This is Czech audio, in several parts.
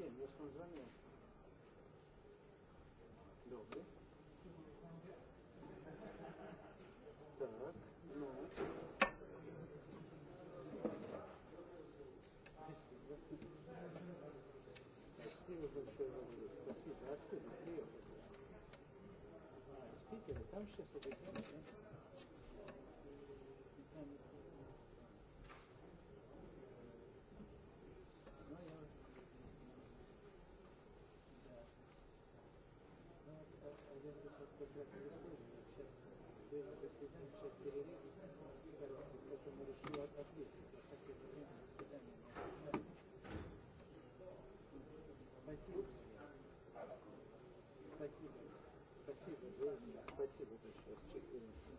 wiem, ja stąd dzwonię. Dobry. Tak, no. Спасибо большое вам, спасибо. Откуда? Питера, там сейчас объясняю. Спасибо. Спасибо. Спасибо, Спасибо большое. Спасибо.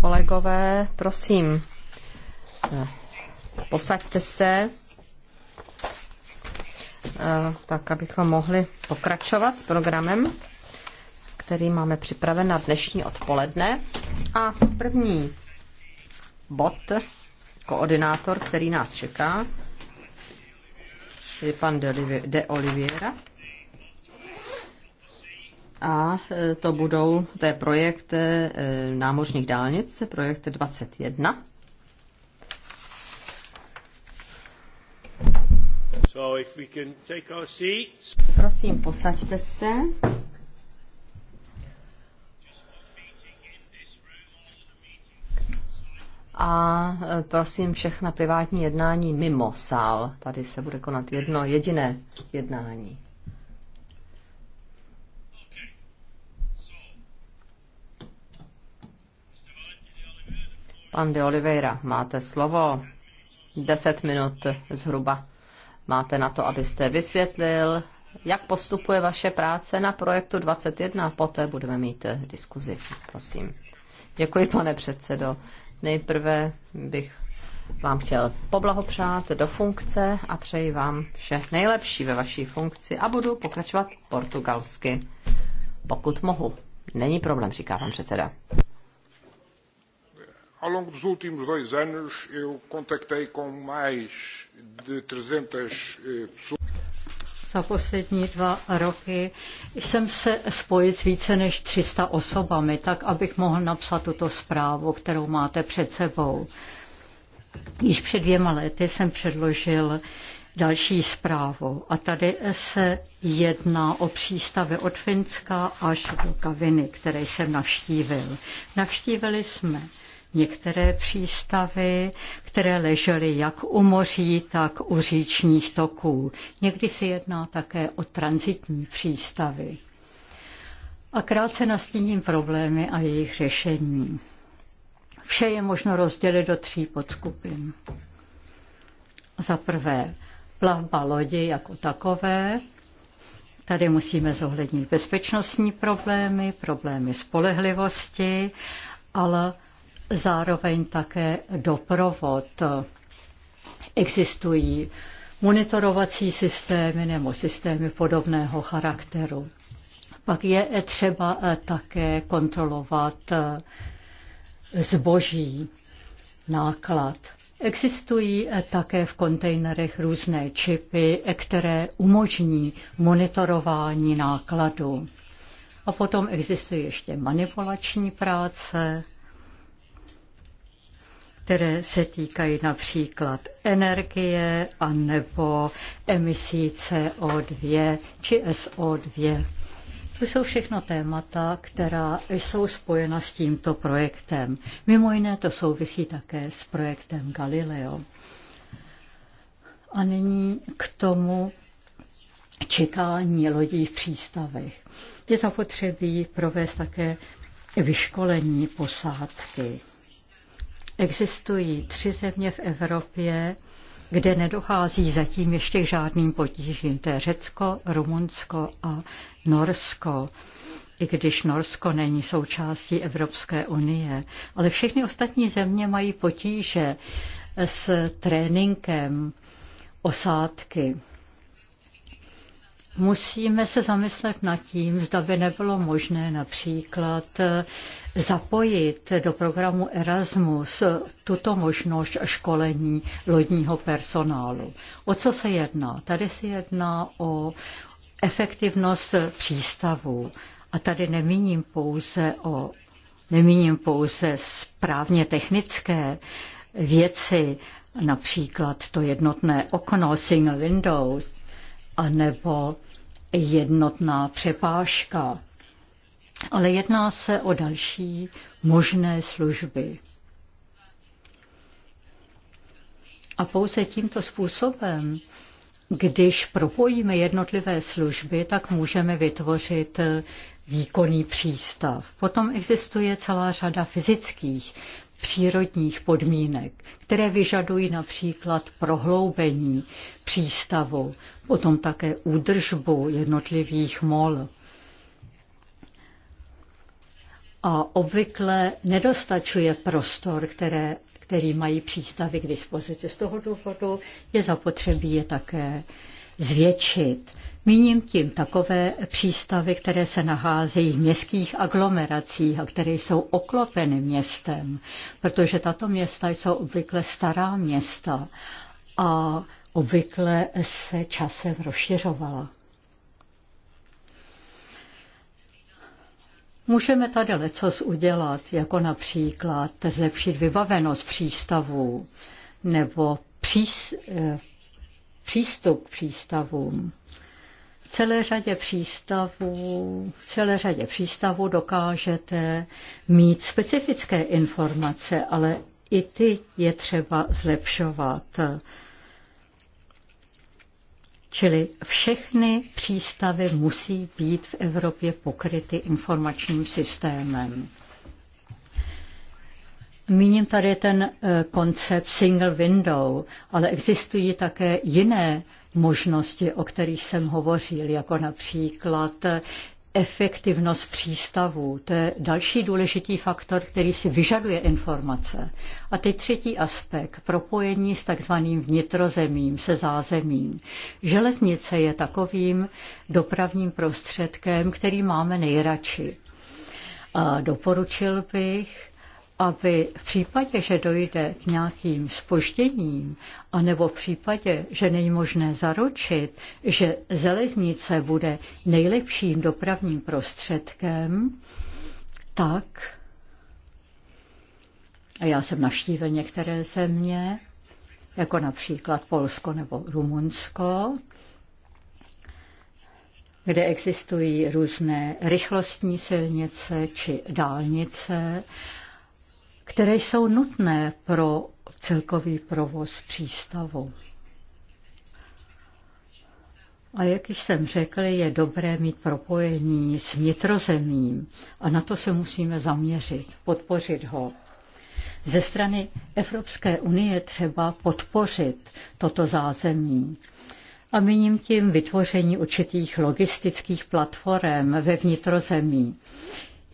Kolegové, prosím, eh, posaďte se, eh, tak abychom mohli pokračovat s programem, který máme připraven na dnešní odpoledne. A první bod, koordinátor, který nás čeká, je pan de Oliveira a e, to budou, to je projekt e, námořních dálnic, projekt 21. So if we can take our seats. Prosím, posaďte se. A e, prosím všechna privátní jednání mimo sál. Tady se bude konat jedno jediné jednání. Pan de Oliveira, máte slovo. Deset minut zhruba máte na to, abyste vysvětlil, jak postupuje vaše práce na projektu 21 a poté budeme mít diskuzi. Prosím. Děkuji, pane předsedo. Nejprve bych vám chtěl poblahopřát do funkce a přeji vám vše nejlepší ve vaší funkci a budu pokračovat portugalsky, pokud mohu. Není problém, říká vám předseda. Ao longo dos últimos dois anos, eu contactei com mais de 300 eh, pessoas. Za poslední dva roky jsem se spojil s více než 300 osobami, tak abych mohl napsat tuto zprávu, kterou máte před sebou. Již před dvěma lety jsem předložil další zprávu a tady se jedná o přístavy od Finska až do Kaviny, které jsem navštívil. Navštívili jsme některé přístavy, které ležely jak u moří, tak u říčních toků. Někdy se jedná také o transitní přístavy. A krátce nastíním problémy a jejich řešení. Vše je možno rozdělit do tří podskupin. Za prvé, plavba lodi jako takové. Tady musíme zohlednit bezpečnostní problémy, problémy spolehlivosti, ale zároveň také doprovod. Existují monitorovací systémy nebo systémy podobného charakteru. Pak je třeba eh, také kontrolovat eh, zboží, náklad. Existují eh, také v kontejnerech různé čipy, které umožní monitorování nákladu. A potom existuje ještě manipulační práce, které se týkají například energie a nebo emisí CO2 či SO2. To jsou všechno témata, která jsou spojena s tímto projektem. Mimo jiné to souvisí také s projektem Galileo. A nyní k tomu čekání lodí v přístavech. Je zapotřebí provést také vyškolení posádky. Existují tři země v Evropě, kde nedochází zatím ještě k žádným potížím. To je Řecko, Rumunsko a Norsko. I když Norsko není součástí Evropské unie. Ale všechny ostatní země mají potíže s tréninkem osádky musíme se zamyslet nad tím, zda by nebylo možné například eh, zapojit do programu Erasmus tuto možnost školení lodního personálu. O co se jedná? Tady se jedná o efektivnost přístavů. A tady nemíním pouze o nemíním pouze správně technické věci, například to jednotné okno, single windows, anebo jednotná přepážka. Ale jedná se o další možné služby. A pouze tímto způsobem, když propojíme jednotlivé služby, tak můžeme vytvořit výkonný přístav. Potom existuje celá řada fyzických přírodních podmínek, které vyžadují například prohloubení přístavu potom také údržbu jednotlivých mol. A obvykle nedostačuje prostor, které, který mají přístavy k dispozici. Z toho důvodu je zapotřebí je také zvětšit. Míním tím takové přístavy, které se nacházejí v městských aglomeracích a které jsou oklopeny městem, protože tato města jsou obvykle stará města a obvykle se časem rozšiřovala. Můžeme tady leco udělat, jako například zlepšit vybavenost přístavů nebo přís, eh, přístup k přístavům. V celé řadě přístavů, v celé řadě přístavů dokážete mít specifické informace, ale i ty je třeba zlepšovat. Čili všechny přístavy musí být v Evropě pokryty informačním systémem. Míním tady ten e, koncept single window, ale existují také jiné možnosti, o kterých jsem hovořil, jako například efektivnost přístavů. To je další důležitý faktor, který si vyžaduje informace. A teď třetí aspekt, propojení s takzvaným vnitrozemím, se zázemím. Železnice je takovým dopravním prostředkem, který máme nejradši. A doporučil bych, aby v případě, že dojde k nějakým spožděním, anebo v případě, že není možné zaručit, že železnice bude nejlepším dopravním prostředkem, tak, a já jsem navštívil některé země, jako například Polsko nebo Rumunsko, kde existují různé rychlostní silnice či dálnice, které jsou nutné pro celkový provoz přístavu. A jak již jsem řekl, je dobré mít propojení s vnitrozemím a na to se musíme zaměřit, podpořit ho. Ze strany Evropské unie třeba podpořit toto zázemí. A miním tím vytvoření určitých logistických platform ve vnitrozemí.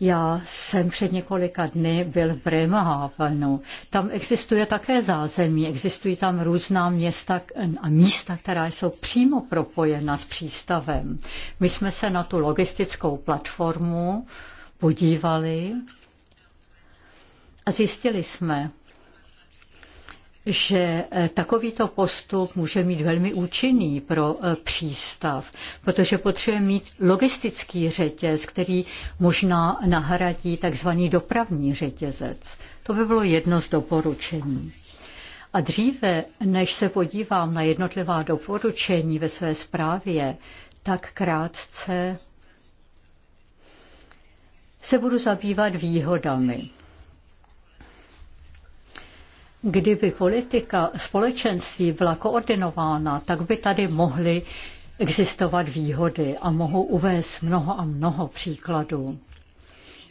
Já jsem před několika dny byl v Bremerhavenu. Tam existuje také zázemí, existují tam různá města a místa, která jsou přímo propojena s přístavem. My jsme se na tu logistickou platformu podívali a zjistili jsme, že eh, takovýto postup může mít velmi účinný pro eh, přístav, protože potřebuje mít logistický řetěz, který možná nahradí takzvaný dopravní řetězec. To by bylo jedno z doporučení. A dříve, než se podívám na jednotlivá doporučení ve své zprávě, tak krátce se budu zabývat výhodami. Kdyby politika společenství byla koordinována, tak by tady mohly existovat výhody a mohu uvést mnoho a mnoho příkladů.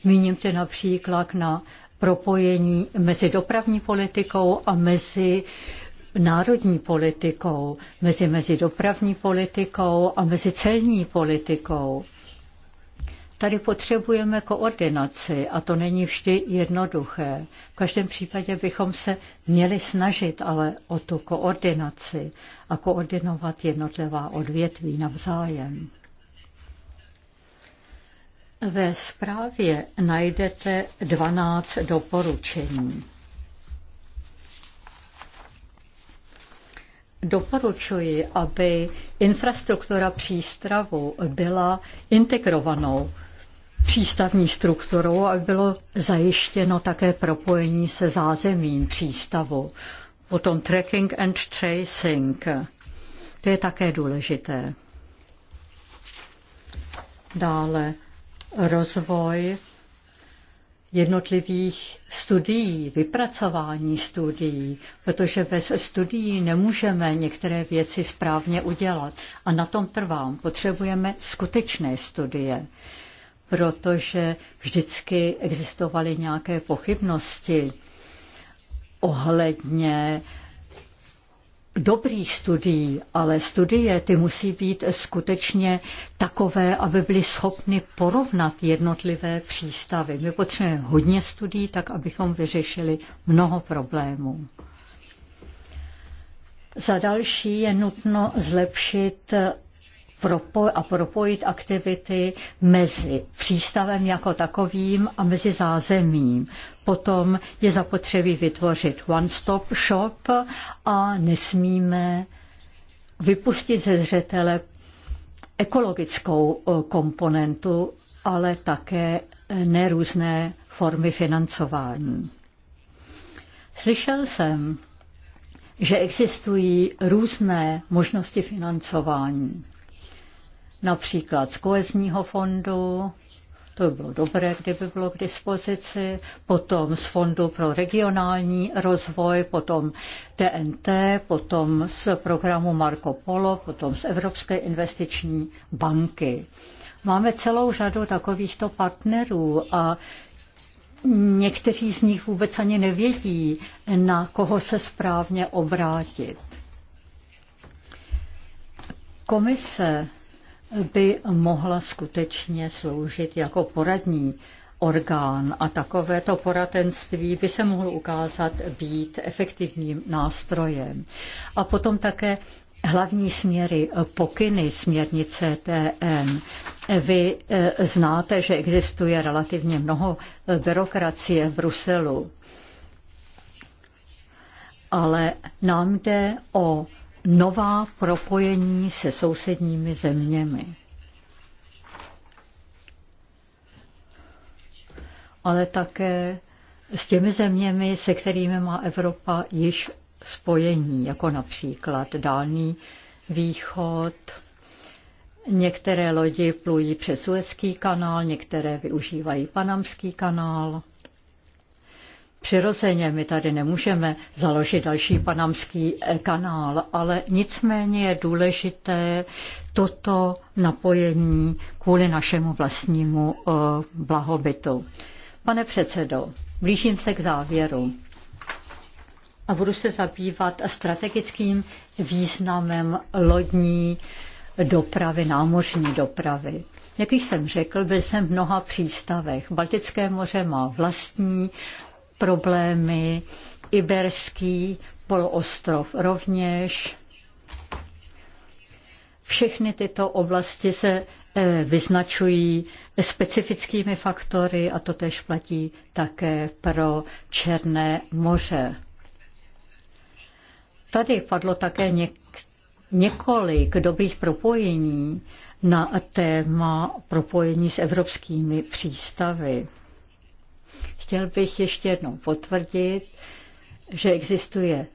Míním tě například na propojení mezi dopravní politikou a mezi národní politikou, mezi, mezi dopravní politikou a mezi celní politikou. Tady potřebujeme koordinaci a to není vždy jednoduché. V každém případě bychom se měli snažit ale o tu koordinaci a koordinovat jednotlivá odvětví navzájem. Ve zprávě najdete 12 doporučení. Doporučuji, aby infrastruktura přístravu byla integrovanou přístavní strukturou, aby bylo zajištěno také propojení se zázemím přístavu. Potom tracking and tracing. To je také důležité. Dále rozvoj jednotlivých studií, vypracování studií, protože bez studií nemůžeme některé věci správně udělat. A na tom trvám. Potřebujeme skutečné studie protože vždycky existovaly nějaké pochybnosti ohledně dobrých studií, ale studie ty musí být skutečně takové, aby byly schopny porovnat jednotlivé přístavy. My potřebujeme hodně studií, tak abychom vyřešili mnoho problémů. Za další je nutno zlepšit propo- a propojit aktivity mezi přístavem jako takovým a mezi zázemím. Potom je zapotřebí vytvořit one-stop shop a nesmíme vypustit ze zřetele ekologickou komponentu, ale také e, nerůzné formy financování. Slyšel jsem, že existují různé možnosti financování například z kohezního fondu, to by bylo dobré, kdyby bylo k dispozici, potom z Fondu pro regionální rozvoj, potom TNT, potom z programu Marco Polo, potom z Evropské investiční banky. Máme celou řadu takovýchto partnerů a někteří z nich vůbec ani nevědí, na koho se správně obrátit. Komise by mohla skutečně sloužit jako poradní orgán a takovéto poradenství by se mohlo ukázat být efektivním nástrojem. A potom také hlavní směry, eh, pokyny směrnice TN. Vy eh, znáte, že existuje relativně mnoho eh, byrokracie v Bruselu, ale nám jde o nová propojení se sousedními zeměmi. Ale také s těmi zeměmi, se kterými má Evropa již spojení, jako například Dálný východ, Některé lodi plují přes Suezký kanál, některé využívají Panamský kanál. Přirozeně my tady nemůžeme založit další panamský eh, kanál, ale nicméně je důležité toto napojení kvůli našemu vlastnímu eh, blahobytu. Pane předsedo, blížím se k závěru a budu se zabývat strategickým významem lodní dopravy, námořní dopravy. Jak již jsem řekl, byl jsem v mnoha přístavech. Baltické moře má vlastní problémy, Iberský poloostrov rovněž. Všechny tyto oblasti se eh, vyznačují specifickými faktory a to tež platí také pro Černé moře. Tady padlo také něk- několik dobrých propojení na téma propojení s evropskými přístavy. Chtěl bych ještě jednou potvrdit, že existuje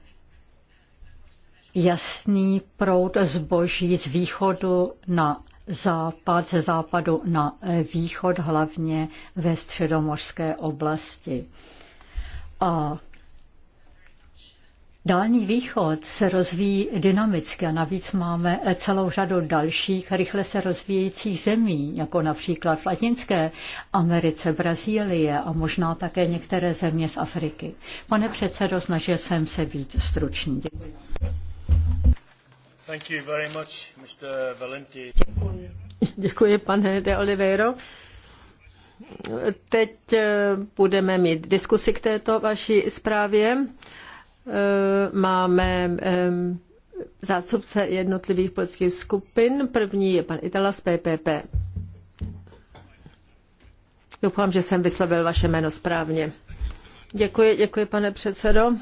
jasný proud zboží z východu na západ, ze západu na východ, hlavně ve středomorské oblasti. A Dálný východ se rozvíjí dynamicky a navíc máme eh, celou řadu dalších rychle se rozvíjejících zemí, jako například v Latinské Americe, Brazílie a možná také některé země z Afriky. Pane předsedo, snažil jsem se být stručný. Děkuji. Thank you very much, Mr. Valenti. Děkuji. Děkuji, pane de Oliveiro. Teď eh, budeme mít diskusi k této vaší zprávě. Eh, máme zástupce jednotlivých politických skupin. První je pan Itala z PPP. Doufám, že jsem vyslovil vaše jméno správně. Děkuji, děkuji, pane předsedo.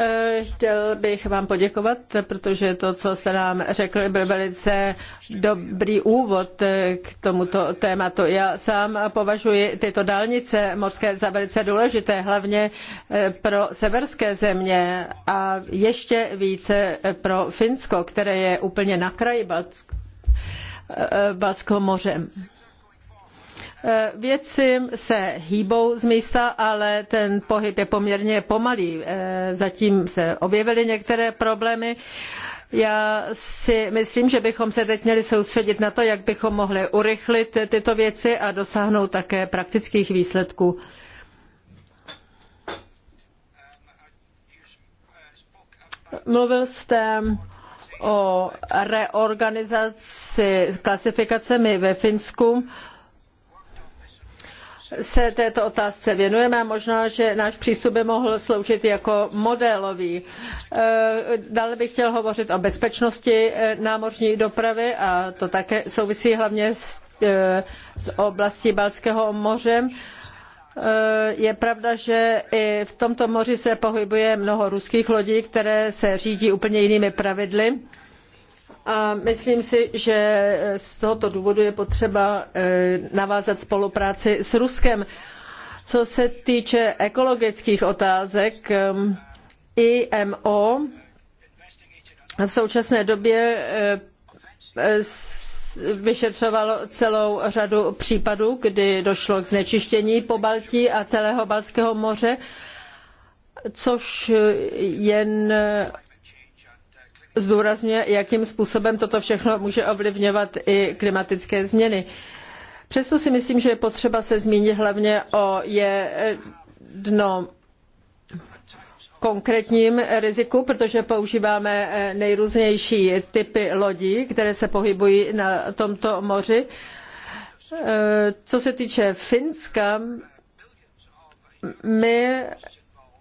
Eh, chtěl bych vám poděkovat, protože to, co jste nám řekl, byl velice dobrý úvod eh, k tomuto tématu. Já sám považuji tyto dálnice mořské za velice důležité, hlavně eh, pro severské země a ještě více pro Finsko, které je úplně na kraji Balckého moře. Eh, věci se hýbou z místa, ale ten pohyb je poměrně pomalý. Eh, zatím se objevily některé problémy. Já si myslím, že bychom se teď měli soustředit na to, jak bychom mohli urychlit tyto věci a dosáhnout také praktických výsledků. Mluvil jste o reorganizaci klasifikacemi ve Finsku se této otázce věnujeme a možná, že náš přístup by mohl sloužit jako modelový. E, dále bych chtěl hovořit o bezpečnosti e, námořní dopravy a to také souvisí hlavně s, e, s oblastí Balského moře. Je pravda, že i v tomto moři se pohybuje mnoho ruských lodí, které se řídí úplně jinými pravidly a myslím si, že z tohoto důvodu je potřeba e, navázat spolupráci s Ruskem. Co se týče ekologických otázek, e, IMO v současné době e, vyšetřovalo celou řadu případů, kdy došlo k znečištění po Baltí a celého Balského moře, což jen zdůrazňuje, jakým způsobem toto všechno může ovlivňovat i klimatické změny. Přesto si myslím, že je potřeba se zmínit hlavně o jednom konkrétním riziku, protože používáme nejrůznější typy lodí, které se pohybují na tomto moři. Co se týče Finska, my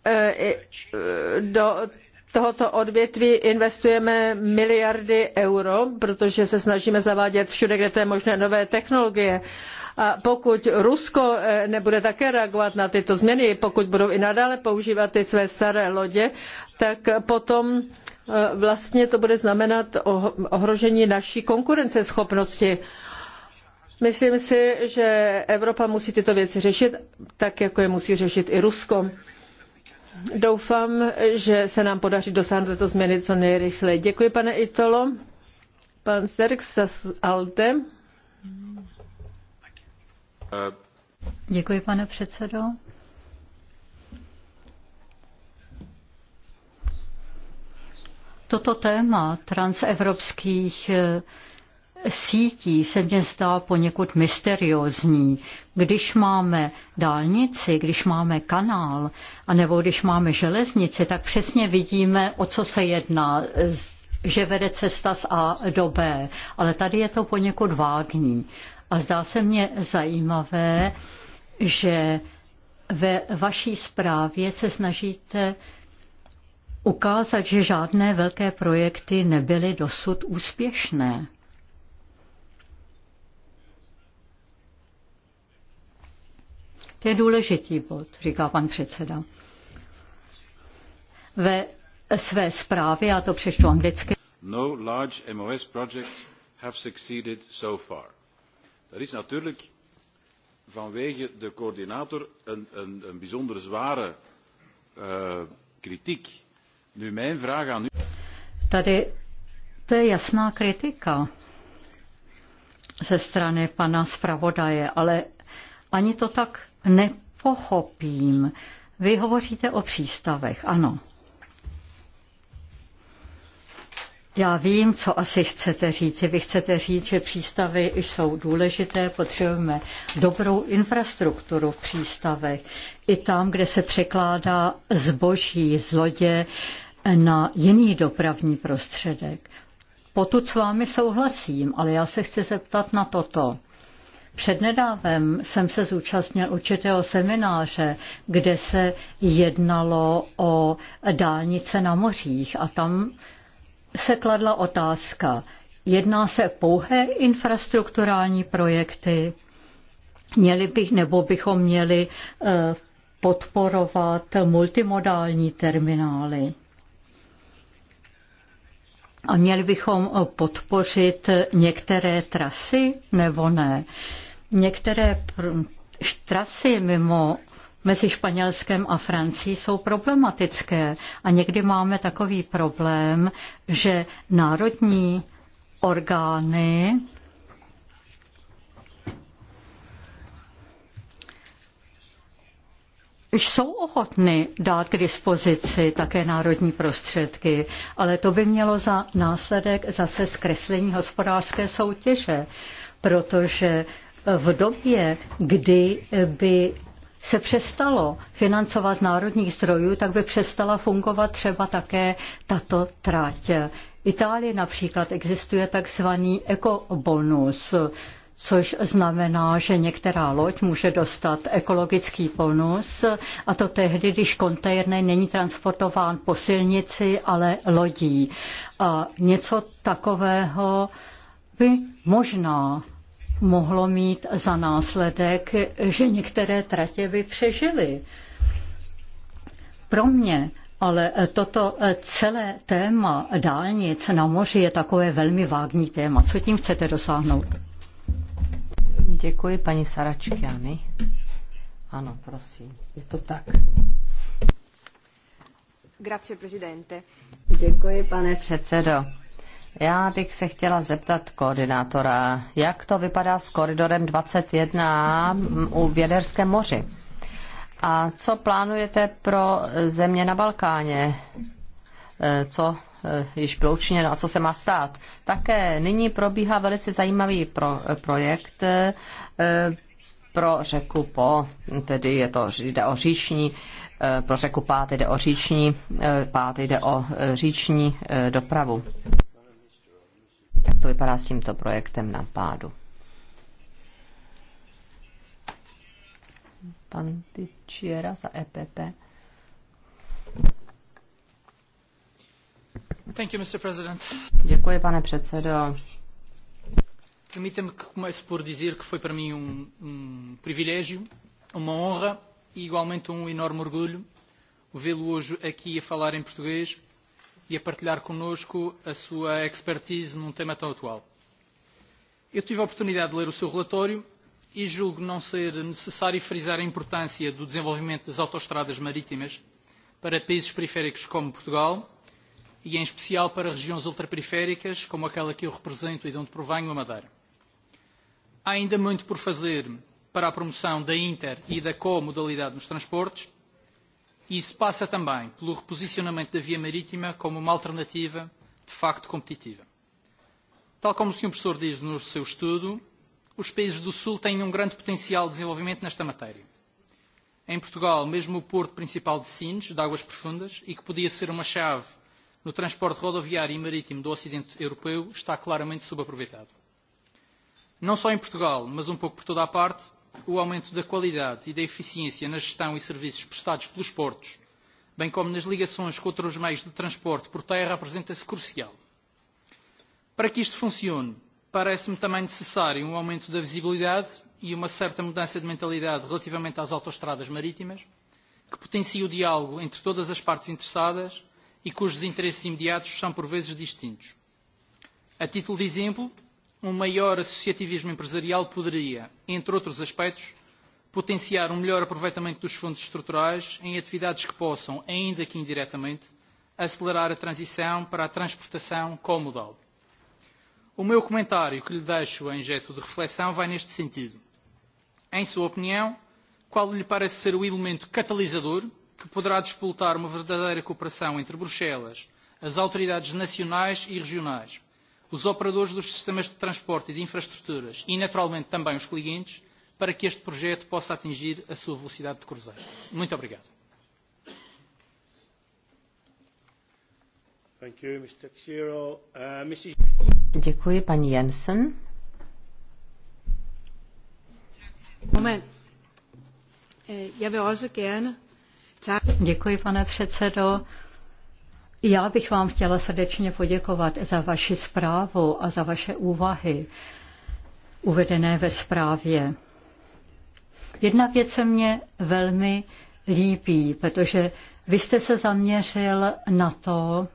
eh, eh, do tohoto odvětví investujeme miliardy euro, protože se snažíme zavádět všude, kde to je možné, nové technologie. A pokud Rusko eh, nebude také reagovat na tyto změny, pokud budou i nadále používat ty své staré lodě, tak potom eh, vlastně to bude znamenat ohrožení naší konkurenceschopnosti. Myslím si, že Evropa musí tyto věci řešit, tak jako je musí řešit i Rusko. Doufám, že se nám podaří dosáhnout této změny co nejrychleji. Děkuji, pane Itolo. Pan Serx Alte. Děkuji, pane předsedo. Toto téma transevropských sítí se mně zdá poněkud mysteriózní. Když máme dálnici, když máme kanál, anebo když máme železnici, tak přesně vidíme, o co se jedná, že vede cesta z A do B. Ale tady je to poněkud vágní. A zdá se mně zajímavé, že ve vaší zprávě se snažíte ukázat, že žádné velké projekty nebyly dosud úspěšné. To je důležitý bod, říká pan předseda. Ve své zprávě, já to přečtu anglicky. No large MOS projects have succeeded so far. Dat is natuurlijk vanwege de coördinator een, een, een bijzonder zware uh, kritiek. Nu mijn vraag aan u. Tady to je jasná kritika ze strany pana zpravodaje, ale ani to tak nepochopím. Vy hovoříte o přístavech, ano. Já vím, co asi chcete říct. Vy chcete říct, že přístavy jsou důležité, potřebujeme dobrou infrastrukturu v přístavech. I tam, kde se překládá zboží z lodě na jiný dopravní prostředek. Potud s vámi souhlasím, ale já se chci zeptat na toto. Přednedávem jsem se zúčastnil určitého semináře, kde se jednalo o dálnice na mořích a tam se kladla otázka, jedná se pouhé infrastrukturální projekty, měli bych nebo bychom měli eh, podporovat multimodální terminály. A měli bychom eh, podpořit některé trasy nebo ne? Některé trasy mimo mezi Španělskem a Francií jsou problematické a někdy máme takový problém, že národní orgány jsou ochotny dát k dispozici také národní prostředky, ale to by mělo za následek zase zkreslení hospodářské soutěže, protože v době, kdy by se přestalo financovat z národních zdrojů, tak by přestala fungovat třeba také tato trať. V Itálii například existuje takzvaný ekobonus, což znamená, že některá loď může dostat ekologický bonus a to tehdy, když kontejner není transportován po silnici, ale lodí. A něco takového by možná mohlo mít za následek, že některé tratě by přežily. Pro mě ale toto celé téma dálnic na moři je takové velmi vágní téma. Co tím chcete dosáhnout? Děkuji, paní Saračkiany. Ano, prosím, je to tak. Grazie, prezidente. Děkuji, pane předsedo. Já bych se chtěla zeptat koordinátora, jak to vypadá s koridorem 21 u Věderském moři? A co plánujete pro země na Balkáně? E, co e, již bylo učiněno a co se má stát? Také nyní probíhá velice zajímavý pro, projekt e, pro řeku Po, tedy je to, jde o říční pro řeku Pát jde o říční, Pát jde o říční dopravu. Jak to vypadá s tímto projektem na pádu? Pantičiera za EPP. Thank you, Mr. President. Děkuji, pane předsedo. Permitem que comece por dizer que foi para mim um, um privilégio, uma honra e igualmente um enorme orgulho vê-lo hoje aqui a falar em português e a partilhar connosco a sua expertise num tema tão atual. Eu tive a oportunidade de ler o seu relatório e julgo não ser necessário frisar a importância do desenvolvimento das autoestradas marítimas para países periféricos como Portugal e, em especial, para regiões ultraperiféricas como aquela que eu represento e de onde provenho, a Madeira. Há ainda muito por fazer para a promoção da inter e da comodalidade nos transportes E isso passa também pelo reposicionamento da via marítima como uma alternativa de facto competitiva. Tal como o Sr. Professor diz no seu estudo, os países do Sul têm um grande potencial de desenvolvimento nesta matéria. Em Portugal, mesmo o porto principal de Sines, de águas profundas, e que podia ser uma chave no transporte rodoviário e marítimo do Ocidente Europeu, está claramente subaproveitado. Não só em Portugal, mas um pouco por toda a parte, o aumento da qualidade e da eficiência na gestão e serviços prestados pelos portos, bem como nas ligações com outros meios de transporte por terra, apresenta-se crucial. Para que isto funcione, parece-me também necessário um aumento da visibilidade e uma certa mudança de mentalidade relativamente às autoestradas marítimas, que potencie o diálogo entre todas as partes interessadas e cujos interesses imediatos são por vezes distintos. A título de exemplo, um maior associativismo empresarial poderia, entre outros aspectos, potenciar um melhor aproveitamento dos fundos estruturais em atividades que possam, ainda que indiretamente, acelerar a transição para a transportação comodal. O meu comentário que lhe deixo em jeito de reflexão vai neste sentido. Em sua opinião, qual lhe parece ser o elemento catalisador que poderá despoletar uma verdadeira cooperação entre Bruxelas, as autoridades nacionais e regionais, os operadores dos sistemas de transporte e de infraestruturas e, naturalmente, também os clientes, para que este projeto possa atingir a sua velocidade de cruzeiro. Muito obrigado. Thank you, Mr. Xero. Uh, Mrs. Děkuji, paní Jensen. Moment. Eh, já bych také Děkuji, pane předsedo. Já bych vám chtěla srdečně poděkovat za vaši zprávu a za vaše úvahy uvedené ve zprávě. Jedna věc se mě velmi líbí, protože vy jste se zaměřil na to,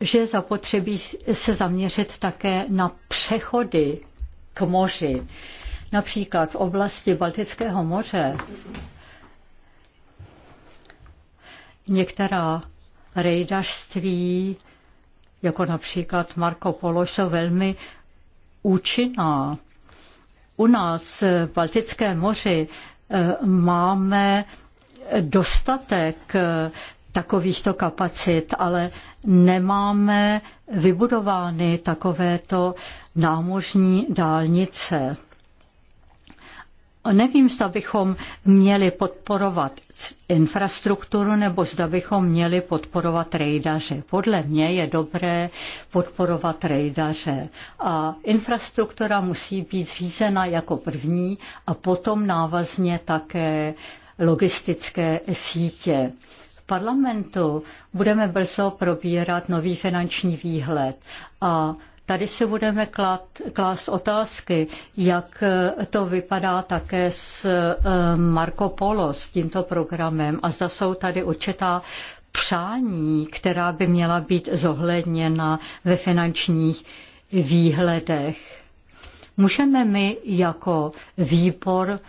že zapotřebí se zaměřit také na přechody k moři. Například v oblasti Baltického moře Některá rejdařství, jako například Marco Polo, jsou velmi účinná. U nás v Baltickém moři eh, máme dostatek eh, takovýchto kapacit, ale nemáme vybudovány takovéto námožní dálnice. Nevím, zda bychom měli podporovat infrastrukturu nebo zda bychom měli podporovat rejdaře. Podle mě je dobré podporovat rejdaře. A infrastruktura musí být řízena jako první a potom návazně také logistické sítě v parlamentu budeme brzo probírat nový finanční výhled a Tady si budeme klást otázky, jak eh, to vypadá také s eh, Marco Polo, s tímto programem a zda jsou tady určitá přání, která by měla být zohledněna ve finančních výhledech. Můžeme my jako výbor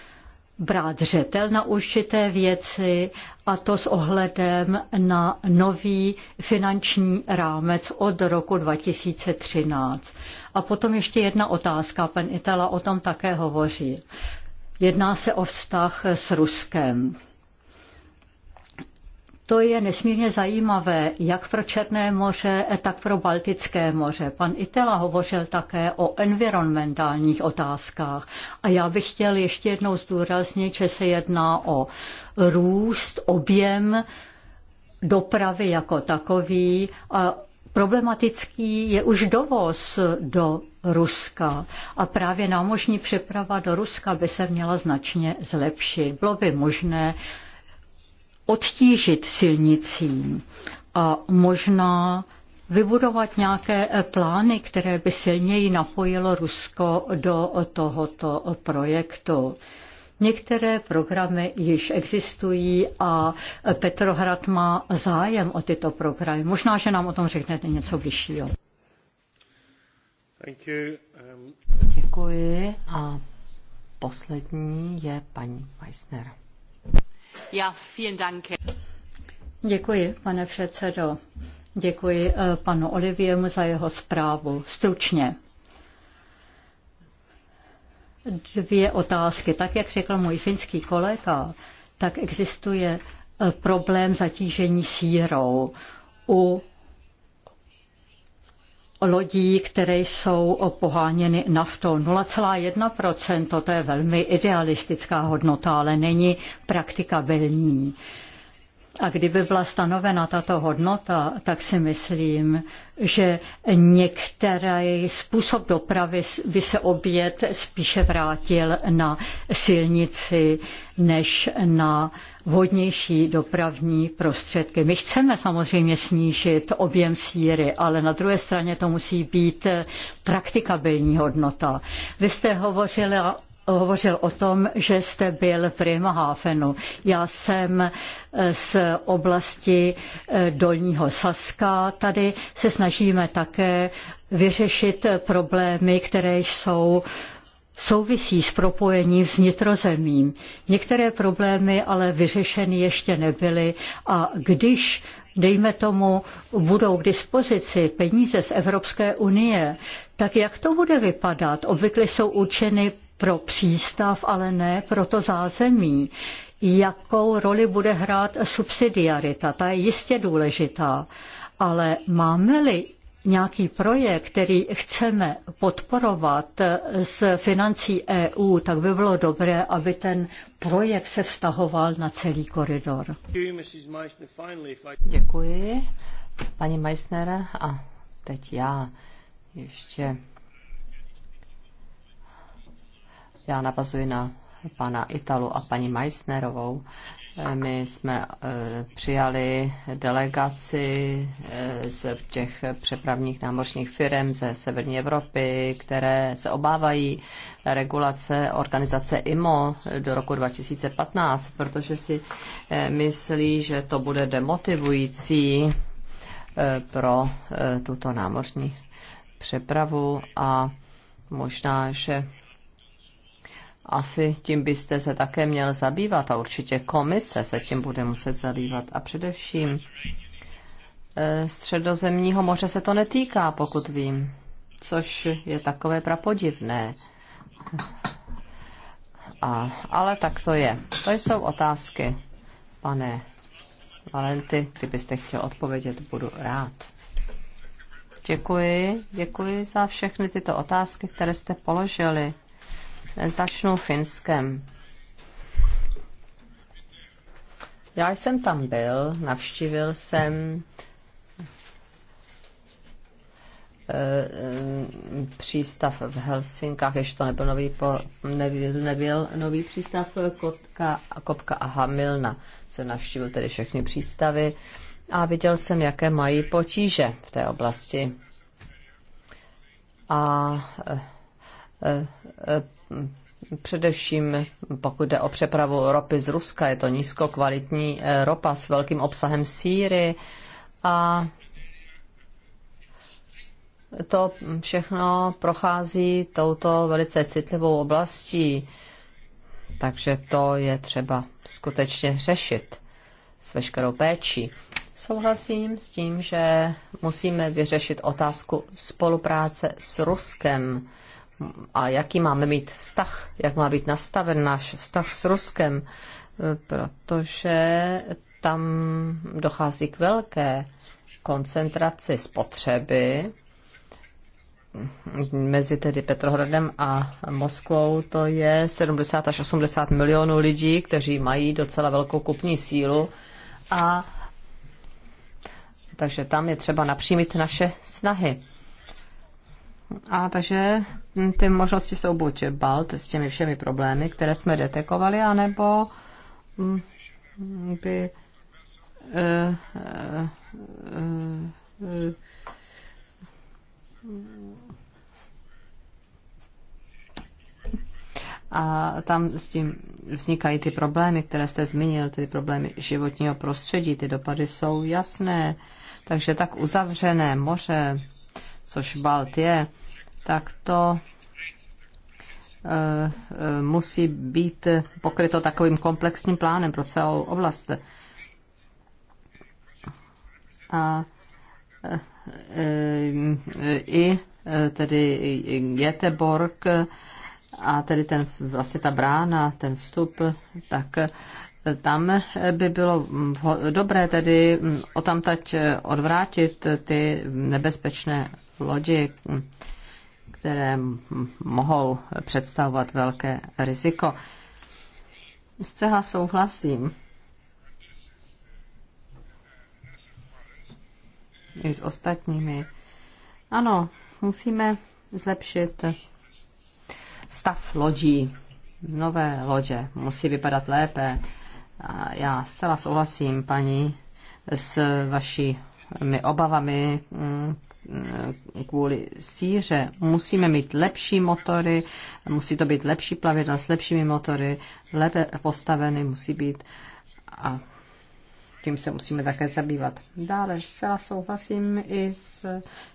brát řetel na určité věci a to s ohledem na nový finanční rámec od roku 2013. A potom ještě jedna otázka, pan Itala o tom také hovoří. Jedná se o vztah s Ruskem. To je nesmírně zajímavé, jak pro Černé moře, tak pro Baltické moře. Pan Itela hovořil také o environmentálních otázkách. A já bych chtěl ještě jednou zdůraznit, že se jedná o růst, objem dopravy jako takový a Problematický je už dovoz do Ruska a právě námožní přeprava do Ruska by se měla značně zlepšit. Bylo by možné odtížit silnicím a možná vybudovat nějaké plány, které by silněji napojilo Rusko do tohoto projektu. Některé programy již existují a Petrohrad má zájem o tyto programy. Možná, že nám o tom řeknete něco bližšího. Um... Děkuji a poslední je paní Meissner. Ja, vielen Dank. Děkuji, pane předsedo. Děkuji eh, panu Oliviemu za jeho zprávu. Stručně. Dvě otázky. Tak, jak řekl můj finský kolega, tak existuje eh, problém zatížení sírou u lodí, které jsou poháněny naftou. 0,1% to je velmi idealistická hodnota, ale není praktikabilní. A kdyby byla stanovena tato hodnota, tak si myslím, že některý způsob dopravy by se oběd spíše vrátil na silnici než na vhodnější dopravní prostředky. My chceme samozřejmě snížit objem síry, ale na druhé straně to musí být eh, praktikabilní hodnota. Vy jste hovořila hovořil o tom, že jste byl v Rimhafenu. Já jsem eh, z oblasti eh, Dolního Saska. Tady se snažíme také vyřešit problémy, které jsou souvisí s propojením s nitrozemím. Některé problémy ale vyřešeny ještě nebyly a když dejme tomu, budou k dispozici peníze z Evropské unie, tak jak to bude vypadat? Obvykle jsou určeny pro přístav, ale ne pro to zázemí. Jakou roli bude hrát subsidiarita? Ta je jistě důležitá. Ale máme-li nějaký projekt, který chceme podporovat z financí EU, tak by bylo dobré, aby ten projekt se vztahoval na celý koridor. Děkuji, paní Meissner. A teď já ještě. Já navazuji na pana Italu a paní Meissnerovou. My jsme eh, přijali delegaci eh, z těch přepravních námořních firm ze severní Evropy, které se obávají regulace organizace IMO do roku 2015, protože si eh, myslí, že to bude demotivující pro tuto námořní přepravu a možná, že asi tím byste se také měl zabývat a určitě komise se tím bude muset zabývat. A především eh, středozemního moře se to netýká, pokud vím, což je takové prapodivné. A, ale tak to je. To jsou otázky, pane Valenty. Kdybyste chtěl odpovědět, budu rád. Děkuji, děkuji za všechny tyto otázky, které jste položili. Začnu Finskem. Já jsem tam byl, navštívil jsem eh, eh, přístav v Helsinkách, ještě to nebyl nový, po, nebyl, nebyl nový přístav Kotka, Kopka a Hamilna. Jsem navštívil tedy všechny přístavy a viděl jsem, jaké mají potíže v té oblasti. A eh, Především pokud jde o přepravu ropy z Ruska, je to nízkokvalitní eh, ropa s velkým obsahem síry a to všechno prochází touto velice citlivou oblastí, takže to je třeba skutečně řešit s veškerou péčí. Souhlasím s tím, že musíme vyřešit otázku spolupráce s Ruskem a jaký máme mít vztah, jak má být nastaven náš vztah s Ruskem, protože tam dochází k velké koncentraci spotřeby mezi tedy Petrohradem a Moskvou, to je 70 až 80 milionů lidí, kteří mají docela velkou kupní sílu a takže tam je třeba napřímit naše snahy. A takže hm, ty možnosti jsou buď BALT s těmi všemi problémy, které jsme detekovali, anebo hm, by eh, eh, eh, a tam s tím vznikají ty problémy, které jste zmínil, ty problémy životního prostředí, ty dopady jsou jasné. Takže tak uzavřené moře, což Balt je, tak to eh, eh, musí být pokryto takovým komplexním plánem pro celou oblast. A eh, i tedy Göteborg a tedy ten, vlastně ta brána, ten vstup, tak tam by bylo dobré tedy mm, otamtať odvrátit ty nebezpečné lodi které mohou představovat velké riziko. Zcela souhlasím i s ostatními. Ano, musíme zlepšit stav lodí. Nové lodě musí vypadat lépe. A já zcela souhlasím, paní, s vašimi obavami, Eh, kvůli síře. Musíme mít lepší motory, musí to být lepší plavidla s lepšími motory, lépe postaveny musí být a tím se musíme také zabývat. Dále zcela souhlasím i s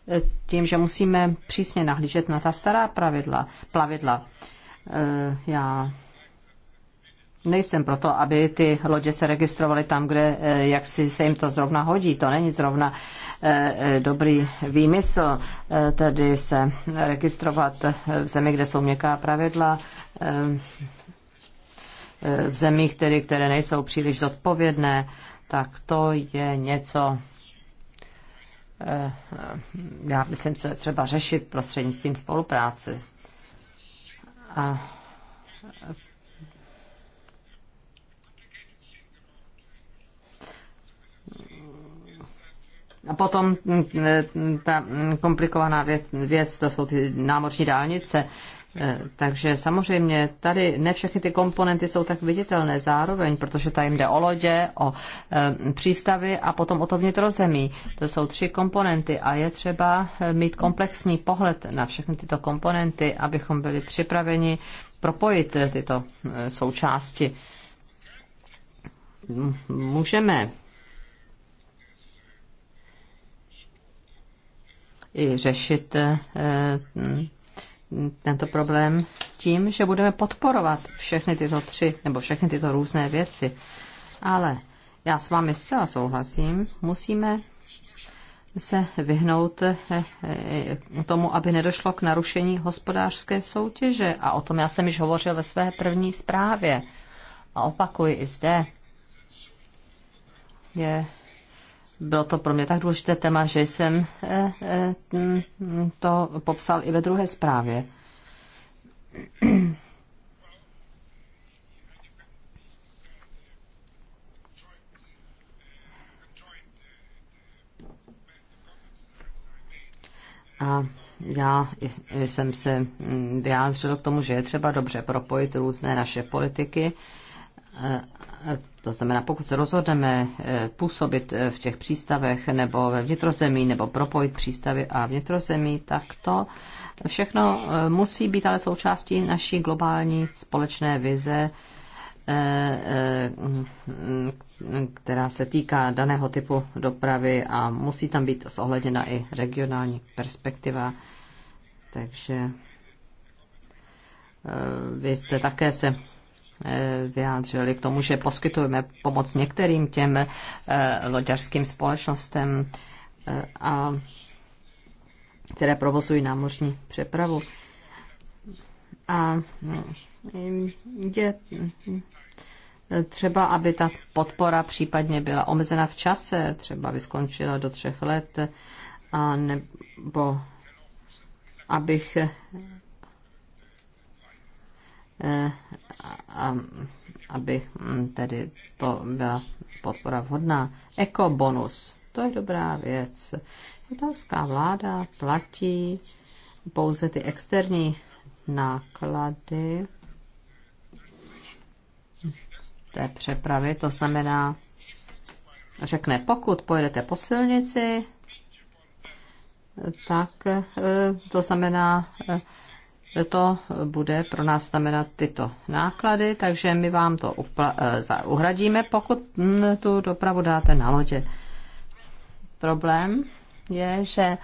eh, tím, že musíme přísně nahlížet na ta stará pravidla, plavidla. Eh, já nejsem proto, aby ty lodě se registrovaly tam, kde eh, jak si se jim to zrovna hodí. To není zrovna eh, eh, dobrý výmysl, tedy se registrovat v zemi, kde jsou měkká pravidla, v zemích, tedy, které nejsou příliš zodpovědné, tak to je něco, já myslím, co je třeba řešit prostřednictvím spolupráce. A A potom mm, e, ta mm, komplikovaná věc, věc to jsou ty námořní dálnice. E, takže samozřejmě tady ne všechny ty komponenty jsou tak viditelné zároveň, protože tady jde o lodě, o e, přístavy a potom o to vnitrozemí. To jsou tři komponenty a je třeba e, mít komplexní pohled na všechny tyto komponenty, abychom byli připraveni propojit tyto součásti. Můžeme i řešit eh, tento problém tím, že budeme podporovat všechny tyto tři nebo všechny tyto různé věci. Ale já s vámi zcela souhlasím, musíme se vyhnout eh, tomu, aby nedošlo k narušení hospodářské soutěže. A o tom já jsem již hovořil ve své první zprávě. A opakuji i zde. Je bylo to pro mě tak důležité téma, že jsem eh, eh, to popsal i ve druhé zprávě. A já jsem se mm, vyjádřil k tomu, že je třeba dobře propojit různé naše politiky eh, to znamená, pokud se rozhodneme eh, působit eh, v těch přístavech nebo ve vnitrozemí nebo propojit přístavy a vnitrozemí, tak to všechno eh, musí být ale součástí naší globální společné vize, která se týká daného typu dopravy a musí tam být zohledněna i regionální perspektiva. Takže vy jste také se Eh, vyjádřili k tomu, že poskytujeme pomoc některým těm eh, loďařským společnostem, eh, a, které provozují námořní přepravu. A mm, je mm, třeba, aby ta podpora případně byla omezena v čase, třeba by skončila do třech let, a nebo abych aby mm, tedy to byla podpora vhodná. Ekobonus, to je dobrá věc. Italská vláda platí pouze ty externí náklady té přepravy, to znamená, řekne, pokud pojedete po silnici, tak eh, to znamená, eh, to bude pro nás znamenat tyto náklady, takže my vám to eh, uhradíme, pokud hm, tu dopravu dáte na lodě. Problém je, že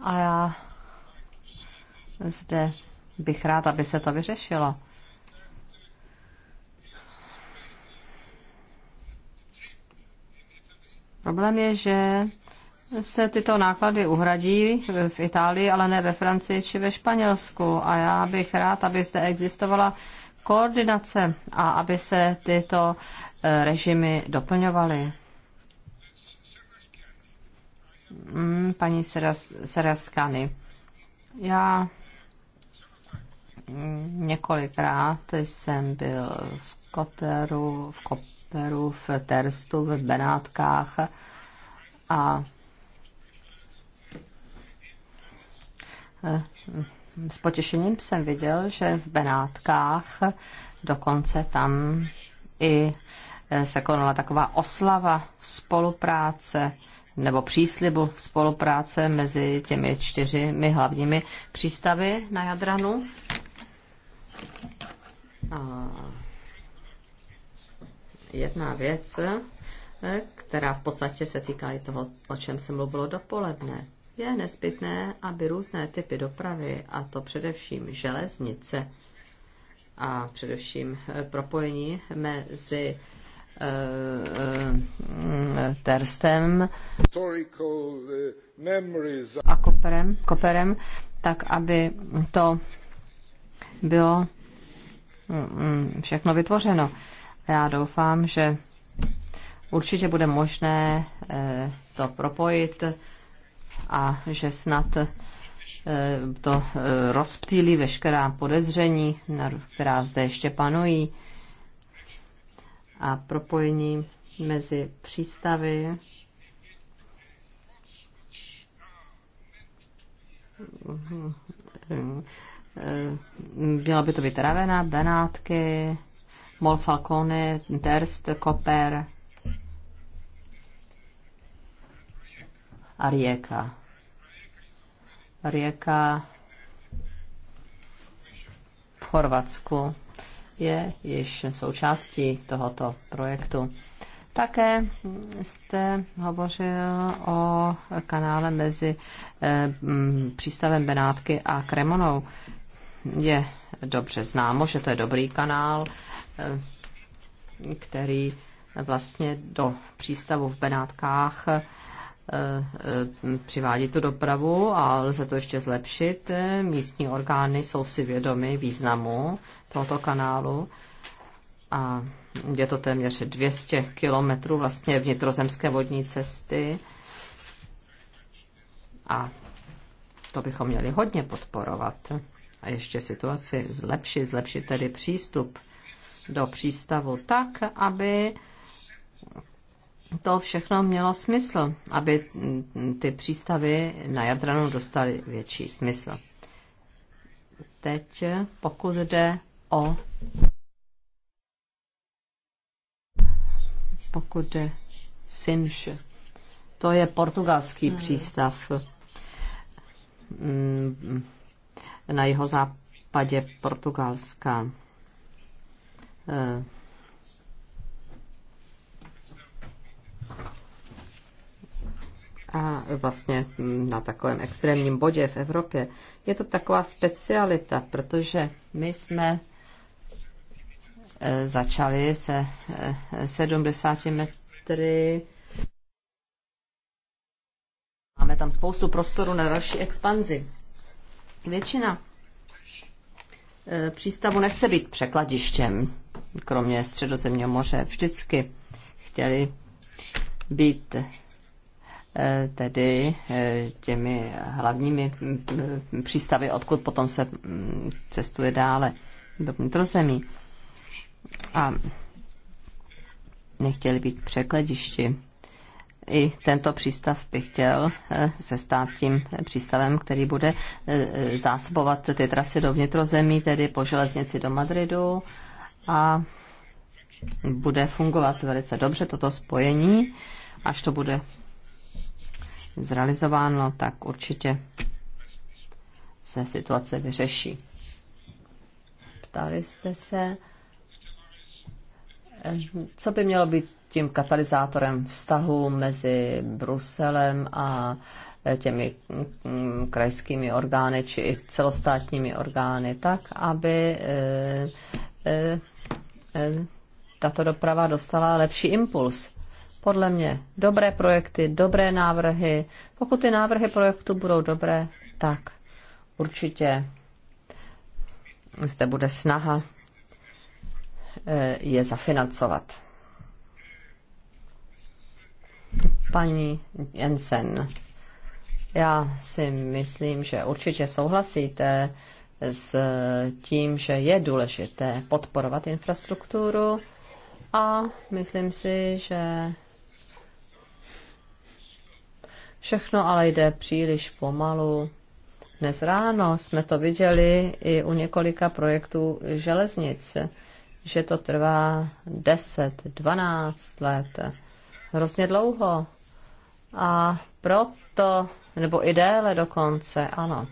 a já zde bych rád, aby se to vyřešilo. Problém je, že se tyto náklady uhradí v Itálii, ale ne ve Francii či ve Španělsku. A já bych rád, aby zde existovala koordinace a aby se tyto eh, režimy doplňovaly. Mm, paní Seraskany, já mm, několikrát jsem byl v Koteru, v Koperu, v Terstu, v Benátkách a Eh, s potěšením jsem viděl, že v Benátkách dokonce tam i eh, se konala taková oslava spolupráce nebo příslibu spolupráce mezi těmi čtyřmi hlavními přístavy na Jadranu. A jedna věc, eh, která v podstatě se týká i toho, o čem se mluvilo dopoledne je nezbytné, aby různé typy dopravy, a to především železnice a především eh, propojení mezi eh, eh, Terstem a koperem, koperem, tak aby to bylo mm, mm, všechno vytvořeno. Já doufám, že určitě bude možné to propojit a že snad eh, to eh, rozptýlí veškerá podezření, která zde ještě panují a propojení mezi přístavy eh, měla by to být Ravena, Benátky, Molfalcone, Terst, Koper a Rijeka rieka v Chorvatsku je již součástí tohoto projektu. Také jste hovořil o kanále mezi eh, přístavem Benátky a Kremonou. Je dobře známo, že to je dobrý kanál, eh, který vlastně do přístavu v Benátkách Eh, eh, přivádí tu dopravu a lze to ještě zlepšit. Místní orgány jsou si vědomi významu tohoto kanálu a je to téměř 200 kilometrů vlastně vnitrozemské vodní cesty a to bychom měli hodně podporovat a ještě situaci zlepšit, zlepšit tedy přístup do přístavu tak, aby to všechno mělo smysl, aby ty přístavy na Jadranu dostaly větší smysl. Teď, pokud jde o pokud jde Sinš, to je portugalský hmm. přístav mm, na jeho západě Portugalska. Eh, a vlastně na takovém extrémním bodě v Evropě. Je to taková specialita, protože my jsme eh, začali se 70 eh, metry. Máme tam spoustu prostoru na další expanzi. Většina eh, přístavu nechce být překladištěm, kromě Středozemního moře. Vždycky chtěli být Eh, tedy eh, těmi hlavními mm, přístavy, odkud potom se mm, cestuje dále do vnitrozemí. A nechtěli být překladišti. I tento přístav bych chtěl eh, se stát tím přístavem, který bude zásobovat ty trasy do vnitrozemí, tedy po železnici do Madridu a bude fungovat velice dobře toto spojení, až to bude zrealizováno, tak určitě se situace vyřeší. Ptali jste se, co by mělo být tím katalyzátorem vztahu mezi Bruselem a těmi krajskými orgány či i celostátními orgány, tak aby e, e, e, tato doprava dostala lepší impuls podle mě dobré projekty, dobré návrhy. Pokud ty návrhy projektu budou dobré, tak určitě zde bude snaha eh, je zafinancovat. Paní Jensen, já si myslím, že určitě souhlasíte s tím, že je důležité podporovat infrastrukturu a myslím si, že Všechno ale jde příliš pomalu. Dnes ráno jsme to viděli i u několika projektů železnic, že to trvá 10-12 let. Hrozně dlouho. A proto, nebo i déle dokonce, ano.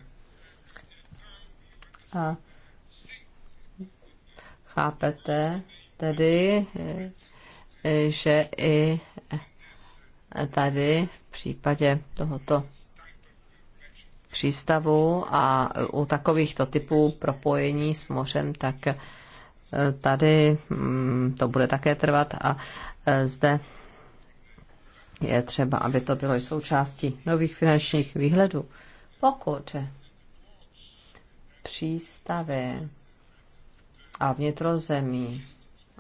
A chápete tedy, že i tady v případě tohoto přístavu a u takovýchto typů propojení s mořem, tak eh, tady mm, to bude také trvat a eh, zde je třeba, aby to bylo i součástí nových finančních výhledů. Pokud přístavy a vnitrozemí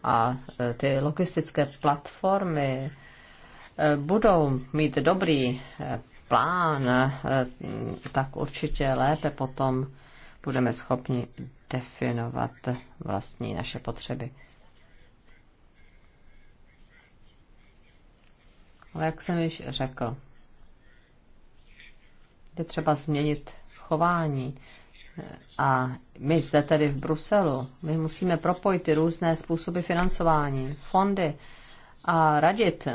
a eh, ty logistické platformy budou mít dobrý eh, plán, eh, tak určitě lépe potom budeme schopni definovat vlastní naše potřeby. Ale jak jsem již řekl, je třeba změnit chování. A my zde tedy v Bruselu, my musíme propojit ty různé způsoby financování, fondy a radit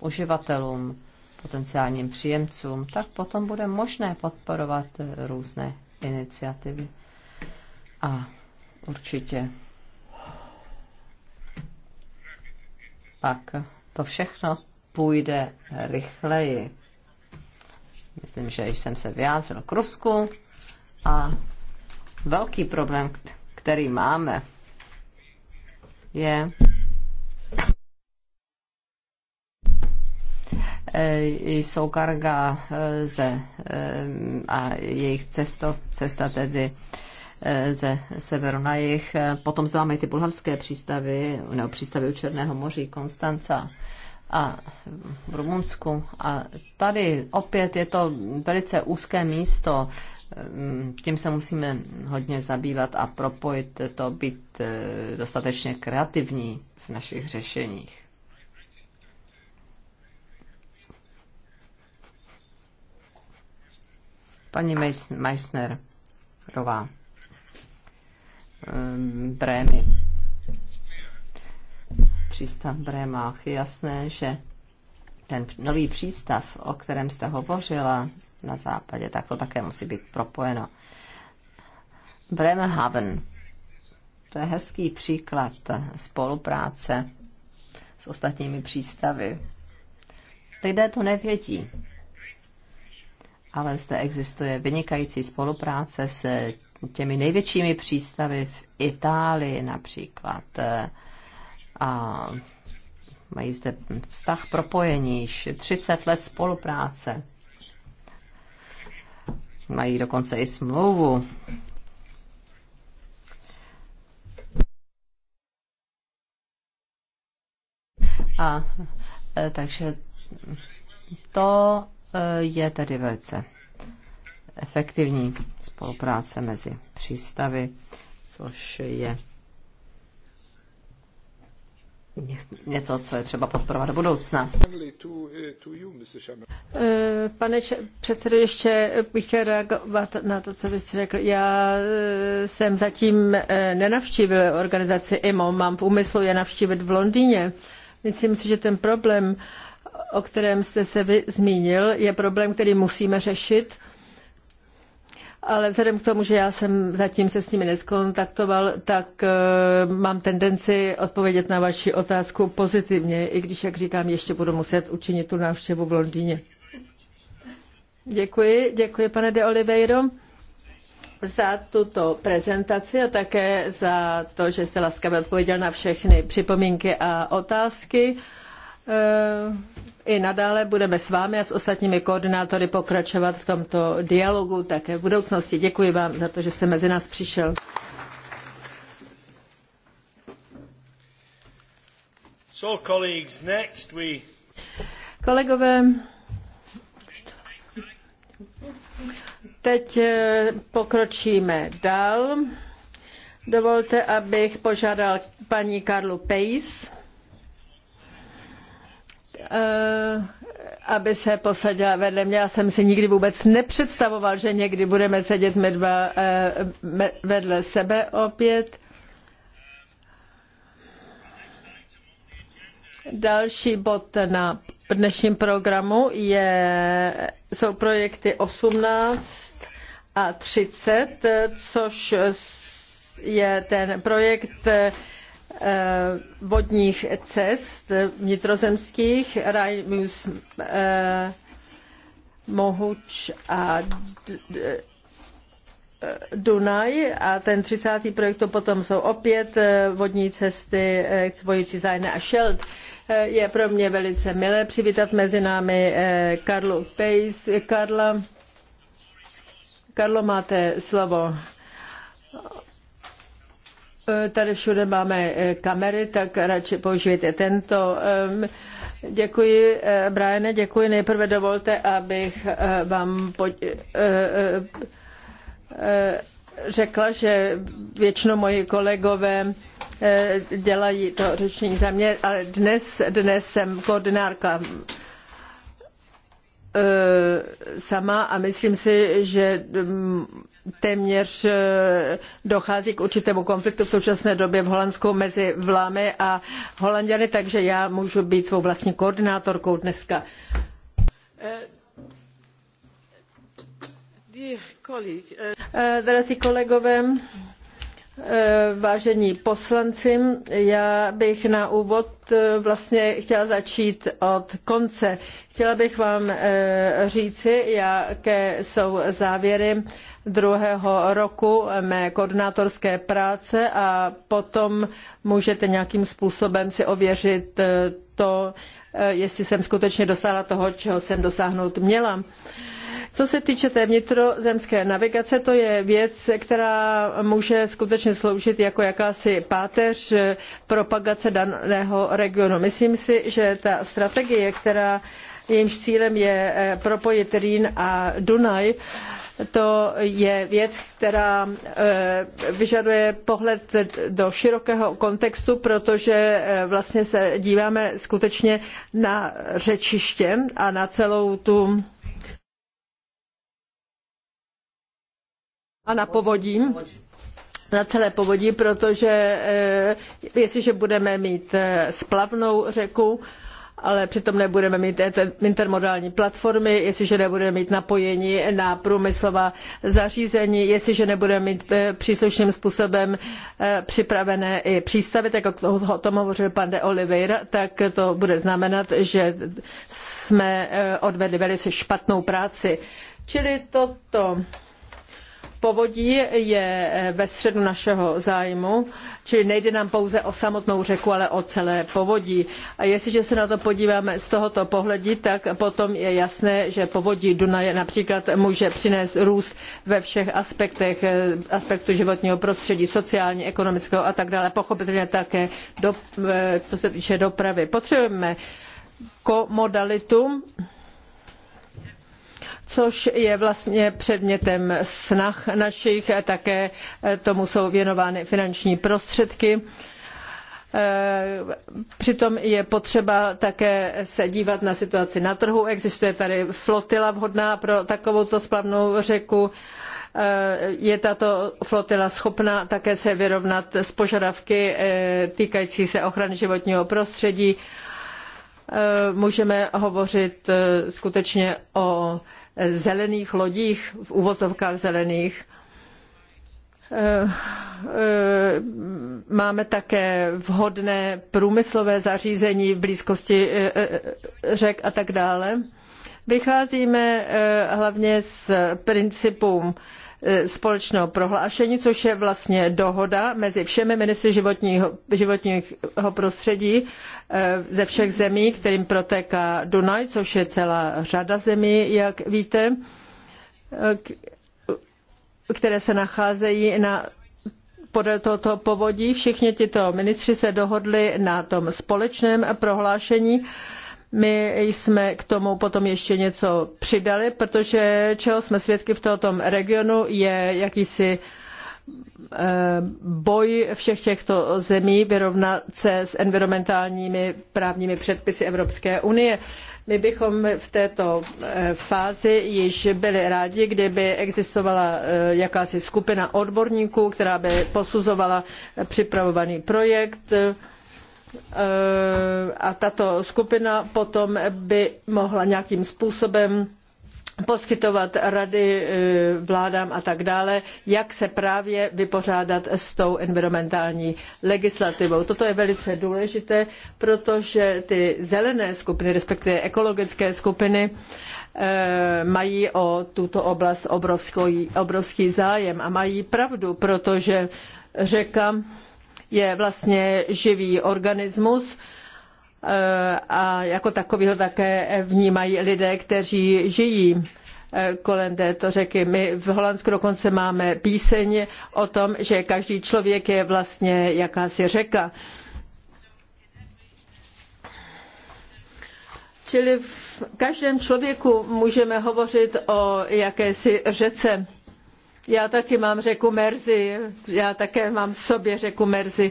uživatelům, potenciálním příjemcům, tak potom bude možné podporovat různé iniciativy. A určitě pak to všechno půjde rychleji. Myslím, že již jsem se vyjádřil k Rusku a velký problém, který máme, je, Eh, jsou karga eh, ze, eh, a jejich cesto, cesta tedy ze severu na jih. Potom zde máme ty bulharské přístavy, nebo přístavy u Černého moří, Konstanca a v Rumunsku. A tady opět je to velice úzké místo, tím se musíme hodně zabývat a propojit to, být dostatečně kreativní v našich řešeních. Paní Meissnerová, ehm, Brémy, přístav Brémách, je jasné, že ten nový přístav, o kterém jste hovořila na západě, tak to také musí být propojeno. Bremerhaven, to je hezký příklad spolupráce s ostatními přístavy. Lidé to nevědí ale zde existuje vynikající spolupráce s těmi největšími přístavy v Itálii například. E, A mají zde vztah propojení, 30 let spolupráce. Mají dokonce i smlouvu. A e, takže to je tedy velice efektivní spolupráce mezi přístavy, což je něco, co je třeba podporovat do budoucna. Eh, pane předsedo, ještě bych chtěl reagovat na to, co byste jste řekl. Já eh, jsem zatím eh, nenavštívil organizaci IMO, mám v úmyslu je navštívit v Londýně. Myslím si, že ten problém o kterém jste se vy zmínil, je problém, který musíme řešit, ale vzhledem k tomu, že já jsem zatím se s nimi neskontaktoval, tak eh, mám tendenci odpovědět na vaši otázku pozitivně, i když, jak říkám, ještě budu muset učinit tu návštěvu v Londýně. Děkuji, děkuji pane de Oliveiro za tuto prezentaci a také za to, že jste laskavě odpověděl na všechny připomínky a otázky. Eh, i nadále budeme s vámi a s ostatními koordinátory pokračovat v tomto dialogu také v budoucnosti. Děkuji vám za to, že jste mezi nás přišel. So, colleagues, next we... Kolegové, teď eh, pokročíme dál. Dovolte, abych požádal paní Karlu Pace, Eh, aby se posadila vedle mě. Já jsem si nikdy vůbec nepředstavoval, že někdy budeme sedět my dva eh, vedle sebe opět. Další bod na dnešním programu je, jsou projekty 18 a 30, což je ten projekt eh, Eh, vodních cest vnitrozemských, Rajmus eh, Mohuč a eh, Dunaj a ten 30. projekt to potom jsou opět vodní cesty spojící Zajne a Šeld. Je pro mě velice milé přivítat mezi námi Karlu Pejs. Karla, Karlo, máte slovo. Eh, tady všude máme eh, kamery, tak radši použijte tento. Ehm, děkuji, eh, Briane, děkuji. Nejprve dovolte, abych vám pod... řekla, že většinou moji kolegové dělají to řečení za mě, ale dnes, dnes jsem koordinárka sama a myslím si, že mm, téměř eh, dochází k určitému konfliktu v současné době v Holandsku mezi vlámy a Holanděny, takže já můžu být svou vlastní koordinátorkou dneska. Eh, eh, drazí kolegové, Eh, vážení poslanci, já bych na úvod eh, vlastně chtěla začít od konce. Chtěla bych vám eh, říci, jaké jsou závěry druhého roku mé koordinátorské práce a potom můžete nějakým způsobem si ověřit to, jestli jsem skutečně dosáhla toho, čeho jsem dosáhnout měla. Co se týče té vnitrozemské navigace, to je věc, která může skutečně sloužit jako jakási páteř propagace daného regionu. Myslím si, že ta strategie, která jejímž cílem je eh, propojit Rýn a Dunaj. To je věc, která eh, vyžaduje pohled do širokého kontextu, protože eh, vlastně se díváme skutečně na řečiště a na celou tu a na povodím na celé povodí, protože eh, jestliže budeme mít eh, splavnou řeku, ale přitom nebudeme mít intermodální platformy, jestliže nebudeme mít napojení na průmyslová zařízení, jestliže nebudeme mít eh, příslušným způsobem připravené i přístavy, tak jak o tom hovořil pan de Oliveira, tak to bude znamenat, že jsme odvedli velice špatnou práci. Čili toto povodí je eh, ve středu našeho zájmu, čili nejde nám pouze o samotnou řeku, ale o celé povodí. A jestliže se na to podíváme z tohoto pohledu, tak potom je jasné, že povodí Dunaje například může přinést růst ve všech aspektech, eh, aspektu životního prostředí, sociální, ekonomického a tak dále. Pochopitelně také, do, eh, co se týče dopravy. Potřebujeme komodalitu, což je vlastně předmětem snah našich a také eh, tomu jsou věnovány finanční prostředky. Eh, přitom je potřeba také se dívat na situaci na trhu. Existuje tady flotila vhodná pro takovouto splavnou řeku. Eh, je tato flotila schopna také se vyrovnat s požadavky týkající se ochrany životního prostředí? Můžeme hovořit skutečně o zelených lodích, v uvozovkách zelených. Eh, eh, máme také vhodné průmyslové zařízení v blízkosti eh, řek a tak dále. Vycházíme hlavně z principů E, společného prohlášení, což je vlastně dohoda mezi všemi ministry životního, životního prostředí e, ze všech zemí, kterým protéká Dunaj, což je celá řada zemí, jak víte, e, které se nacházejí na podle tohoto povodí. Všichni tito ministři se dohodli na tom společném prohlášení my jsme k tomu potom ještě něco přidali, protože čeho jsme svědky v tomto regionu je jakýsi eh, boj všech těchto zemí vyrovnat se s environmentálními právními předpisy Evropské unie. My bychom v této eh, fázi již byli rádi, kdyby existovala eh, jakási skupina odborníků, která by posuzovala připravovaný projekt, Eh, a tato skupina potom by mohla nějakým způsobem poskytovat rady eh, vládám a tak dále, jak se právě vypořádat s tou environmentální legislativou. Toto je velice důležité, protože ty zelené skupiny, respektive ekologické skupiny, eh, mají o tuto oblast obrovský, obrovský zájem a mají pravdu, protože řeka je vlastně živý organismus eh, a jako takový ho také vnímají lidé, kteří žijí eh, kolem této řeky. My v Holandsku dokonce máme píseň o tom, že každý člověk je vlastně jakási řeka. Čili v každém člověku můžeme hovořit o jakési řece. Já taky mám řeku Merzi, já také mám v sobě řeku Merzi.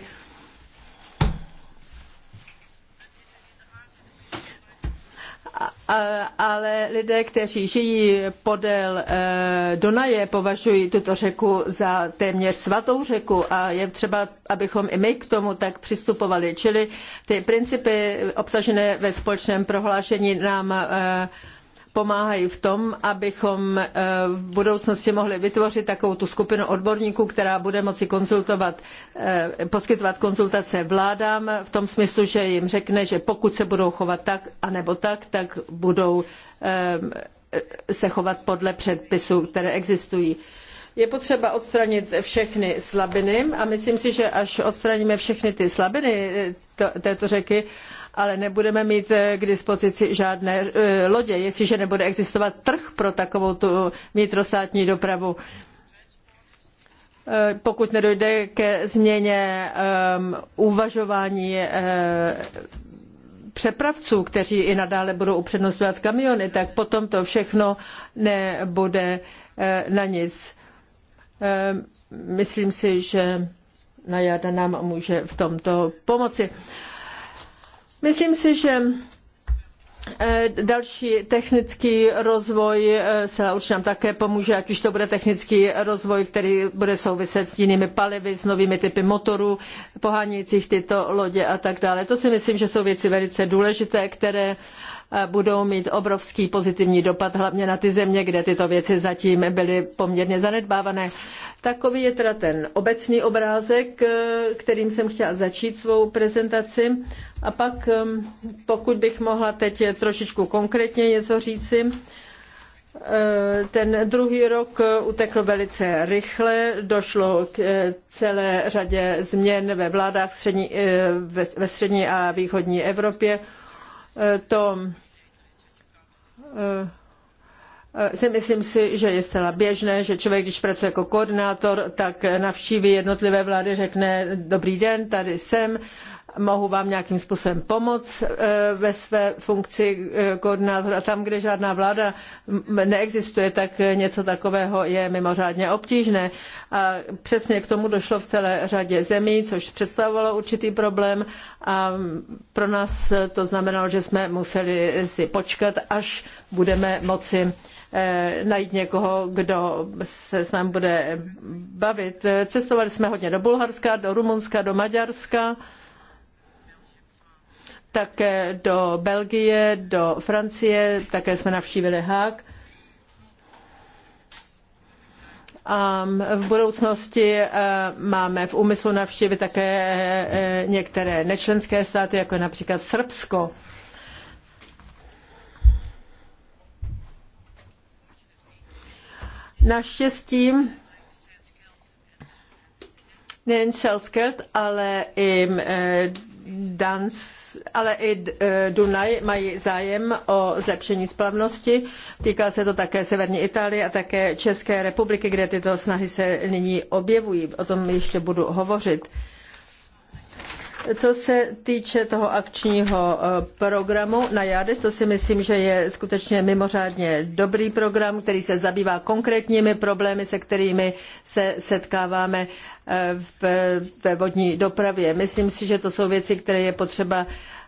ale lidé, kteří žijí podél eh, Dunaje, považují tuto řeku za téměř svatou řeku a je třeba, abychom i my k tomu tak přistupovali. Čili ty principy obsažené ve společném prohlášení nám eh, pomáhají v tom, abychom eh, v budoucnosti mohli vytvořit takovou tu skupinu odborníků, která bude moci konzultovat, eh, poskytovat konzultace vládám v tom smyslu, že jim řekne, že pokud se budou chovat tak a nebo tak, tak budou eh, se chovat podle předpisů, které existují. Je potřeba odstranit všechny slabiny a myslím si, že až odstraníme všechny ty slabiny této řeky, ale nebudeme mít eh, k dispozici žádné eh, lodě, jestliže nebude existovat trh pro takovou tu vnitrostátní dopravu eh, pokud nedojde ke změně ehm, uvažování přepravců, kteří i nadále budou upřednostňovat kamiony, tak potom to všechno nebude na nic. Ehm, myslím si, že Najada nám může v tomto pomoci. Myslím si, že eh, Další technický rozvoj eh, se určitě nám také pomůže, ať už to bude technický rozvoj, který bude souviset s jinými palivy, s novými typy motorů, pohánějících tyto lodě a tak dále. To si myslím, že jsou věci velice důležité, které uh, Eh, budou mít obrovský pozitivní dopad hlavně na ty země, kde tyto věci zatím byly poměrně zanedbávané. Takový je teda ten obecný obrázek, eh, kterým jsem chtěla začít svou prezentaci. A pak, eh, pokud bych mohla teď trošičku konkrétně něco říci, ten druhý rok utekl velice rychle, došlo k celé řadě změn ve vládách střední, ve střední a východní Evropě. Eh, to eh, eh, si myslím si, že je zcela běžné, že člověk, když pracuje jako koordinátor, tak navštíví jednotlivé vlády, řekne dobrý den, tady jsem mohu vám nějakým způsobem pomoct eh, ve své funkci eh, koordinátora. Tam, kde žádná vláda neexistuje, tak eh, něco takového je mimořádně obtížné. A přesně k tomu došlo v celé řadě zemí, což představovalo určitý problém a pro nás to znamenalo, že jsme museli si počkat, až budeme moci najít někoho, kdo se s námi bude bavit. Cestovali jsme hodně do Bulharska, do Rumunska, do Maďarska také do Belgie, do Francie, také jsme navštívili Haag. A v budoucnosti eh, máme v úmyslu navštívit také eh, eh, některé nečlenské státy, jako například Srbsko. Naštěstí nejen Šelskelt, ale i Dansk ale i e, Dunaj mají zájem o zlepšení splavnosti. Týká se to také severní Itálie a také České republiky, kde tyto snahy se nyní objevují. O tom ještě budu hovořit. Co se týče toho akčního eh, programu na JADES, to si myslím, že je skutečně mimořádně dobrý program, který se zabývá konkrétními problémy, se kterými se setkáváme eh, ve vodní dopravě. Myslím si, že to jsou věci, které je potřeba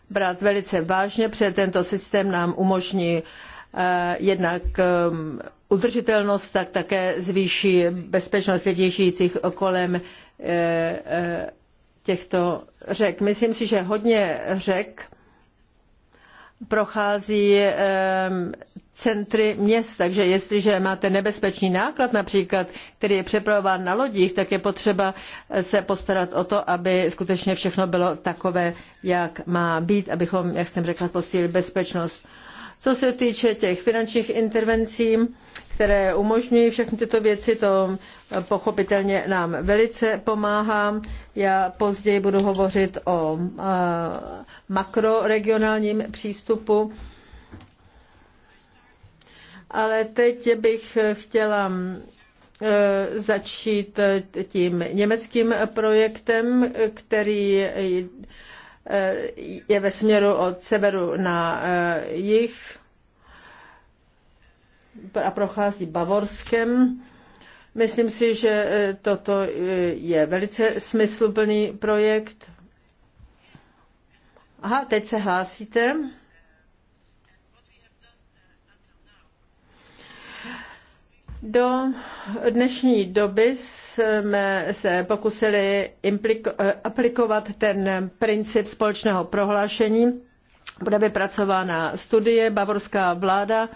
brát velice vážně, protože tento systém nám umožní eh, jednak udržitelnost, tak také zvýší bezpečnost lidí žijících kolem těchto řek. Myslím si, že hodně řek prochází centry měst, takže jestliže máte nebezpečný náklad například, který je přepravován na lodích, tak je potřeba se postarat o to, aby skutečně všechno bylo takové, jak má být, abychom, jak jsem řekla, posílili bezpečnost. Co se týče těch finančních intervencí, které umožňují všechny tyto věci, to eh, pochopitelně nám velice pomáhá. Já později budu hovořit o eh, makroregionálním přístupu. Ale teď bych chtěla eh, začít tím německým projektem, který Eh, je ve směru od severu na eh, jih a prochází Bavorskem. Myslím si, že eh, toto je velice smysluplný projekt. Aha, teď se hlásíte. Do dnešní doby jsme se pokusili eh, aplikovat ten princip společného prohlášení. Bude vypracována studie, bavorská vláda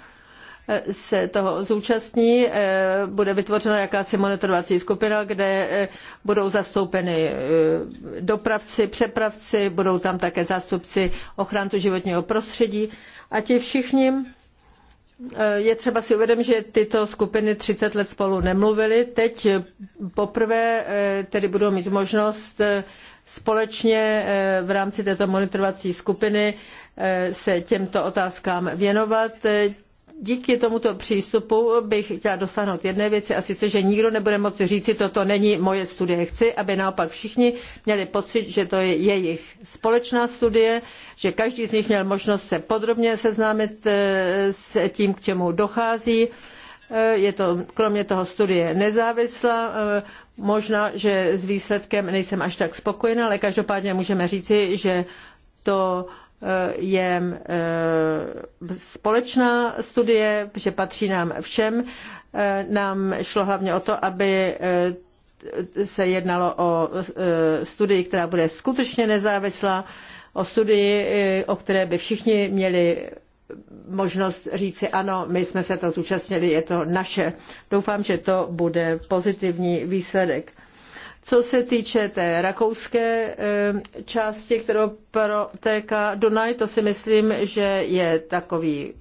eh, se toho zúčastní. Eh, bude vytvořena jakási monitorovací skupina, kde budou zastoupeny dopravci, přepravci, budou tam také zástupci ochrany životního prostředí a ti všichni Eh, je třeba si uvědomit, že tyto skupiny 30 let spolu nemluvily. Teď poprvé eh, tedy budou mít možnost eh, společně v rámci této monitorovací skupiny se těmto otázkám věnovat díky tomuto přístupu bych chtěla dosáhnout jedné věci a sice, že nikdo nebude moci říci, toto není moje studie. Chci, aby naopak všichni měli pocit, že to je jejich společná studie, že každý z nich měl možnost se podrobně seznámit eh, s tím, k čemu dochází. Eh, je to kromě toho studie nezávislá, eh, možná, že s výsledkem nejsem až tak spokojená, ale každopádně můžeme říci, že to je eh, společná studie, že patří nám všem. Eh, nám šlo hlavně o to, aby eh, se jednalo o studii, která bude skutečně nezávislá, o studii, o které by všichni měli možnost říci ano, my jsme se to zúčastnili, je to naše. Doufám, že to bude pozitivní výsledek. Co se týče té rakouské eh, části, kterou protéká Dunaj, to si myslím, že je takový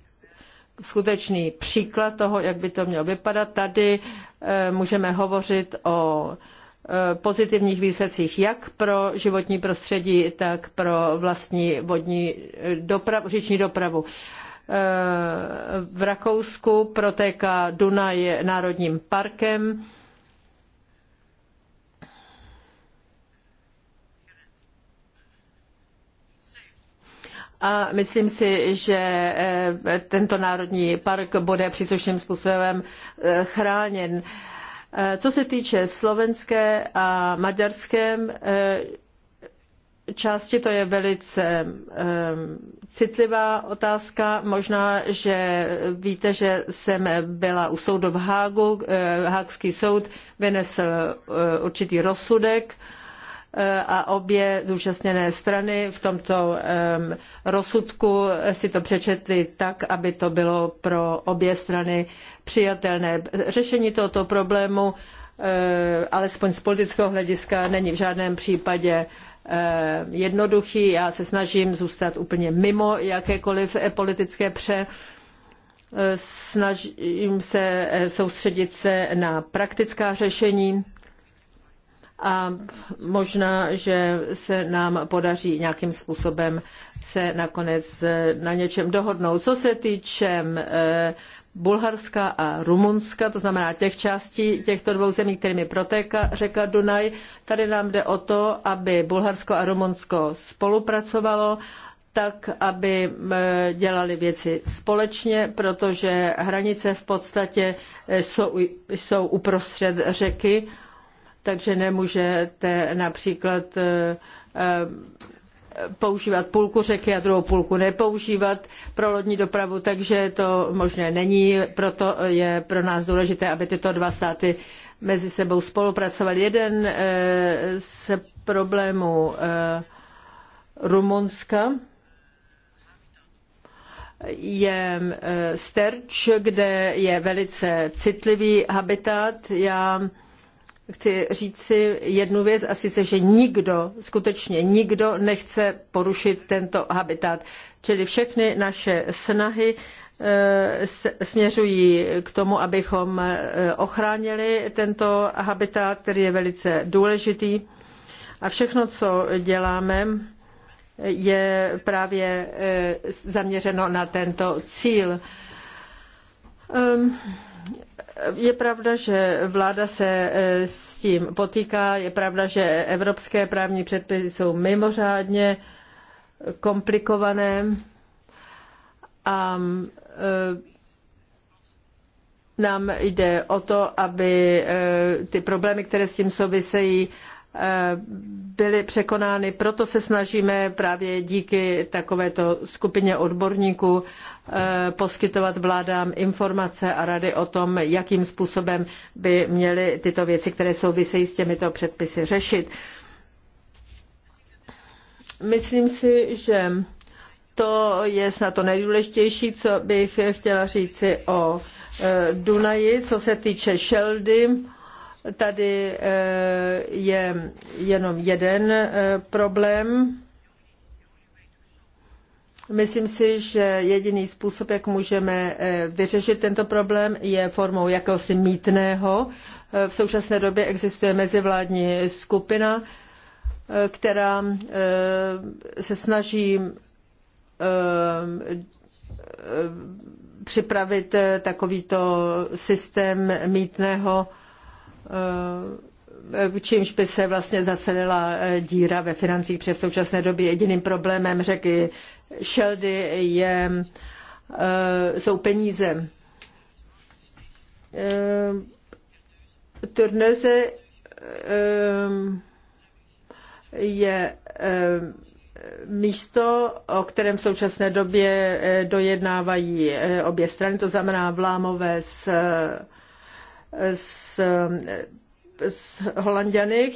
skutečný příklad toho, jak by to mělo vypadat. Tady eh, můžeme hovořit o eh, pozitivních výsledcích jak pro životní prostředí, tak pro vlastní vodní dopravu, říční dopravu. V Rakousku protéká Dunaj národním parkem a myslím si, že eh, tento národní park bude příslušným způsobem eh, chráněn. Eh, co se týče slovenské a maďarské části, to je velice citlivá otázka. Možná, že víte, že jsem byla u soudu v Hágu. hágský soud vynesl určitý rozsudek a obě zúčastněné strany v tomto rozsudku si to přečetly tak, aby to bylo pro obě strany přijatelné. Řešení tohoto problému eh, alespoň z politického hlediska není v žádném případě eh, jednoduchý. Já se snažím zůstat úplně mimo jakékoliv politické pře. Eh, snažím se soustředit se na praktická řešení a možná, že se nám podaří nějakým způsobem se nakonec na něčem dohodnout. Co se týče eh, Bulharska a Rumunska, to znamená těch částí těchto dvou zemí, kterými protéká řeka Dunaj. Tady nám jde o to, aby Bulharsko a Rumunsko spolupracovalo, tak, aby eh, dělali věci společně, protože hranice v podstatě eh, jsou, jsou uprostřed řeky takže nemůžete například eh, eh, používat půlku řeky a druhou půlku nepoužívat pro lodní dopravu, takže to možné není, proto je pro nás důležité, aby tyto dva státy mezi sebou spolupracovali. Jeden eh, z problémů Rumunska je sterč, kde je velice citlivý habitat. Já chci říct si jednu věc, a sice, že nikdo, skutečně nikdo nechce porušit tento habitat. Čili všechny naše snahy eh, směřují k tomu, abychom eh, ochránili tento habitat, který je velice důležitý. A všechno, co děláme, je právě eh, zaměřeno na tento cíl. Ehm, je pravda, že vláda se e, s tím potýká, je pravda, že evropské právní předpisy jsou mimořádně komplikované a e, nám jde o to, aby e, ty problémy, které s tím souvisejí, Eh, byly překonány. Proto se snažíme právě díky takovéto skupině odborníků eh, poskytovat vládám informace a rady o tom, jakým způsobem by měly tyto věci, které souvisejí s těmito předpisy, řešit. Myslím si, že to je snad to nejdůležitější, co bych chtěla říci o eh, Dunaji, co se týče Sheldy. Tady eh, je jenom jeden eh, problém. Myslím si, že jediný způsob, jak můžeme eh, vyřešit tento problém, je formou jakéhosi mítného. V současné době existuje mezivládní skupina, která se snaží připravit takovýto systém mítného Eh, čímž by se vlastně zacelila eh, díra ve financích, přes současné době jediným problémem řeky Šeldy je, eh, jsou peníze. Turneze je místo, o kterém v současné době dojednávají obě strany, to znamená Vlámové s s, s Holanděny,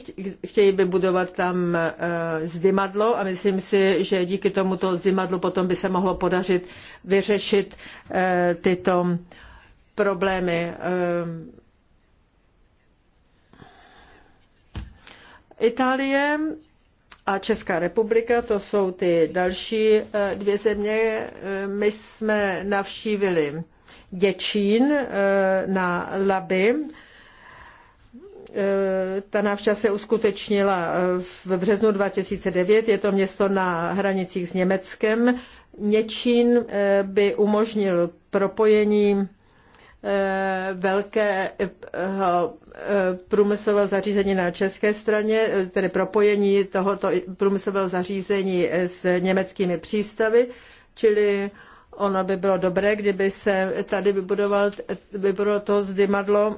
chtějí by budovat tam eh, zdymadlo a myslím si, že díky tomuto zdymadlu potom by se mohlo podařit vyřešit eh, tyto problémy. Eh, Itálie a Česká republika, to jsou ty další dvě země. My jsme navštívili Děčín eh, na Laby. Eh, ta návštěva se uskutečnila eh, v březnu 2009. Je to město na hranicích s Německem. Něčín by umožnil propojení velké průmyslového zařízení na české straně, tedy propojení tohoto průmyslového zařízení s německými přístavy, čili Ono by bylo dobré, kdyby se tady vybudoval, vybudovalo to zdymadlo,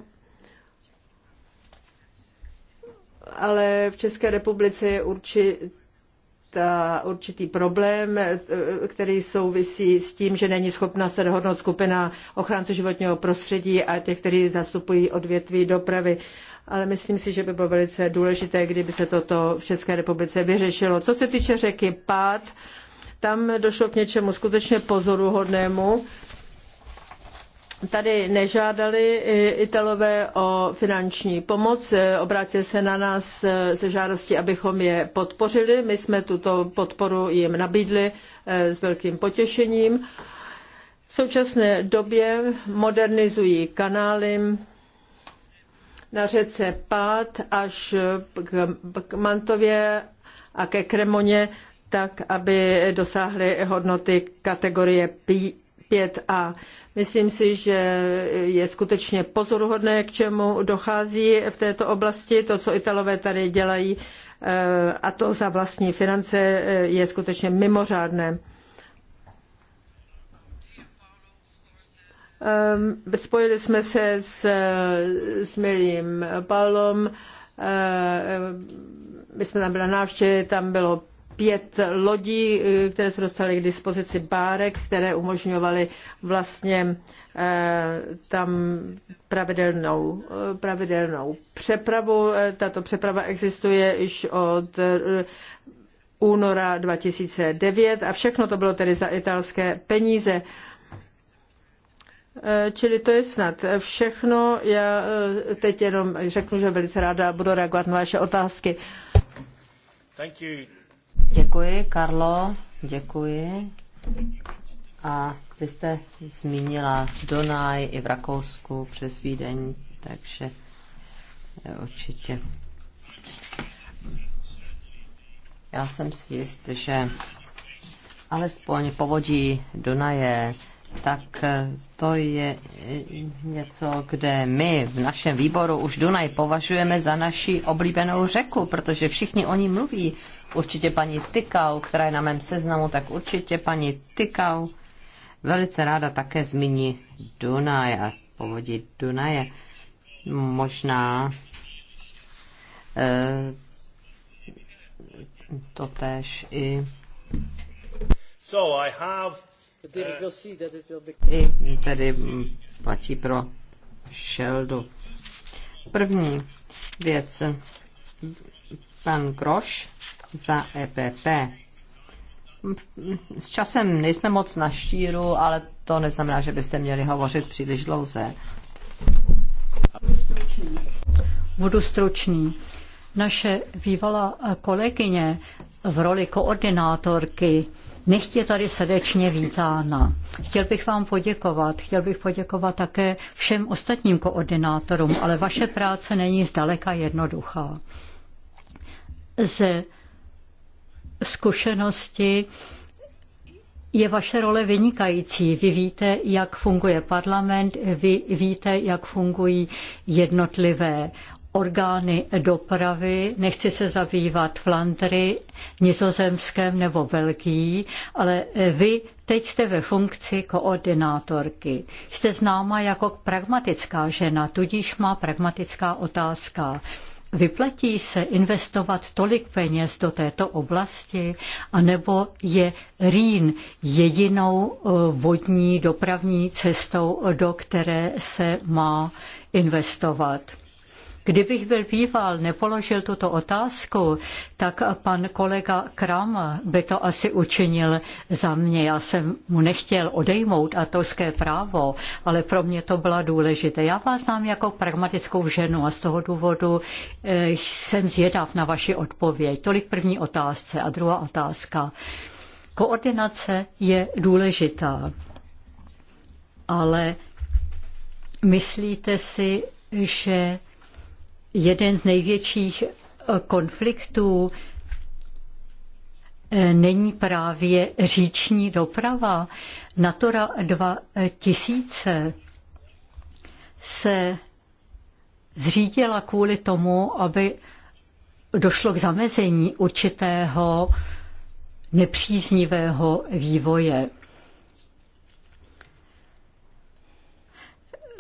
ale v České republice je určitá, určitý problém, který souvisí s tím, že není schopna se dohodnout skupina ochránců životního prostředí a těch, kteří zastupují odvětví dopravy. Ale myslím si, že by bylo velice důležité, kdyby se toto v České republice vyřešilo. Co se týče řeky Pát, tam došlo k něčemu skutečně pozoruhodnému. Tady nežádali Italové o finanční pomoc, obrátili se na nás se žádostí, abychom je podpořili. My jsme tuto podporu jim nabídli eh, s velkým potěšením. V současné době modernizují kanály na řece Pát až k Mantově a ke Kremoně tak, aby dosáhly hodnoty kategorie 5A. Myslím si, že je skutečně pozoruhodné, k čemu dochází v této oblasti. To, co Italové tady dělají, eh, a to za vlastní finance, eh, je skutečně mimořádné. Eh, spojili jsme se s, s milým Paulom, my jsme tam byli na návštěvě, tam bylo pět lodí, eh, které se dostaly k dispozici bárek, které umožňovaly vlastně eh, tam pravidelnou, eh, pravidelnou přepravu. Tato přeprava existuje již od února 2009 a všechno to bylo tedy za italské peníze. Čili to je snad všechno. Já teď jenom řeknu, že velice ráda budu reagovat na vaše otázky. Thank you. Děkuji, Karlo, děkuji. A vy jste zmínila Donaj i v Rakousku přes Vídeň, takže eh, určitě. Já jsem si jist, že alespoň povodí Donaje, tak eh, to je eh, něco, kde my v našem výboru už Dunaj považujeme za naši oblíbenou řeku, protože všichni oni mluví určitě paní Tykau, která je na mém seznamu, tak určitě paní Tykau velice ráda také zmíní Dunaj a povodí Dunaje. Možná eh, to tež i eh, I tedy mm, platí pro Šeldu. První věc. Pan Groš za EPP. S časem nejsme moc na štíru, ale to neznamená, že byste měli hovořit příliš dlouze. Budu stručný. Naše bývalá kolegyně v roli koordinátorky Nech je tady srdečně vítána. Chtěl bych vám poděkovat, chtěl bych poděkovat také všem ostatním koordinátorům, ale vaše práce není zdaleka jednoduchá. Ze zkušenosti je vaše role vynikající. Vy víte, jak funguje parlament, vy víte, jak fungují jednotlivé orgány dopravy. Nechci se zabývat Flandry, nizozemském nebo Belgií, ale eh, vy teď jste ve funkci koordinátorky. Jste známa jako pragmatická žena, tudíž má pragmatická otázka. Vyplatí se investovat tolik peněz do této oblasti, anebo je Rýn jedinou eh, vodní dopravní cestou, do které se má investovat? Kdybych byl býval, nepoložil tuto otázku, tak pan kolega Kram by to asi učinil za mě. Já jsem mu nechtěl odejmout atolské právo, ale pro mě to byla důležité. Já vás znám jako pragmatickou ženu a z toho důvodu eh, jsem zvědav na vaši odpověď. Tolik první otázce. A druhá otázka. Koordinace je důležitá, ale myslíte si, že jeden z největších eh, konfliktů eh, není právě říční doprava. Natura 2000 se zřídila kvůli tomu, aby došlo k zamezení určitého nepříznivého vývoje.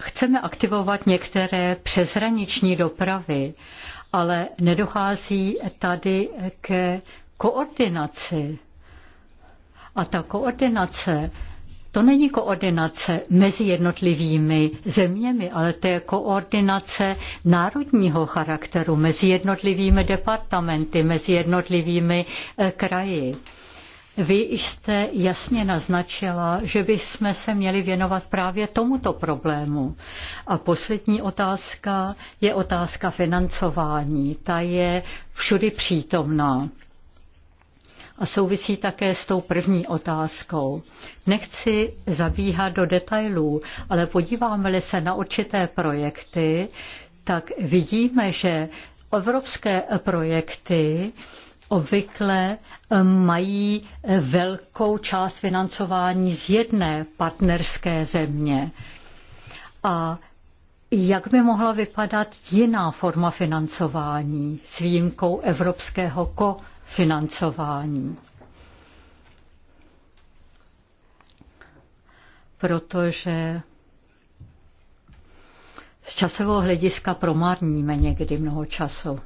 chceme aktivovat některé přeshraniční dopravy, ale nedochází tady ke koordinaci. A ta koordinace, to není koordinace mezi jednotlivými zeměmi, ale to je koordinace národního charakteru mezi jednotlivými departamenty, mezi jednotlivými eh, kraji. Vy jste jasně naznačila, že bychom se měli věnovat právě tomuto problému. A poslední otázka je otázka financování. Ta je všudy přítomná. A souvisí také s tou první otázkou. Nechci zabíhat do detailů, ale podíváme-li se na určité projekty, tak vidíme, že evropské projekty obvykle mají eh, velkou část financování z jedné partnerské země. A jak by mohla vypadat jiná forma financování s výjimkou evropského kofinancování? Protože z časového hlediska promarníme někdy mnoho času.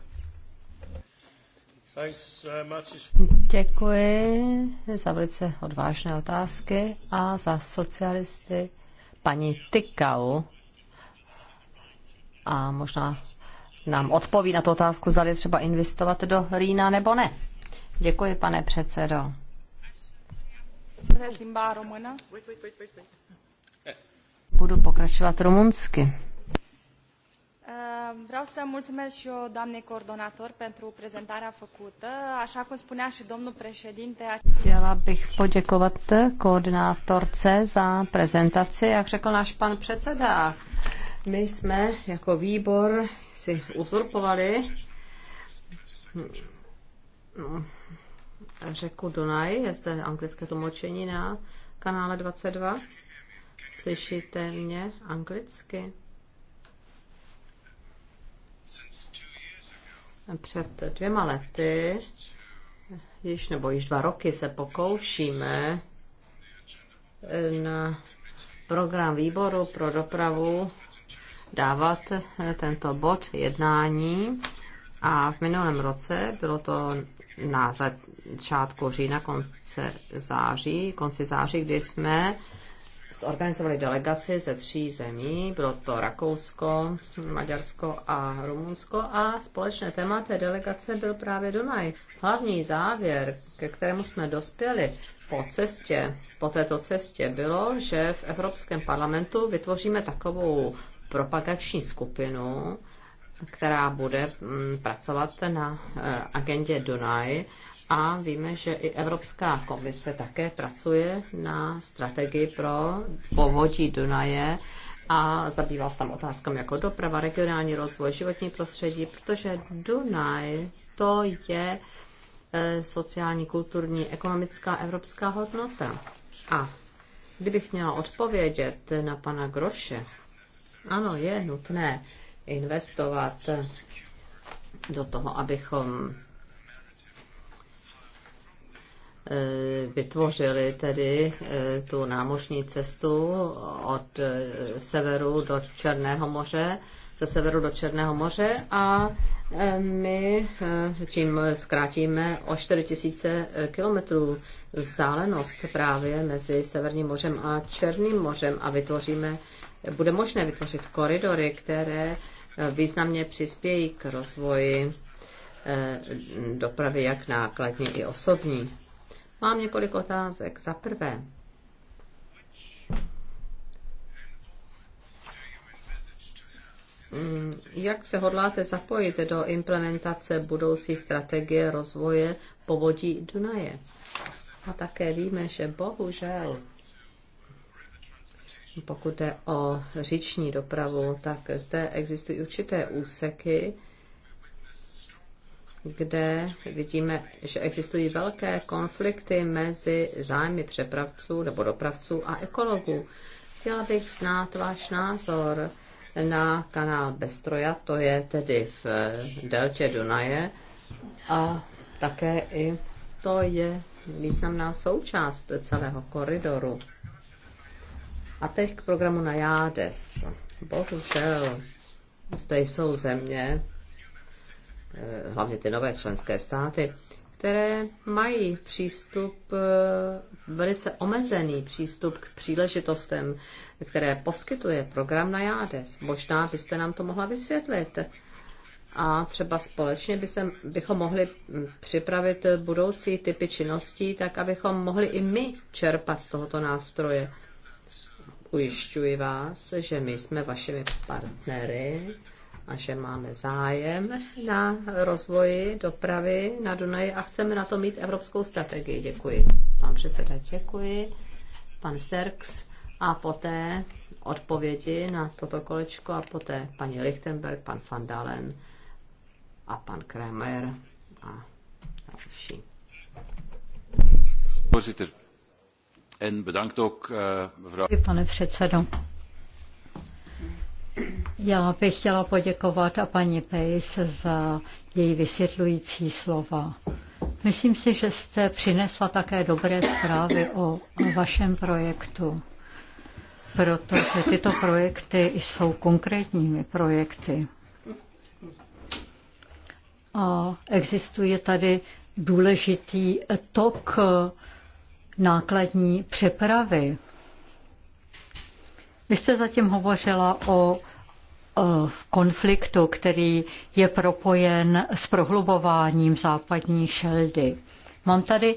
Uh, Děkuji za velice odvážné otázky a za socialisty paní Tykau. A možná nám odpoví na tu otázku, zda je třeba investovat do Rýna nebo ne. Děkuji, pane předsedo. Budu pokračovat rumunsky. Ehm, vreau să mulțumesc și eu, doamnei coordonator, pentru prezentarea făcută. Așa cum spunea și domnul președinte... Chtěla bych poděkovat koordinátorce za prezentaci. Jak řekl náš pan předseda, my jsme jako výbor si uzurpovali mm, mm, řeku Dunaj, je zde anglické tlumočení na kanále 22. Slyšíte mě anglicky? Před dvěma lety, již nebo již dva roky se pokoušíme eh, na program výboru pro dopravu dávat eh, tento bod jednání a v minulém roce bylo to na začátku října, konce září, konci září, kdy jsme zorganizovali delegaci ze tří zemí, bylo to Rakousko, Maďarsko a Rumunsko a společné téma té delegace byl právě Dunaj. Hlavní závěr, ke kterému jsme dospěli po cestě, po této cestě bylo, že v Evropském parlamentu vytvoříme takovou propagační skupinu, která bude mm, pracovat na eh, agendě Dunaj a víme, že i Evropská komise také pracuje na strategii pro povodí Dunaje a zabývá se tam otázkami jako doprava, regionální rozvoj, životní prostředí, protože Dunaj to je e, sociální, kulturní, ekonomická evropská hodnota. A kdybych měla odpovědět na pana Groše, ano, je nutné investovat do toho, abychom Eh, vytvořili tedy eh, tu námořní cestu od eh, severu do Černého moře, ze severu do Černého moře a my tím zkrátíme o 4000 kilometrů vzdálenost právě mezi Severním mořem a Černým mořem a vytvoříme, bude možné vytvořit koridory, které významně přispějí k rozvoji dopravy jak nákladní i osobní. Mám několik otázek. Za prvé, mm, Jak se hodláte zapojit do implementace budoucí strategie rozvoje povodí Dunaje? A také víme, že bohužel, pokud jde o říční dopravu, tak zde existují určité úseky, kde vidíme, že existují velké konflikty mezi zájmy přepravců nebo dopravců a ekologů. Chtěla bych znát váš názor na kanál Bestroja, to je tedy v eh, deltě Dunaje a také i to je významná součást celého koridoru. A teď k programu na Jádes. Bohužel, zde jsou země, Eh, hlavně ty nové členské státy, které mají přístup, eh, velice omezený přístup k příležitostem, které poskytuje program na JADES. Možná byste nám to mohla vysvětlit. A třeba společně by se, bychom mohli hm, připravit budoucí typy činností, tak abychom mohli i my čerpat z tohoto nástroje. Ujišťuji vás, že my jsme vašimi partnery a že máme zájem na rozvoji dopravy na Dunaji a chceme na to mít evropskou strategii. Děkuji. Pan předseda, děkuji. Pan Sterks a poté odpovědi na toto kolečko a poté paní Lichtenberg, pan Van Dalen a pan Kramer a další. Eh, pane předsedo, já bych chtěla poděkovat a paní Pejs za její vysvětlující slova. Myslím si, že jste přinesla také dobré zprávy o vašem projektu, protože tyto projekty jsou konkrétními projekty. A existuje tady důležitý tok nákladní přepravy vy jste zatím hovořila o konfliktu, který je propojen s prohlubováním západní šeldy. Mám tady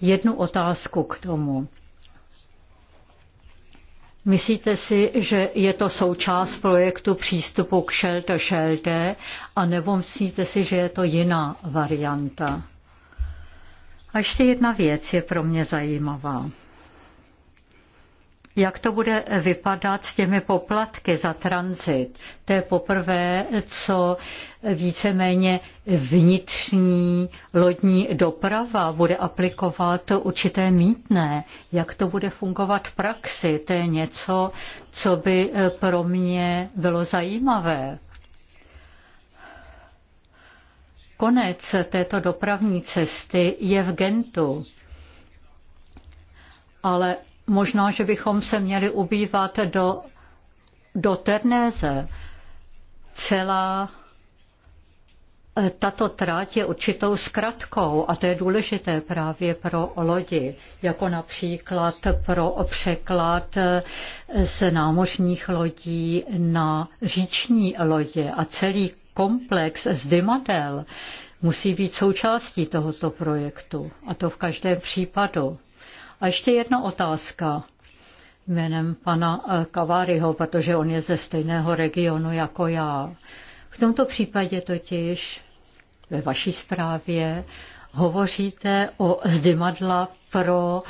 jednu otázku k tomu. Myslíte si, že je to součást projektu přístupu k šelte Shelter, anebo myslíte si, že je to jiná varianta? A ještě jedna věc je pro mě zajímavá jak to bude vypadat s těmi poplatky za tranzit. To je poprvé, co víceméně vnitřní lodní doprava bude aplikovat určité mítné. Jak to bude fungovat v praxi, to je něco, co by eh, pro mě bylo zajímavé. Konec této dopravní cesty je v Gentu, ale Možná, že bychom se měli ubývat do, do Ternéze. Celá eh, tato tráť je určitou zkratkou a to je důležité právě pro lodi, jako například pro překlad eh, z námořních lodí na říční lodě a celý komplex z dymadel musí být součástí tohoto projektu a to v každém případu. A ještě jedna otázka jménem pana eh, Kaváryho, protože on je ze stejného regionu jako já. V tomto případě totiž ve vaší zprávě hovoříte o zdymadla pro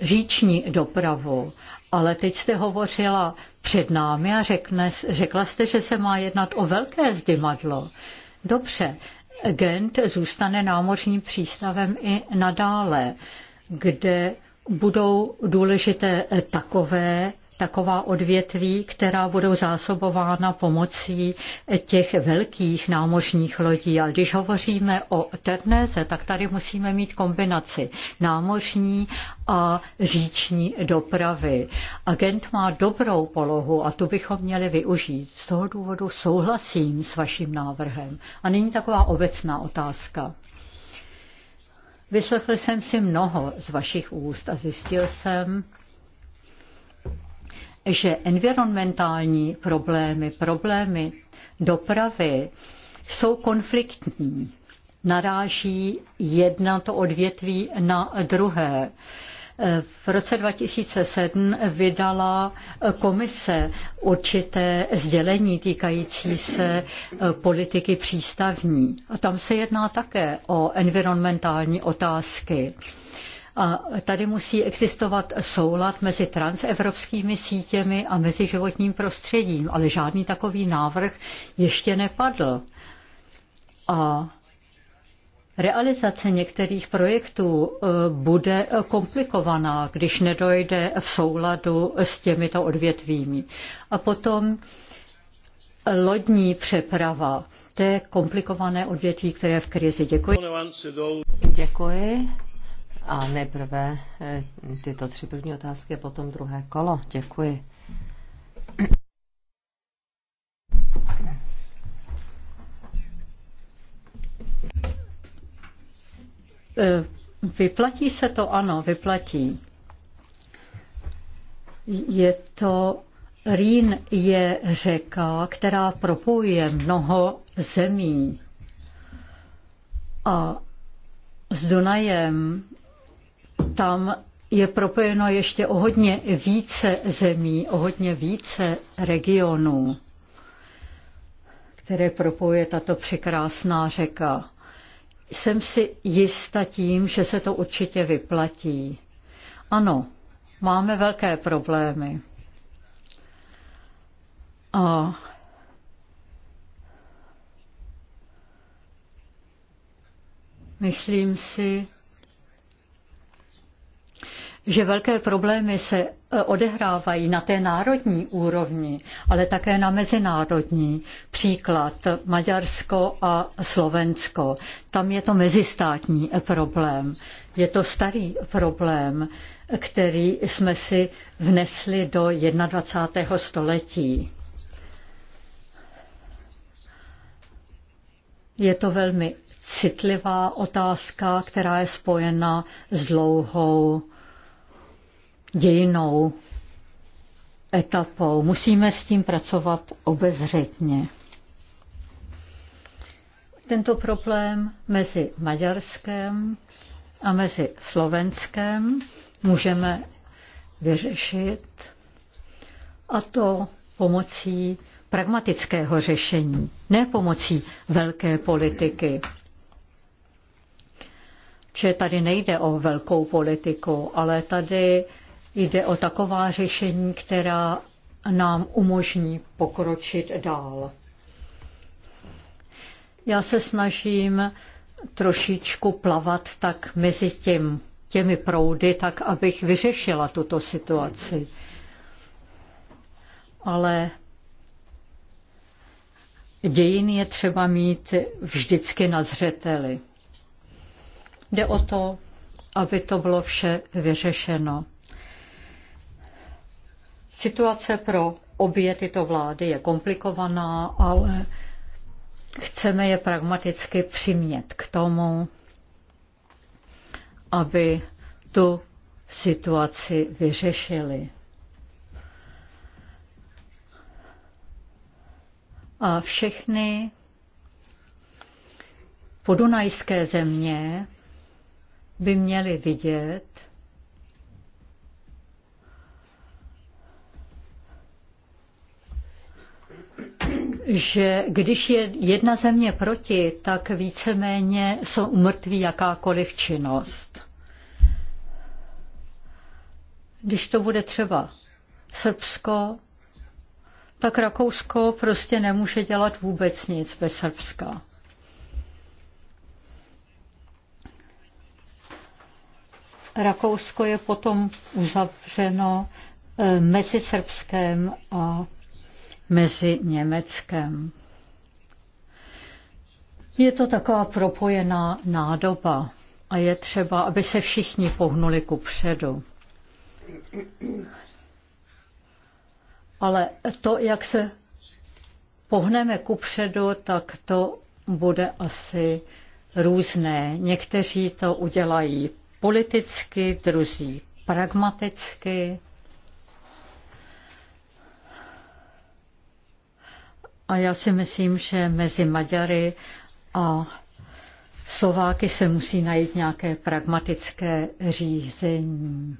říční dopravu. Ale teď jste hovořila před námi a řekne, řekla jste, že se má jednat o velké zdymadlo. Dobře, Gent zůstane námořním přístavem i nadále, kde budou důležité takové, taková odvětví, která budou zásobována pomocí těch velkých námořních lodí. A když hovoříme o Ternéze, tak tady musíme mít kombinaci námořní a říční dopravy. Agent má dobrou polohu a tu bychom měli využít. Z toho důvodu souhlasím s vaším návrhem. A není taková obecná otázka. Vyslechl jsem si mnoho z vašich úst a zjistil jsem, že environmentální problémy, problémy dopravy jsou konfliktní. Naráží jedna to odvětví na druhé. V roce 2007 vydala komise určité sdělení týkající se e, politiky přístavní. A tam se jedná také o environmentální otázky. A tady musí existovat soulad mezi transevropskými sítěmi a mezi životním prostředím, ale žádný takový návrh ještě nepadl. A Realizace některých projektů e, bude komplikovaná, když nedojde v souladu s těmito odvětvími. A potom lodní přeprava. To je komplikované odvětví, které je v krizi. Děkuji. Děkuji. A nejprve e, tyto tři první otázky, potom druhé kolo. Děkuji. E, vyplatí se to? Ano, vyplatí. Je to Rýn je řeka, která propojuje mnoho zemí. A s Dunajem tam je propojeno ještě o hodně více zemí, o hodně více regionů, které propojuje tato překrásná řeka jsem si jista tím, že se to určitě vyplatí. Ano, máme velké problémy. A myslím si, že velké problémy se odehrávají na té národní úrovni, ale také na mezinárodní. Příklad Maďarsko a Slovensko. Tam je to mezistátní problém. Je to starý problém, který jsme si vnesli do 21. století. Je to velmi citlivá otázka, která je spojena s dlouhou dějinou etapou. Musíme s tím pracovat obezřetně. Tento problém mezi Maďarskem a mezi Slovenskem můžeme vyřešit a to pomocí pragmatického řešení, ne pomocí velké politiky. Čiže tady nejde o velkou politiku, ale tady Jde o taková řešení, která nám umožní pokročit dál. Já se snažím trošičku plavat tak mezi tím, těmi proudy, tak abych vyřešila tuto situaci. Ale dějin je třeba mít vždycky na zřeteli. Jde o to, aby to bylo vše vyřešeno. Situace pro obě tyto vlády je komplikovaná, ale chceme je pragmaticky přimět k tomu, aby tu situaci vyřešili. A všechny podunajské země by měly vidět, že když je jedna země proti, tak víceméně jsou umrtví jakákoliv činnost. Když to bude třeba Srbsko, tak Rakousko prostě nemůže dělat vůbec nic bez Srbska. Rakousko je potom uzavřeno eh, mezi Srbskem a mezi Německem. Je to taková propojená nádoba a je třeba, aby se všichni pohnuli ku předu. Ale to, jak se pohneme ku předu, tak to bude asi různé. Někteří to udělají politicky, druzí pragmaticky, A já si myslím, že mezi Maďary a Slováky se musí najít nějaké pragmatické řízení.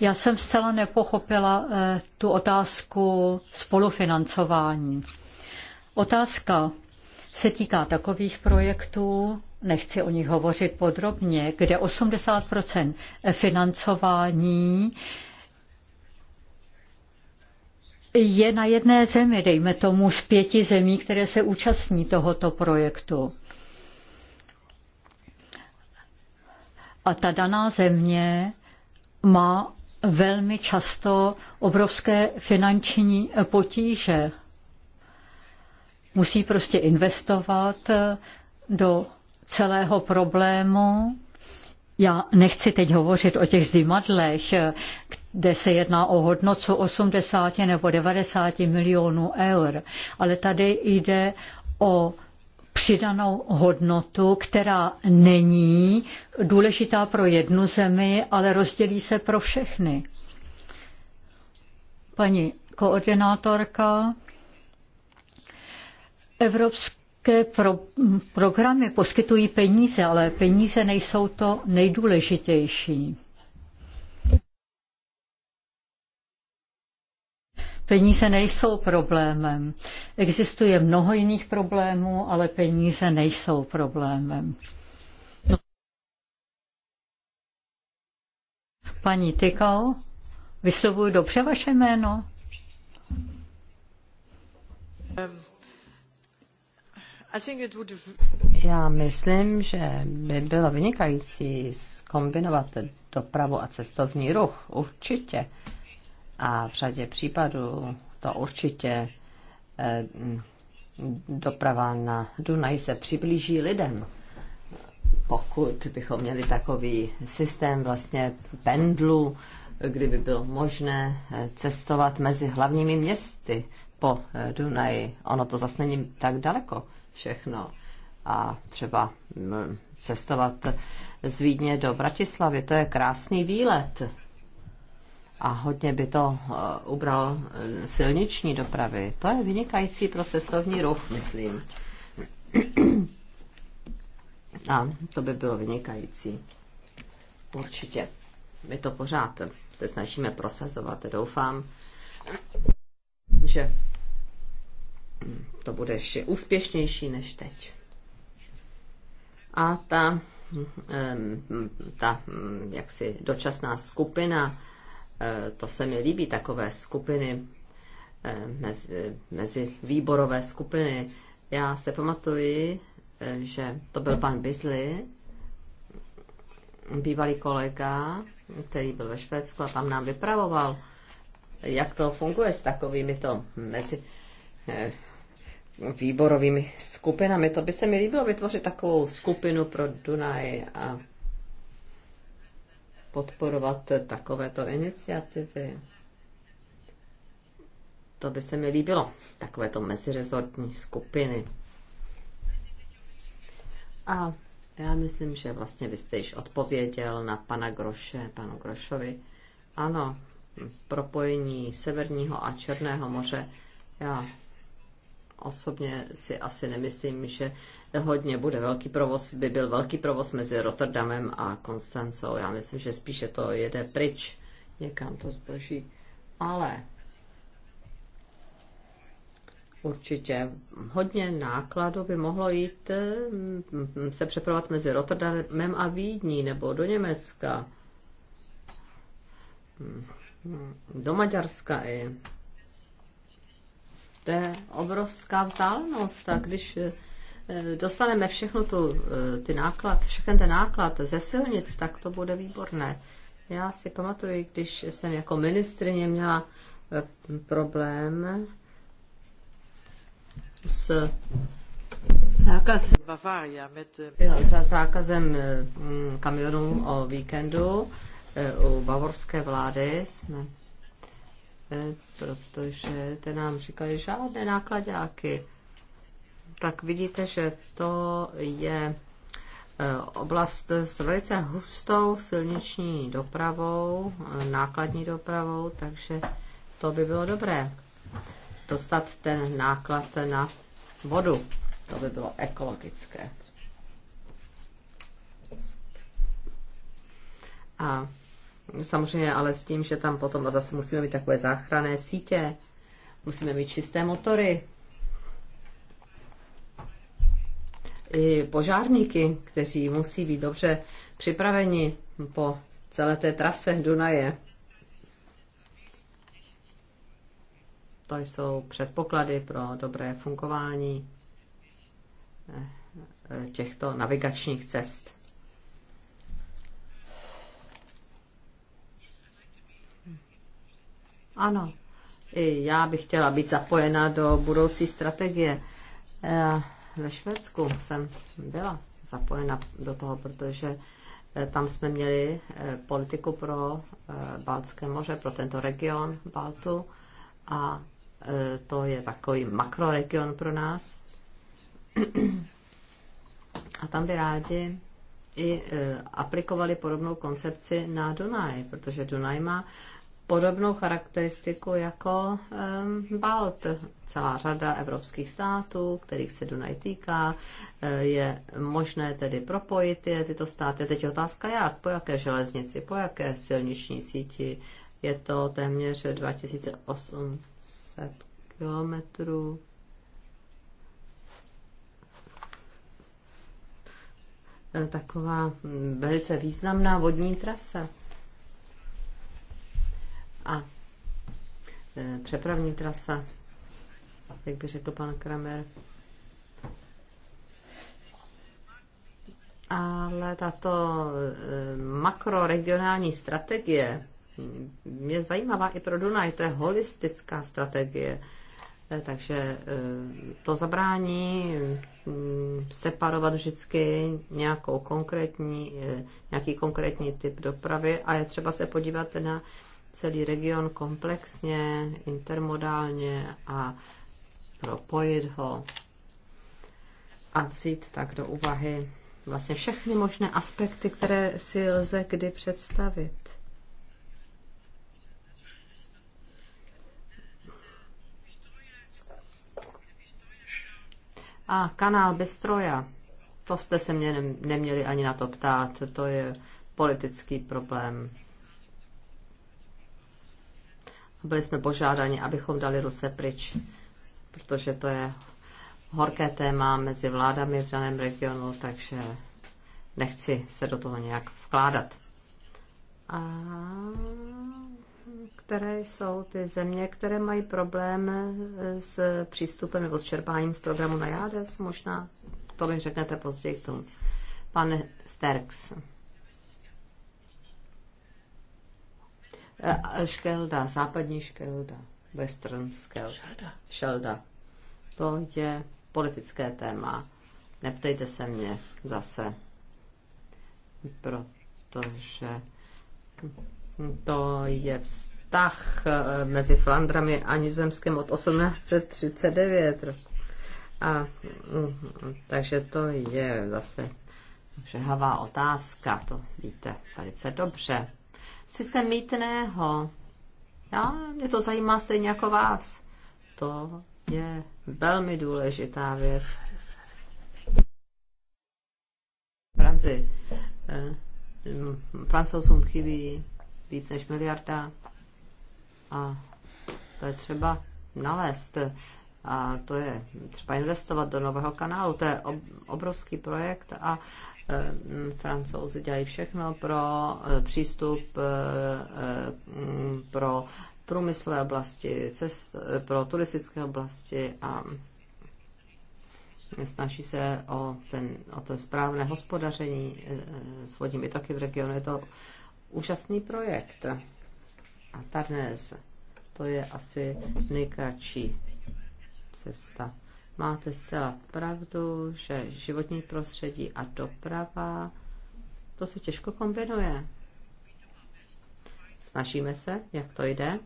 Já jsem zcela nepochopila eh, tu otázku spolufinancování. Otázka se týká takových projektů, nechci o nich hovořit podrobně, kde 80 financování je na jedné zemi, dejme tomu z pěti zemí, které se účastní tohoto projektu. A ta daná země má velmi často obrovské finanční potíže. Musí prostě investovat do celého problému já nechci teď hovořit o těch zdymadlech, kde se jedná o hodnotu 80 nebo 90 milionů eur, ale tady jde o přidanou hodnotu, která není důležitá pro jednu zemi, ale rozdělí se pro všechny. Paní koordinátorka, Evropská Velké pro, mm, programy poskytují peníze, ale peníze nejsou to nejdůležitější. Peníze nejsou problémem. Existuje mnoho jiných problémů, ale peníze nejsou problémem. No. Paní Tykal, vyslovuji dobře vaše jméno? Um. Já myslím, že by bylo vynikající zkombinovat dopravu a cestovní ruch, určitě. A v řadě případů to určitě eh, doprava na Dunaj se přiblíží lidem. Pokud bychom měli takový systém vlastně pendlu, kdyby bylo možné eh, cestovat mezi hlavními městy po eh, Dunaji, ono to zase není tak daleko všechno a třeba mm, cestovat z Vídně do Bratislavy. To je krásný výlet. A hodně by to eh, ubral eh, silniční dopravy. To je vynikající pro cestovní ruch, myslím. A to by bylo vynikající. Určitě. My to pořád se snažíme prosazovat. Doufám, že to bude ještě úspěšnější než teď. A ta, ta mm, jaksi dočasná skupina, e, to se mi líbí, takové skupiny, e, mezi, mezi výborové skupiny. Já se pamatuji, e, že to byl pan Bisley, bývalý kolega, který byl ve Švédsku a tam nám vypravoval, jak to funguje s takovými to mezi výborovými skupinami. To by se mi líbilo vytvořit takovou skupinu pro Dunaj a podporovat takovéto iniciativy. To by se mi líbilo, takovéto mezirezortní skupiny. A já myslím, že vlastně vy jste již odpověděl na pana Groše, panu Grošovi. Ano, propojení Severního a Černého moře. Já osobně si asi nemyslím, že hodně bude velký provoz, by byl velký provoz mezi Rotterdamem a Konstancou. Já myslím, že spíše to jede pryč, někam to zboží. Ale určitě hodně nákladů by mohlo jít mm, se přepravovat mezi Rotterdamem a Vídní nebo do Německa, mm, mm, do Maďarska i. To je obrovská vzdálenost a když eh, dostaneme všechno tu, eh, ty náklad, všechen ten náklad ze silnic, tak to bude výborné. Já si pamatuju, když jsem jako ministrině měla eh, problém s zákazem, Bavaria, met... jo, za zákazem mm, kamionů o víkendu u bavorské vlády jsme protože te nám říkali žádné nákladáky. Tak vidíte, že to je e, oblast s velice hustou silniční dopravou, e, nákladní dopravou, takže to by bylo dobré. Dostat ten náklad na vodu, to by bylo ekologické. A Samozřejmě ale s tím, že tam potom zase musíme mít takové záchranné sítě, musíme mít čisté motory, i požárníky, kteří musí být dobře připraveni po celé té trase Dunaje. To jsou předpoklady pro dobré fungování eh, těchto navigačních cest. Ano, i já bych chtěla být zapojena do budoucí strategie. Eh, ve Švédsku jsem byla zapojena do toho, protože eh, tam jsme měli eh, politiku pro Baltské moře, pro tento region Baltu a to je takový makroregion pro nás. A tam by rádi i aplikovali podobnou koncepci na Dunaj, protože Dunaj má podobnou charakteristiku jako um, Balt. Celá řada evropských států, kterých se Dunaj týká, eh, je možné tedy propojit je, tyto státy. Teď je otázka jak, po jaké železnici, po jaké silniční síti. Je to téměř 2800 kilometrů. Eh, taková mm, velice významná vodní trasa. A e, přepravní trasa, jak by řekl pan Kramer. Ale tato e, makroregionální strategie je zajímavá i pro Dunaj, to je holistická strategie, e, takže to zabrání mm, separovat vždycky nějakou konkrétní, nějaký konkrétní typ dopravy a je třeba se podívat na celý region komplexně, intermodálně a propojit ho a vzít tak do úvahy vlastně všechny možné aspekty, které si lze kdy představit. A kanál Bystroja, to jste se mě neměli ani na to ptát, to je politický problém byli jsme požádáni, abychom dali ruce pryč, protože to je horké téma mezi vládami v daném regionu, takže nechci se do toho nějak vkládat. A které jsou ty země, které mají problém s přístupem nebo s čerpáním z programu na JADES? Možná to mi řeknete později k tomu. Pan Sterks. Eh, škelda, západní škelda, western škelda. šelda. To je politické téma. Neptejte se mě zase, protože to je vztah eh, mezi Flandrami a Nizemským od 1839 A, mm, takže to je zase žehavá otázka, to víte velice dobře. Systém mítného. Já, mě to zajímá stejně jako vás. To je velmi důležitá věc. Franci, eh, francouzům chybí víc než miliarda a to je třeba nalézt. A to je třeba investovat do nového kanálu, to je obrovský projekt a Eh, Francouzi dělají všechno pro eh, přístup eh, pro průmyslové oblasti, cest, pro turistické oblasti a snaží se o, ten, o to správné hospodaření s vodními toky v regionu. Je to úžasný projekt. A Tarnes, to je asi nejkratší cesta. Máte zcela pravdu, že životní prostředí a doprava, to se těžko kombinuje. Snažíme se, jak to jde,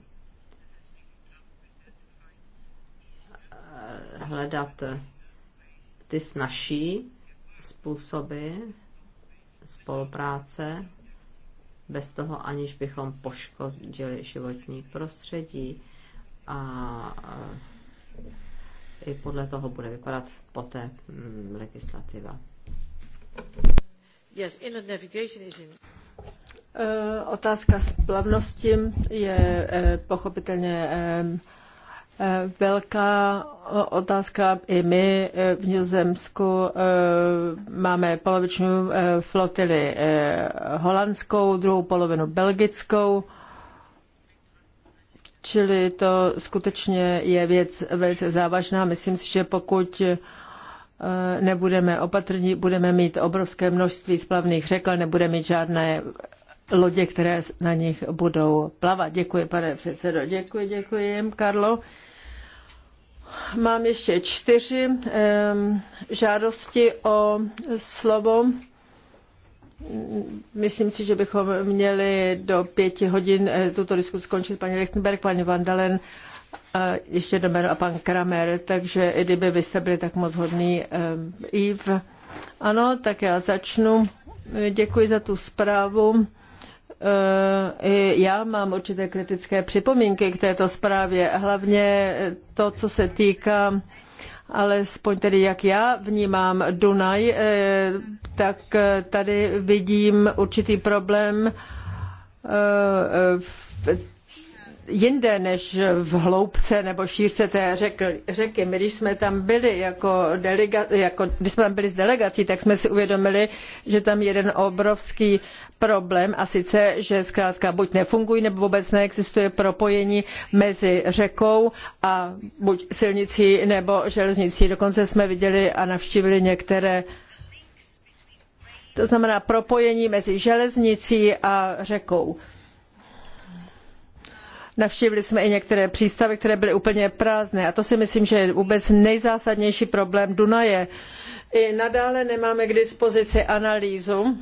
hledat ty snažší způsoby spolupráce, bez toho aniž bychom poškodili životní prostředí a i podle toho bude vypadat poté mm, legislativa. Yes, inland navigation is in... Eh, otázka splavnosti je eh, pochopitelně eh, velká otázka. I my v Nizozemsku máme polovičnou flotily holandskou, druhou polovinu belgickou. Čili to skutečně je věc velice závažná. Myslím si, že pokud eh, nebudeme opatrní, budeme mít obrovské množství splavných řekl, nebudeme mít žádné lodě, které na nich budou plavat. Děkuji, pane předsedo. Děkuji, děkuji, Karlo. Mám ještě čtyři eh, žádosti o slovo. Myslím si, že bychom měli do pěti hodin eh, tuto diskusi skončit. Paní Lichtenberg, paní Vandalen, a eh, ještě jedno a pan Kramer, takže i kdyby vy jste byli tak moc hodný, Iv. Eh, ano, tak já začnu. Děkuji za tu zprávu. Já mám určité kritické připomínky k této zprávě, hlavně to, co se týká alespoň tedy jak já vnímám Dunaj, eh, tak eh, tady vidím určitý problém eh, v jinde než v hloubce nebo šířce té řeky. My, když jsme tam byli, jako delega, jako, když jsme tam byli s delegací, tak jsme si uvědomili, že tam je jeden obrovský problém a sice, že zkrátka buď nefungují, nebo vůbec neexistuje propojení mezi řekou a buď silnicí nebo železnicí. Dokonce jsme viděli a navštívili některé to znamená propojení mezi železnicí a řekou. Navštívili jsme i některé přístavy, které byly úplně prázdné a to si myslím, že je vůbec nejzásadnější problém Dunaje. I nadále nemáme k dispozici analýzu,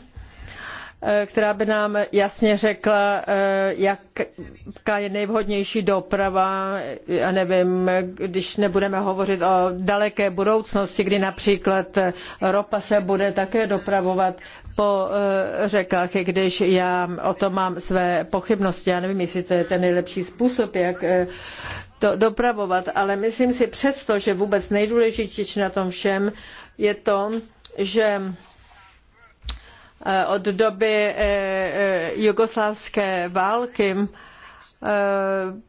Eh, která by nám jasně řekla, eh, jaká je nejvhodnější doprava. Já nevím, když nebudeme hovořit o daleké budoucnosti, kdy například ropa se bude také dopravovat po eh, řekách, když já o tom mám své pochybnosti. Já nevím, jestli to je ten nejlepší způsob, jak to dopravovat, ale myslím si přesto, že vůbec nejdůležitější na tom všem je to, že Eh, od doby eh, eh, jugoslávské války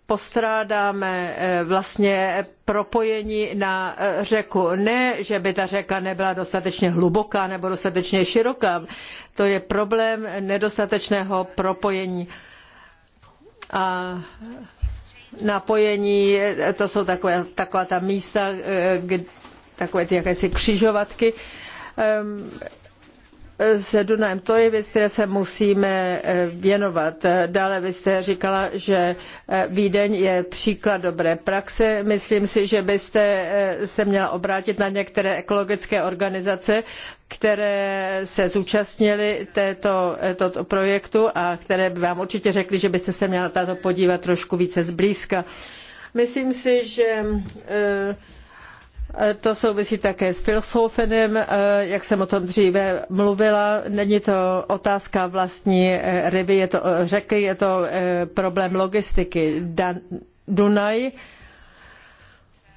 postrádáme vlastně propojení na řeku. Ne, že by ta řeka nebyla dostatečně hluboká nebo dostatečně široká. To je problém nedostatečného propojení. A napojení, to jsou takové, taková ta místa, takové ty jakési křižovatky ehm, se Dunajem. To je věc, které se musíme eh, věnovat. Dále vy jste říkala, že eh, Vídeň je příklad dobré praxe. Myslím si, že byste eh, se měla obrátit na některé ekologické organizace, které se zúčastnily této, tohoto projektu a které by vám určitě řekly, že byste se měla na tato podívat trošku více zblízka. Myslím si, že Eh, to souvisí také s Filshofenem, eh, jak jsem o tom dříve mluvila. Není to otázka vlastní eh, ryby, je to řeky, je to problém logistiky. Dunaj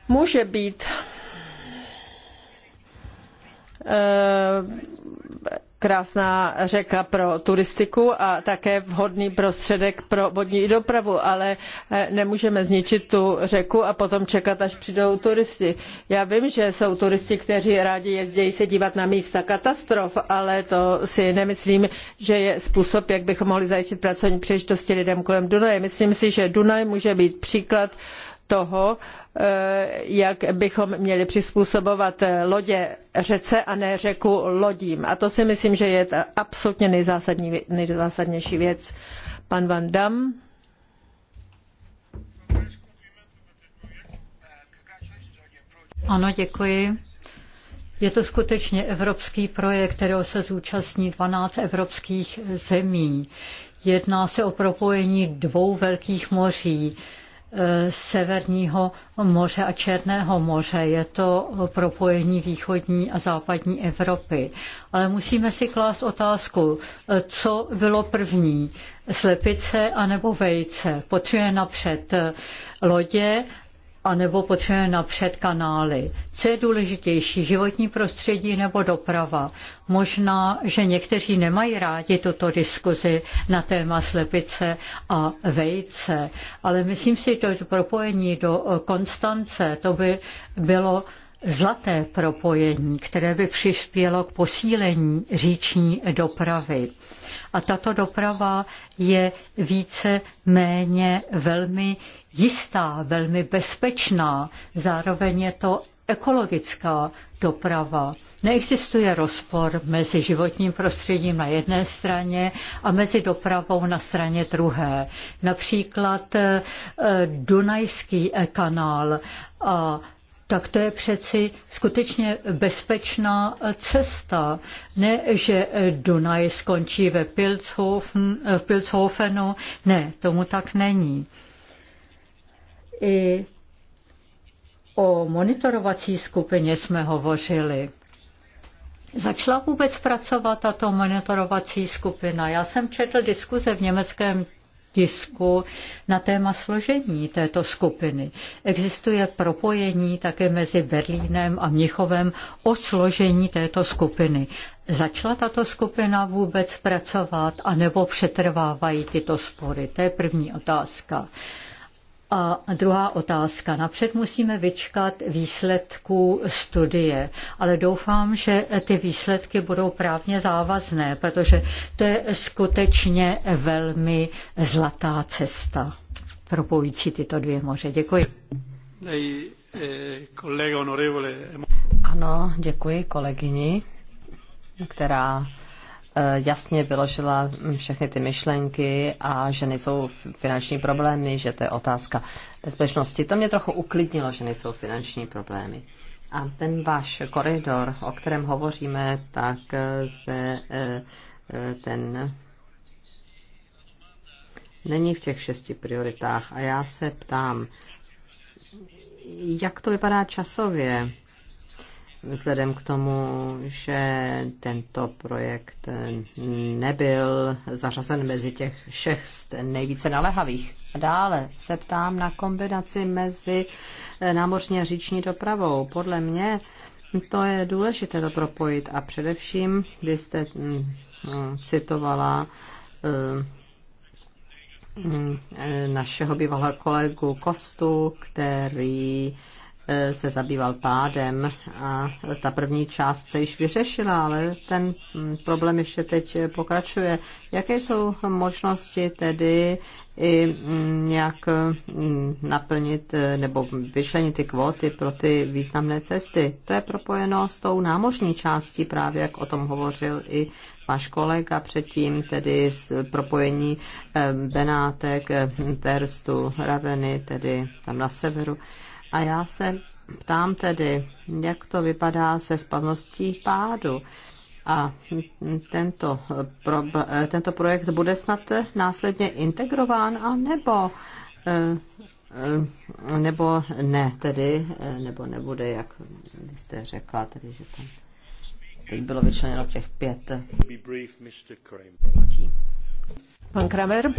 může být krásná řeka pro turistiku a také vhodný prostředek pro vodní dopravu, ale eh, nemůžeme zničit tu řeku a potom čekat, až přijdou turisti. Já vím, že jsou turisti, kteří rádi jezdí se dívat na místa katastrof, ale to si nemyslím, že je způsob, jak bychom mohli zajistit pracovní příležitosti lidem kolem Dunaje. Myslím si, že Dunaj může být příklad toho, Eh, jak bychom měli přizpůsobovat lodě řece a ne řeku lodím. A to si myslím, že je ta absolutně nejzásadnější věc. Pan Van Dam. Ano, děkuji. Je to skutečně evropský projekt, kterého se zúčastní 12 evropských zemí. Jedná se o propojení dvou velkých moří. Eh, Severního moře a Černého moře. Je to propojení východní a západní Evropy. Ale musíme si klást otázku, eh, co bylo první, slepice anebo vejce. Potřebuje napřed eh, lodě anebo potřebujeme napřed kanály. Co je důležitější, životní prostředí nebo doprava? Možná, že někteří nemají rádi tuto diskuzi na téma slepice a vejce, ale myslím si, to že propojení do eh, Konstance, to by bylo zlaté propojení, které by přispělo k posílení říční dopravy a tato doprava je více méně velmi jistá, velmi bezpečná. Zároveň je to ekologická doprava. Neexistuje rozpor mezi životním prostředím na jedné straně a mezi dopravou na straně druhé. Například eh, Dunajský kanál a tak to je přeci skutečně bezpečná cesta. Ne, že Dunaj skončí ve Pilzhofen, v Pilzhofenu, ne, tomu tak není. I o monitorovací skupině jsme hovořili. Začala vůbec pracovat tato monitorovací skupina. Já jsem četl diskuze v německém tisku na téma složení této skupiny. Existuje propojení také mezi Berlínem a Mnichovem o složení této skupiny. Začala tato skupina vůbec pracovat, anebo přetrvávají tyto spory? To je první otázka. A druhá otázka. Napřed musíme vyčkat výsledků studie, ale doufám, že ty výsledky budou právně závazné, protože to je skutečně velmi zlatá cesta propojící tyto dvě moře. Děkuji. Eh, ano, děkuji kolegyni, která Eh, jasně vyložila všechny ty myšlenky a že nejsou finanční problémy, že to je otázka bezpečnosti. To mě trochu uklidnilo, že nejsou finanční problémy. A ten váš koridor, o kterém hovoříme, tak eh, zde eh, ten není v těch šesti prioritách. A já se ptám, jak to vypadá časově? vzhledem k tomu, že tento projekt nebyl zařazen mezi těch šest nejvíce naléhavých. Dále se ptám na kombinaci mezi námořní a říční dopravou. Podle mě to je důležité to propojit a především vy jste mm, mm, citovala mm, našeho bývalého kolegu Kostu, který se zabýval pádem a ta první část se již vyřešila, ale ten mm, problém ještě teď pokračuje. Jaké jsou možnosti tedy i nějak mm, mm, naplnit nebo vyšlenit ty kvóty pro ty významné cesty. To je propojeno s tou námořní částí, právě jak o tom hovořil i váš kolega předtím, tedy s propojení eh, Benátek, eh, Terstu, Raveny, tedy tam na severu. A já se ptám tedy, jak to vypadá se spavností pádu. A tento, pro, tento projekt bude snad následně integrován, a nebo, e, e, nebo ne, tedy, e, nebo nebude, jak jste řekla, tedy, že tam teď bylo vyčleněno těch pět Pan Kramer?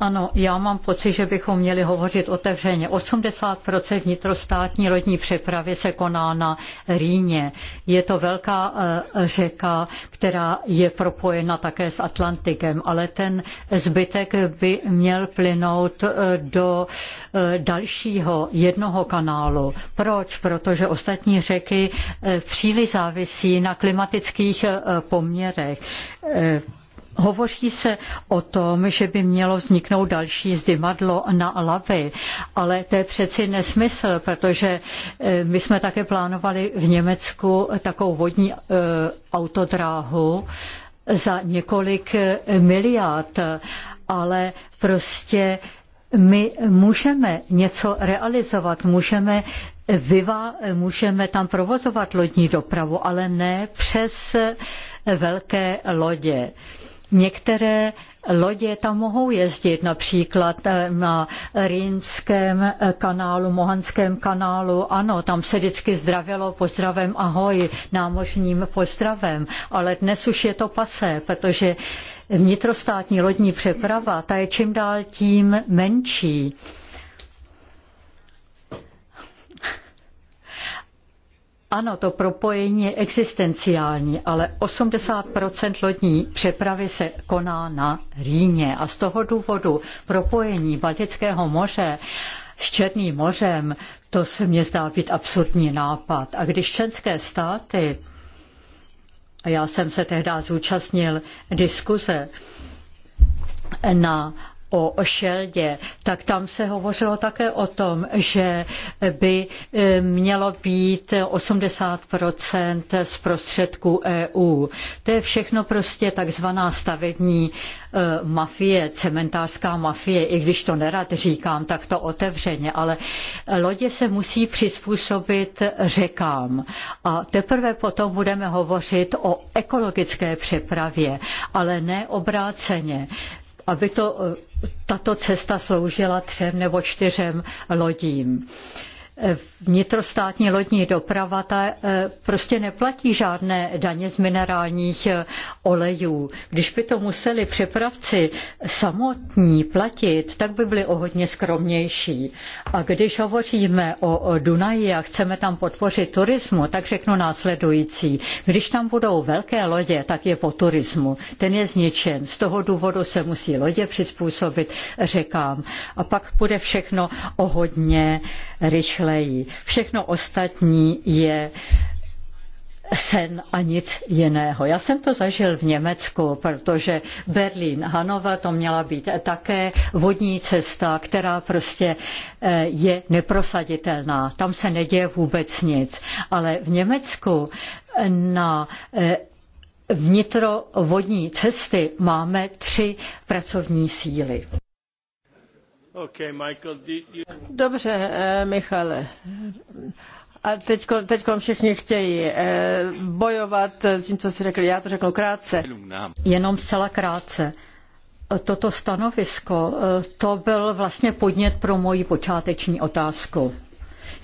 Ano, já mám pocit, že bychom měli hovořit otevřeně. 80% vnitrostátní lodní přepravy se koná na Rýně. Je to velká eh, řeka, která je propojena také s Atlantikem, ale ten zbytek by měl plynout eh, do eh, dalšího jednoho kanálu. Proč? Protože ostatní řeky příliš závisí na klimatických poměrech Hovoří se o tom, že by mělo vzniknout další zdymadlo na lavy, ale to je přeci nesmysl, protože eh, my jsme také plánovali v Německu takovou vodní eh, autodráhu za několik eh, miliard, ale prostě my můžeme něco realizovat, můžeme Vyva, můžeme tam provozovat lodní dopravu, ale ne přes velké lodě. Některé lodě tam mohou jezdit, například eh, na Rýnském eh, kanálu, Mohanském kanálu, ano, tam se vždycky zdravilo pozdravem ahoj, námořním pozdravem, ale dnes už je to pasé, protože vnitrostátní lodní přeprava, ta je čím dál tím menší. Ano, to propojení je existenciální, ale 80% lodní přepravy se koná na Rýně a z toho důvodu propojení Baltického moře s Černým mořem, to se mně zdá být absurdní nápad. A když členské státy, a já jsem se tehdy zúčastnil diskuze na o šeldě, tak tam se hovořilo také o tom, že by e, mělo být 80 z prostředků EU. To je všechno prostě takzvaná stavební e, mafie, cementářská mafie, i když to nerad říkám tak to otevřeně, ale lodě se musí přizpůsobit řekám. A teprve potom budeme hovořit o ekologické přepravě, ale ne obráceně aby to, eh, tato cesta sloužila třem nebo čtyřem lodím vnitrostátní lodní doprava ta eh, prostě neplatí žádné daně z minerálních eh, olejů. Když by to museli přepravci samotní platit, tak by byli o hodně skromnější. A když hovoříme o Dunaji a chceme tam podpořit turismu, tak řeknu následující. Když tam budou velké lodě, tak je po turismu. Ten je zničen. Z toho důvodu se musí lodě přizpůsobit řekám. A pak bude všechno o hodně rychleji. Všechno ostatní je sen a nic jiného. Já jsem to zažil v Německu, protože Berlín, Hanova to měla být také vodní cesta, která prostě eh, je neprosaditelná. Tam se neděje vůbec nic. Ale v Německu eh, na eh, vnitrovodní cesty máme tři pracovní síly. Dobře, eh, Michale. A teď teďkom všichni chtějí eh, bojovat s tím, co jsi řekl. Já to řeknu krátce. Jenom zcela krátce. Toto stanovisko, eh, to byl vlastně podnět pro moji počáteční otázku.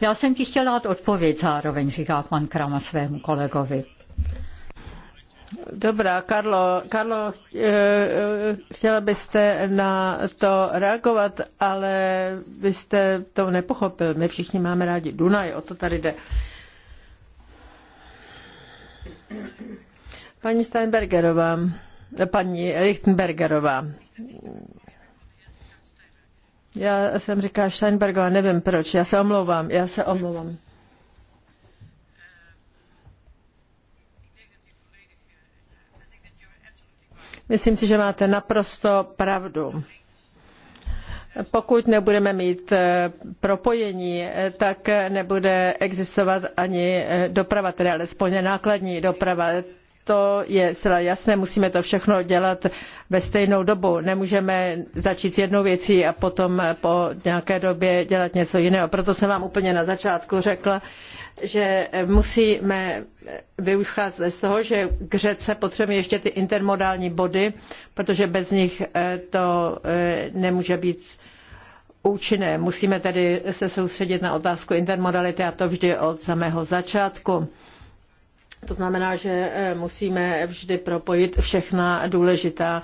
Já jsem ti chtěla dát odpověď zároveň, říká pan Krama svému kolegovi. Dobrá, Karlo, Karlo, eh, eh, chtěla byste na to reagovat, ale vy jste to nepochopil. My všichni máme rádi Dunaj, o to tady jde. Paní Steinbergerová, paní Lichtenbergerová. Já jsem říkala Steinbergerová, nevím proč, já se omlouvám, já se omlouvám. Myslím si, že máte naprosto pravdu. Pokud nebudeme mít eh, propojení, eh, tak eh, nebude existovat ani doprava, tedy alespoň nákladní doprava to je zcela jasné, musíme to všechno dělat ve stejnou dobu. Nemůžeme začít s jednou věcí a potom po nějaké době dělat něco jiného. Proto jsem vám úplně na začátku řekla, že eh, musíme eh, vyucházet z toho, že k řece potřebujeme ještě ty intermodální body, protože bez nich eh, to nemůže být účinné. Musíme tedy se soustředit na otázku intermodality a to vždy od samého začátku. To znamená, že musíme vždy propojit všechna důležitá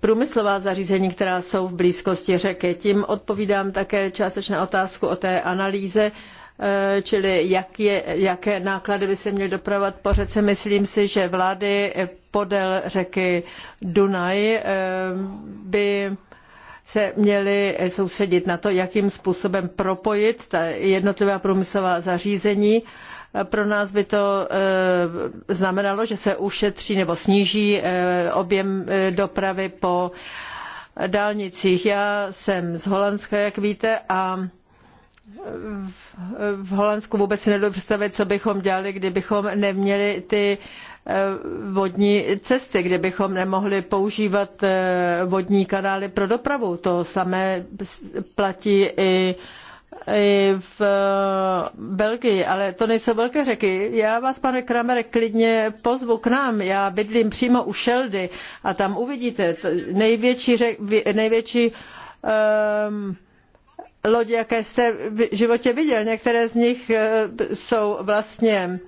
průmyslová zařízení, která jsou v blízkosti řeky. Tím odpovídám také částečně otázku o té analýze Eh, čili jak je, jaké náklady by se měly dopravovat po řece. Myslím si, že vlády podél řeky Dunaj eh, by se měli soustředit na to, jakým způsobem propojit ta jednotlivá průmyslová zařízení. Eh, pro nás by to znamenalo, že se ušetří nebo sníží objem dopravy po dálnicích. Já jsem z Holandska, jak víte, a v Holandsku vůbec si nedovedu představit, co bychom dělali, kdybychom neměli ty eh, vodní cesty, kdybychom nemohli používat eh, vodní kanály pro dopravu. To samé platí i i v eh, Belgii, ale to nejsou velké řeky. Já vás, pane Kramer, klidně pozvu k nám. Já bydlím přímo u Šeldy a tam uvidíte největší, řek, největší um, lodě, jaké jste v životě viděl. Některé z nich eh, jsou vlastně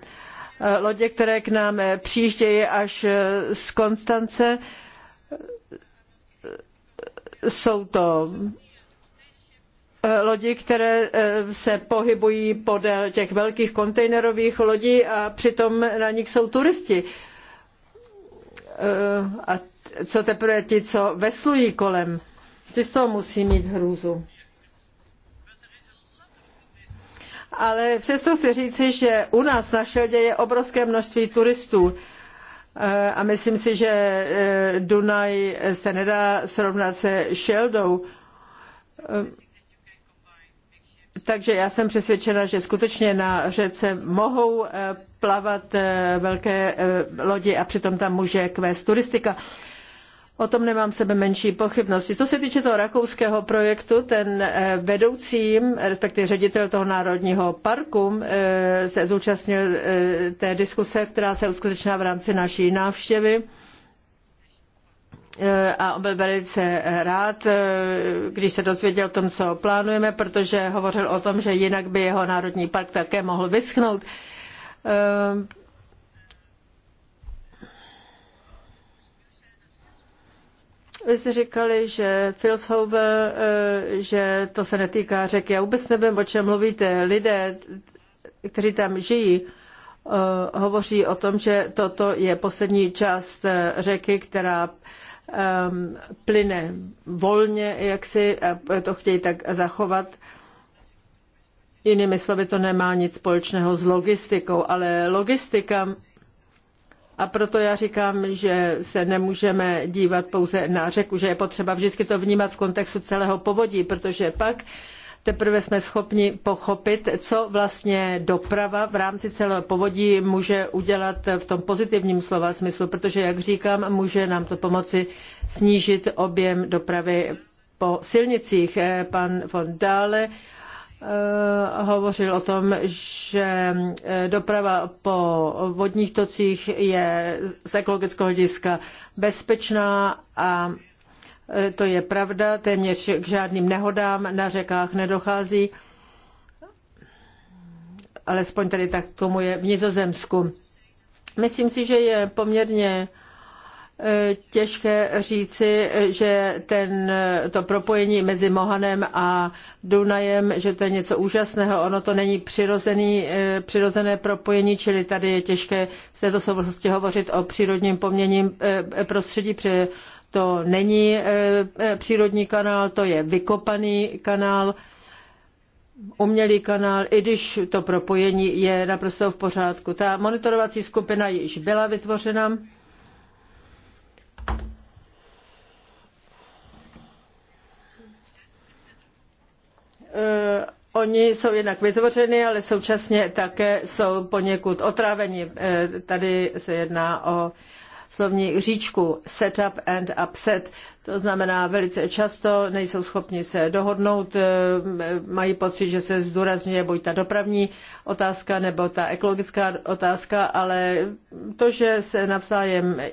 eh, lodě, které k nám eh, přijíždějí až z Konstance. Jsou to lodi, které se pohybují podél těch velkých kontejnerových lodí a přitom na nich jsou turisti. A co teprve ti, co veslují kolem, ty z toho musí mít hrůzu. ale přesto chci říci, že u nás na Šeldě je obrovské množství turistů eh, a myslím si, že eh, Dunaj se nedá srovnat se Šeldou. Eh, takže já jsem přesvědčena, že skutečně na řece mohou plavat velké lodi a přitom tam může kvést turistika. O tom nemám sebe menší pochybnosti. Co se týče toho rakouského projektu, ten eh, vedoucím, respektive ředitel toho národního parku, eh, se zúčastnil eh, té diskuse, která se uskutečnila v rámci naší návštěvy a byl velice rád, když se dozvěděl o tom, co plánujeme, protože hovořil o tom, že jinak by jeho národní park také mohl vyschnout. Vy jste říkali, že Filshove, eh, že to se netýká řeky. Já vůbec nevím, o čem mluvíte. Lidé, kteří tam žijí, eh, hovoří o tom, že toto je poslední část eh, řeky, která ehm, plyne volně, jak si to chtějí tak zachovat. Jinými slovy, to nemá nic společného s logistikou, ale logistika a proto já říkám, že se nemůžeme dívat pouze na řeku, že je potřeba vždycky to vnímat v kontextu celého povodí, protože pak teprve jsme schopni pochopit, co vlastně doprava v rámci celého povodí může udělat v tom pozitivním slova smyslu, protože, jak říkám, může nám to pomoci snížit objem dopravy po silnicích. Eh, pan von Dále Eh, hovořil o tom, že eh, doprava po vodních tocích je z ekologického hlediska bezpečná a eh, to je pravda, téměř k žádným nehodám na řekách nedochází, alespoň tady tak tomu je v Nizozemsku. Myslím si, že je poměrně těžké říci, že ten, to propojení mezi Mohanem a Dunajem, že to je něco úžasného. Ono to není přirozený, eh, přirozené propojení, čili tady je těžké v této souvislosti hovořit o přírodním poměním eh, eh, prostředí, protože to není přírodní kanál, to je vykopaný kanál umělý kanál, i když to propojení je naprosto v pořádku. Ta monitorovací skupina již byla vytvořena Eh, oni jsou jednak vytvořeni, ale současně také jsou poněkud otráveni. Eh, tady se jedná o slovní říčku setup and upset. To znamená, velice často nejsou schopni se dohodnout, eh, mají pocit, že se zdůrazňuje buď ta dopravní otázka nebo ta ekologická otázka, ale to, že se navzájem, eh,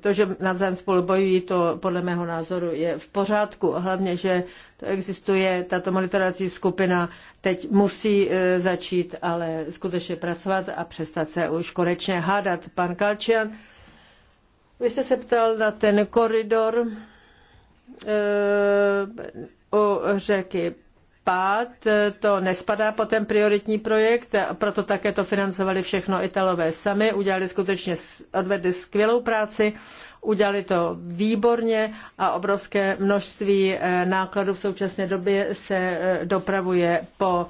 to, že navzájem spolu bojují, to podle mého názoru je v pořádku. Hlavně, že to existuje, tato monitorací skupina teď musí eh, začít ale skutečně pracovat a přestat se už konečně hádat. Pan Kalčian, vy jste se ptal na ten koridor eh, u řeky Pát. To nespadá pod ten prioritní projekt, a proto také to financovali všechno Italové sami. Udělali skutečně, odvedli skvělou práci, udělali to výborně a obrovské množství eh, nákladů v současné době se eh, dopravuje po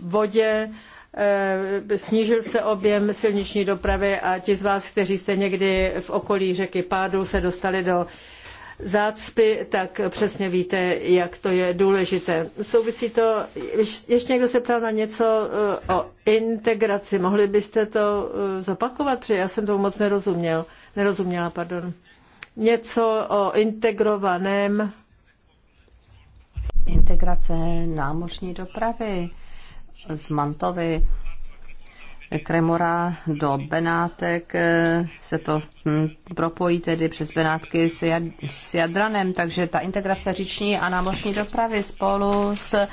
vodě Eh, snížil se objem silniční dopravy a ti z vás, kteří jste někdy v okolí řeky Pádu se dostali do zácpy, tak přesně víte, jak to je důležité. Souvisí to, ještě někdo se ptal na něco eh, o integraci, mohli byste to eh, zopakovat, protože já jsem tomu moc nerozuměl, nerozuměla, pardon. Něco o integrovaném integrace námořní dopravy z Mantovy, Kremora do Benátek eh, se to hm, propojí tedy přes Benátky s Jadranem, takže ta integrace říční a námořní dopravy spolu s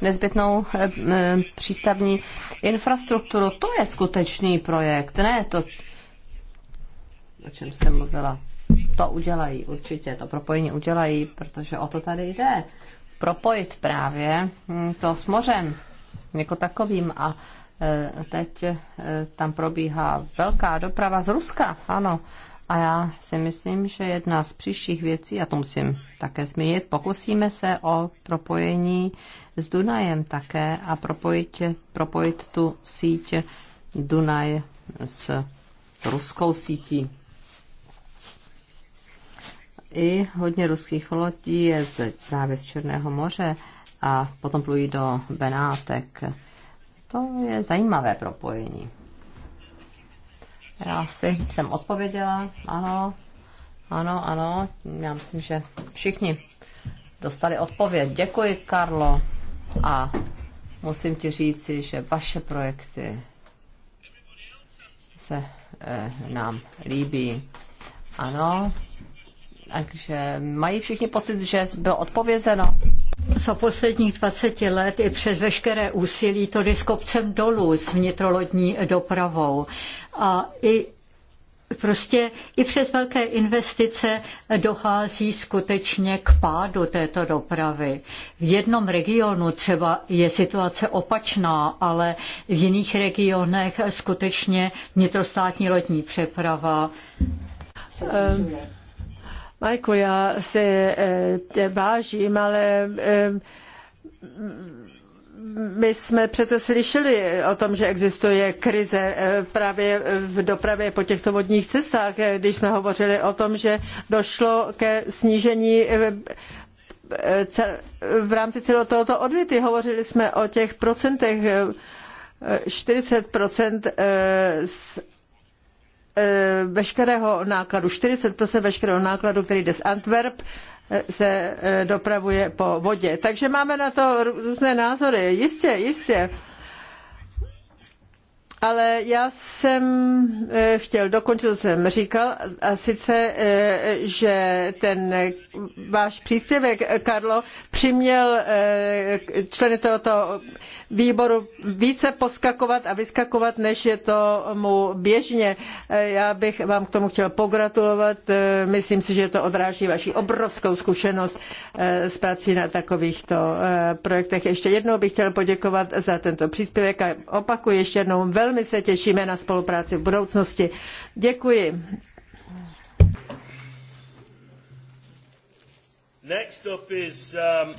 nezbytnou eh, hm, přístavní infrastrukturu, to je skutečný projekt, ne to, o čem jste mluvila. To udělají určitě, to propojení udělají, protože o to tady jde. Propojit právě hm, to s mořem jako takovým a e, teď e, tam probíhá velká doprava z Ruska, ano. A já si myslím, že jedna z příštích věcí, a to musím také zmínit, pokusíme se o propojení s Dunajem také a propojit, propojit tu síť Dunaj s ruskou sítí. I hodně ruských lodí je z, právě z Černého moře a potom plují do Benátek. To je zajímavé propojení. Já si jsem odpověděla, ano, ano, ano, já myslím, že všichni dostali odpověď. Děkuji, Karlo, a musím ti říci, že vaše projekty se eh, nám líbí. Ano, takže mají všichni pocit, že bylo odpovězeno za posledních 20 let i přes veškeré úsilí to jde s kopcem dolů s vnitrolodní dopravou. A i prostě i přes velké investice dochází skutečně k pádu této dopravy. V jednom regionu třeba je situace opačná, ale v jiných regionech skutečně vnitrostátní lodní přeprava. Um Majko, já se eh, tě vážím, ale eh, my jsme přece slyšeli o tom, že existuje krize eh, právě v dopravě po těchto vodních cestách, když jsme hovořili o tom, že došlo ke snížení v rámci celého tohoto odvěty. Hovořili jsme o těch procentech 40 z Eh, veškerého nákladu, 40% veškerého nákladu, který jde z Antwerp, eh, se eh, dopravuje po vodě. Takže máme na to různé názory. Jistě, jistě ale já jsem eh, chtěl dokončit, co jsem říkal, a sice, eh, že ten váš příspěvek, Karlo, přiměl eh, členy tohoto výboru více poskakovat a vyskakovat, než je tomu běžně. Já bych vám k tomu chtěl pogratulovat. Myslím si, že to odráží vaši obrovskou zkušenost s prací na takovýchto projektech. Ještě jednou bych chtěl poděkovat za tento příspěvek a opakuji ještě jednou velmi Velmi se těšíme na spolupráci v budoucnosti. Děkuji. Next up is, um,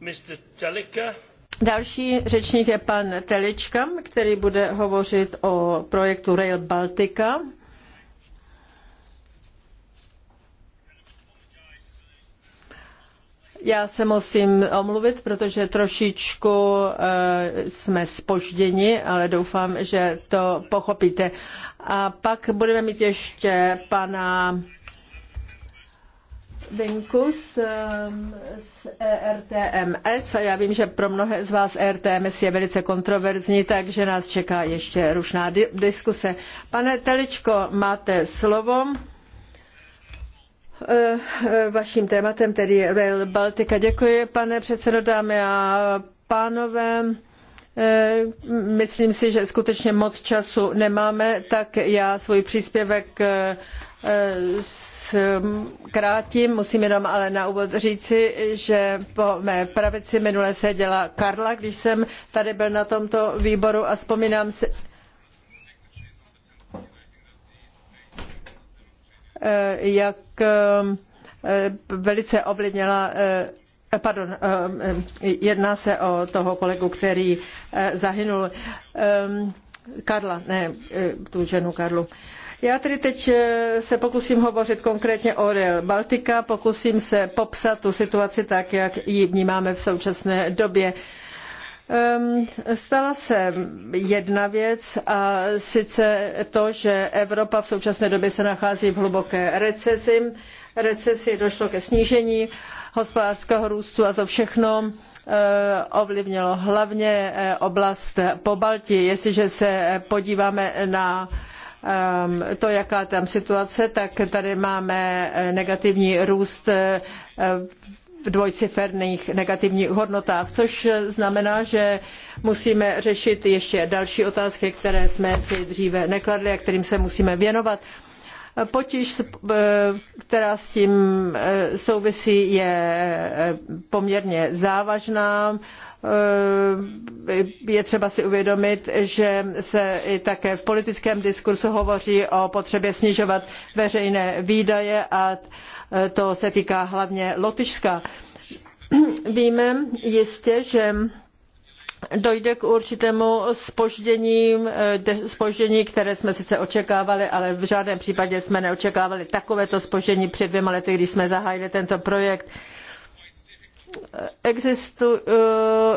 Mr. Telika. Další řečník je pan Telička, který bude hovořit o projektu Rail Baltica. Já se musím omluvit, protože trošičku eh, jsme spožděni, ale doufám, že to pochopíte. A pak budeme mít ještě pana Vinku z, eh, z ERTMS. Já vím, že pro mnohé z vás ERTMS je velice kontroverzní, takže nás čeká ještě rušná diskuse. Pane Teličko, máte slovo. Eh, eh, vaším tématem, tedy Rail Baltica. Děkuji, pane předsedo, dámy a pánové. Eh, myslím si, že skutečně moc času nemáme, tak já svůj příspěvek zkrátím. Musím jenom ale na úvod říci, že po mé pravici minule seděla Karla, když jsem tady byl na tomto výboru a vzpomínám si, Eh, jak eh, velice ovlivnila eh, Pardon, jedná se o toho kolegu, který zahynul. Karla, ne, tu ženu Karlu. Já tedy teď se pokusím hovořit konkrétně o Rail Baltica, pokusím se popsat tu situaci tak, jak ji vnímáme v současné době. Ehm, stala se jedna věc a sice to, že Evropa v současné době se nachází v hluboké recesi. Recesi došlo ke snížení hospodářského růstu a to všechno eh, ovlivnilo hlavně eh, oblast Pobaltí. Jestliže se podíváme na ehm, to, jaká tam situace, tak tady máme eh, negativní růst v dvojciferných negativních hodnotách, což znamená, že musíme řešit ještě další otázky, které jsme si dříve nekladli a kterým se musíme věnovat. Potíž, e, která s tím e, souvisí, je e, poměrně závažná. Je třeba si uvědomit, že se i také v politickém diskursu hovoří o potřebě snižovat veřejné výdaje a to se týká hlavně Lotyšska. Víme jistě, že dojde k určitému spoždění, spoždění, eh, které jsme sice očekávali, ale v žádném případě jsme neočekávali takovéto spoždění před dvěma lety, když jsme zahájili tento projekt. Existuje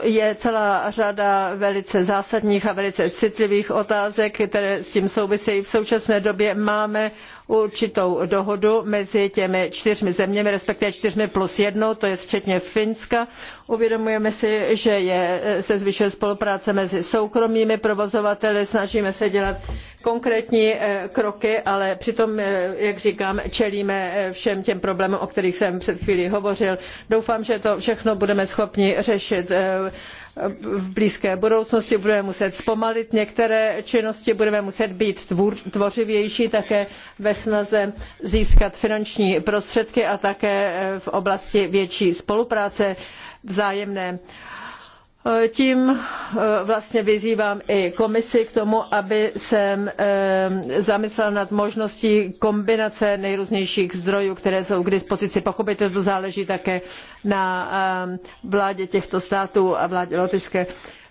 eh, celá řada velice zásadních a velice citlivých otázek, které s tím souvisejí. V současné době máme určitou dohodu mezi těmi čtyřmi zeměmi, respektive čtyřmi plus jednou, to je včetně Finska. Uvědomujeme si, že je, se zvyšuje spolupráce mezi soukromými provozovateli, snažíme se dělat konkrétní eh, kroky, ale přitom, eh, jak říkám, čelíme eh, všem těm problémům, o kterých jsem před chvílí hovořil. Doufám, že to všechno budeme schopni řešit v blízké budoucnosti budeme muset zpomalit některé činnosti, budeme muset být tvořivější také ve snaze získat finanční prostředky a také v oblasti větší spolupráce vzájemné. Tím eh, vlastně vyzývám i komisi k tomu, aby se eh, zamyslela nad možností kombinace nejrůznějších zdrojů, které jsou k dispozici. Pochopitelně to záleží také na eh, vládě těchto států a vládě lotyšské.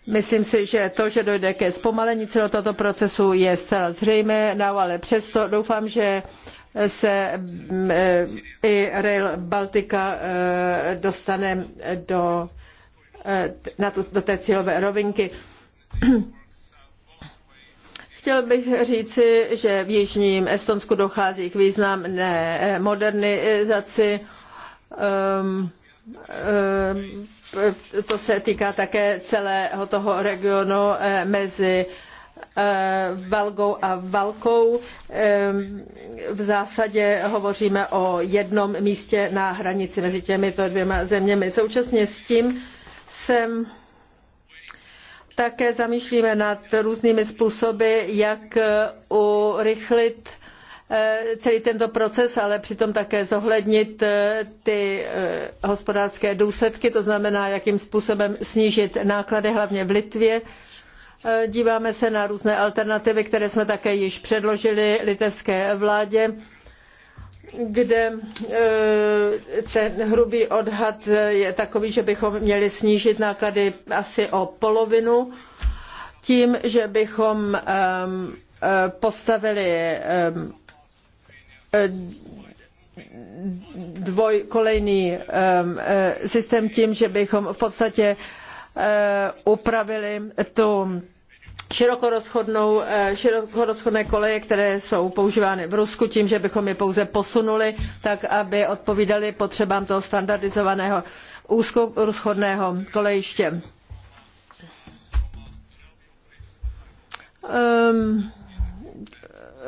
Myslím si, že to, že dojde ke zpomalení celého tohoto procesu, je zcela zřejmé, no, ale přesto doufám, že se mm, i Rail Baltica dostane do Eh, na tu, do té cílové rovinky. Chtěl bych říci, že v jižním Estonsku dochází k významné modernizaci. Ehm, ehm, to se týká také celého toho regionu eh, mezi eh, Valgou a Valkou. Ehm, v zásadě hovoříme o jednom místě na hranici mezi těmito dvěma zeměmi. Současně s tím se také zamýšlíme nad různými způsoby, jak eh, urychlit eh, celý tento proces, ale přitom také zohlednit eh, ty hospodářské důsledky, to znamená, jakým způsobem snížit náklady, hlavně v Litvě. Díváme se na různé alternativy, které jsme také již předložili litevské vládě kde eh, ten hrubý odhad je takový, že bychom měli snížit náklady asi o polovinu tím, že bychom eh, eh, postavili dvojkolejný systém tím, že bychom v podstatě upravili tu široko eh, širokorozchodné koleje, které jsou používány v Rusku, tím, že bychom je pouze posunuli, tak aby odpovídaly potřebám toho standardizovaného úzkorozchodného kolejiště. Um,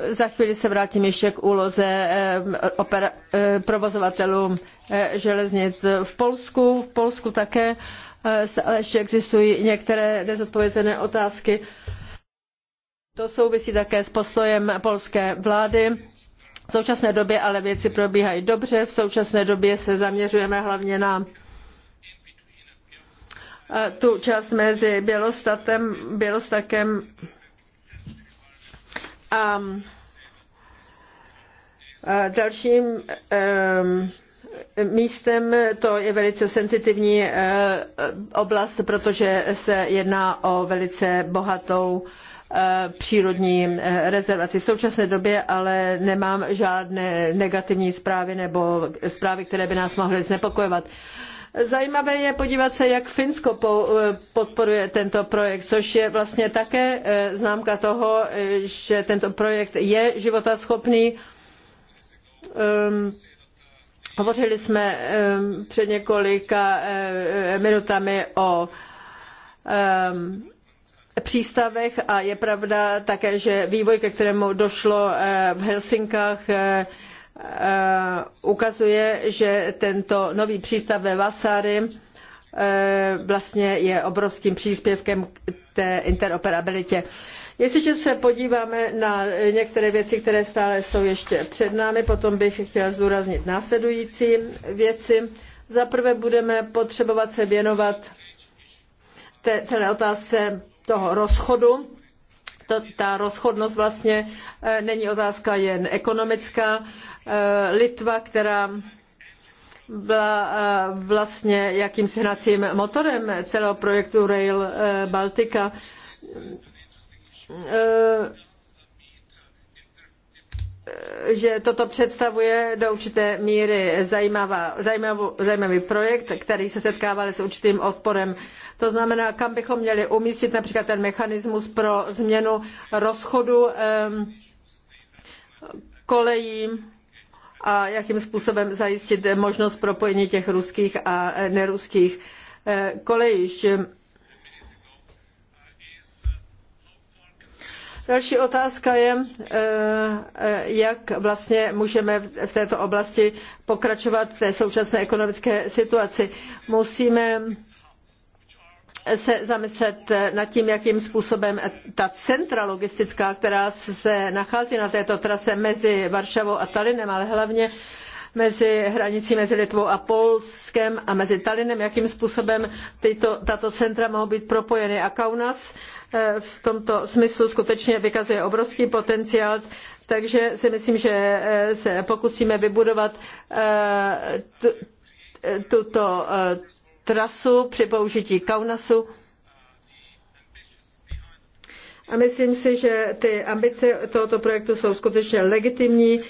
za chvíli se vrátím ještě k úloze eh, opera, eh, provozovatelů železnic v Polsku. V Polsku také ale ještě existují některé nezodpovězené otázky to souvisí také s postojem polské vlády. V současné době ale věci probíhají dobře. V současné době se zaměřujeme hlavně na eh, tu část mezi Bělostatem, Bělostakem a eh, dalším eh, místem. To je velice senzitivní oblast, protože se jedná o velice bohatou Eh, přírodní eh, rezervaci. V současné době ale nemám žádné negativní zprávy nebo zprávy, které by nás mohly znepokojovat. Zajímavé je podívat se, jak Finsko eh, podporuje tento projekt, což je vlastně také známka toho, že tento projekt je životaschopný. Ehm, hovořili jsme ehm, před několika minutami o ehm, přístavech a je pravda také, že vývoj, ke kterému došlo eh, v Helsinkách, eh, eh, ukazuje, že tento nový přístav ve Vasary vlastně je obrovským příspěvkem k té interoperabilitě. Jestliže se podíváme na některé věci, které stále jsou ještě před námi, potom bych chtěla zdůraznit následující věci. Za prvé budeme potřebovat se věnovat té celé otázce toho rozchodu. To, ta rozchodnost vlastně e, není otázka jen ekonomická. E, Litva, která byla e, vlastně jakýmsi hnacím motorem celého projektu Rail Baltica, že toto představuje do určité míry zajímavá, zajímavý projekt, který se setkával s určitým odporem. To znamená, kam bychom měli umístit například ten mechanismus pro změnu rozchodu um, kolejí a jakým způsobem zajistit možnost propojení těch ruských a neruských eh, kolejišť Další otázka je, eh, jak vlastně můžeme v této oblasti pokračovat v té současné ekonomické situaci. Musíme se zamyslet nad tím, jakým způsobem ta centra logistická, která se nachází na této trase mezi Varšavou a Talinem, ale hlavně mezi hranicí mezi Litvou a Polskem a mezi Talinem, jakým způsobem tyto, tato centra mohou být propojeny. A Kaunas Eh, v tomto smyslu skutečně vykazuje obrovský potenciál, takže si myslím, že eh, se pokusíme vybudovat eh, tuto trasu při použití Kaunasu. A myslím si, že ty ambice tohoto projektu jsou skutečně legitimní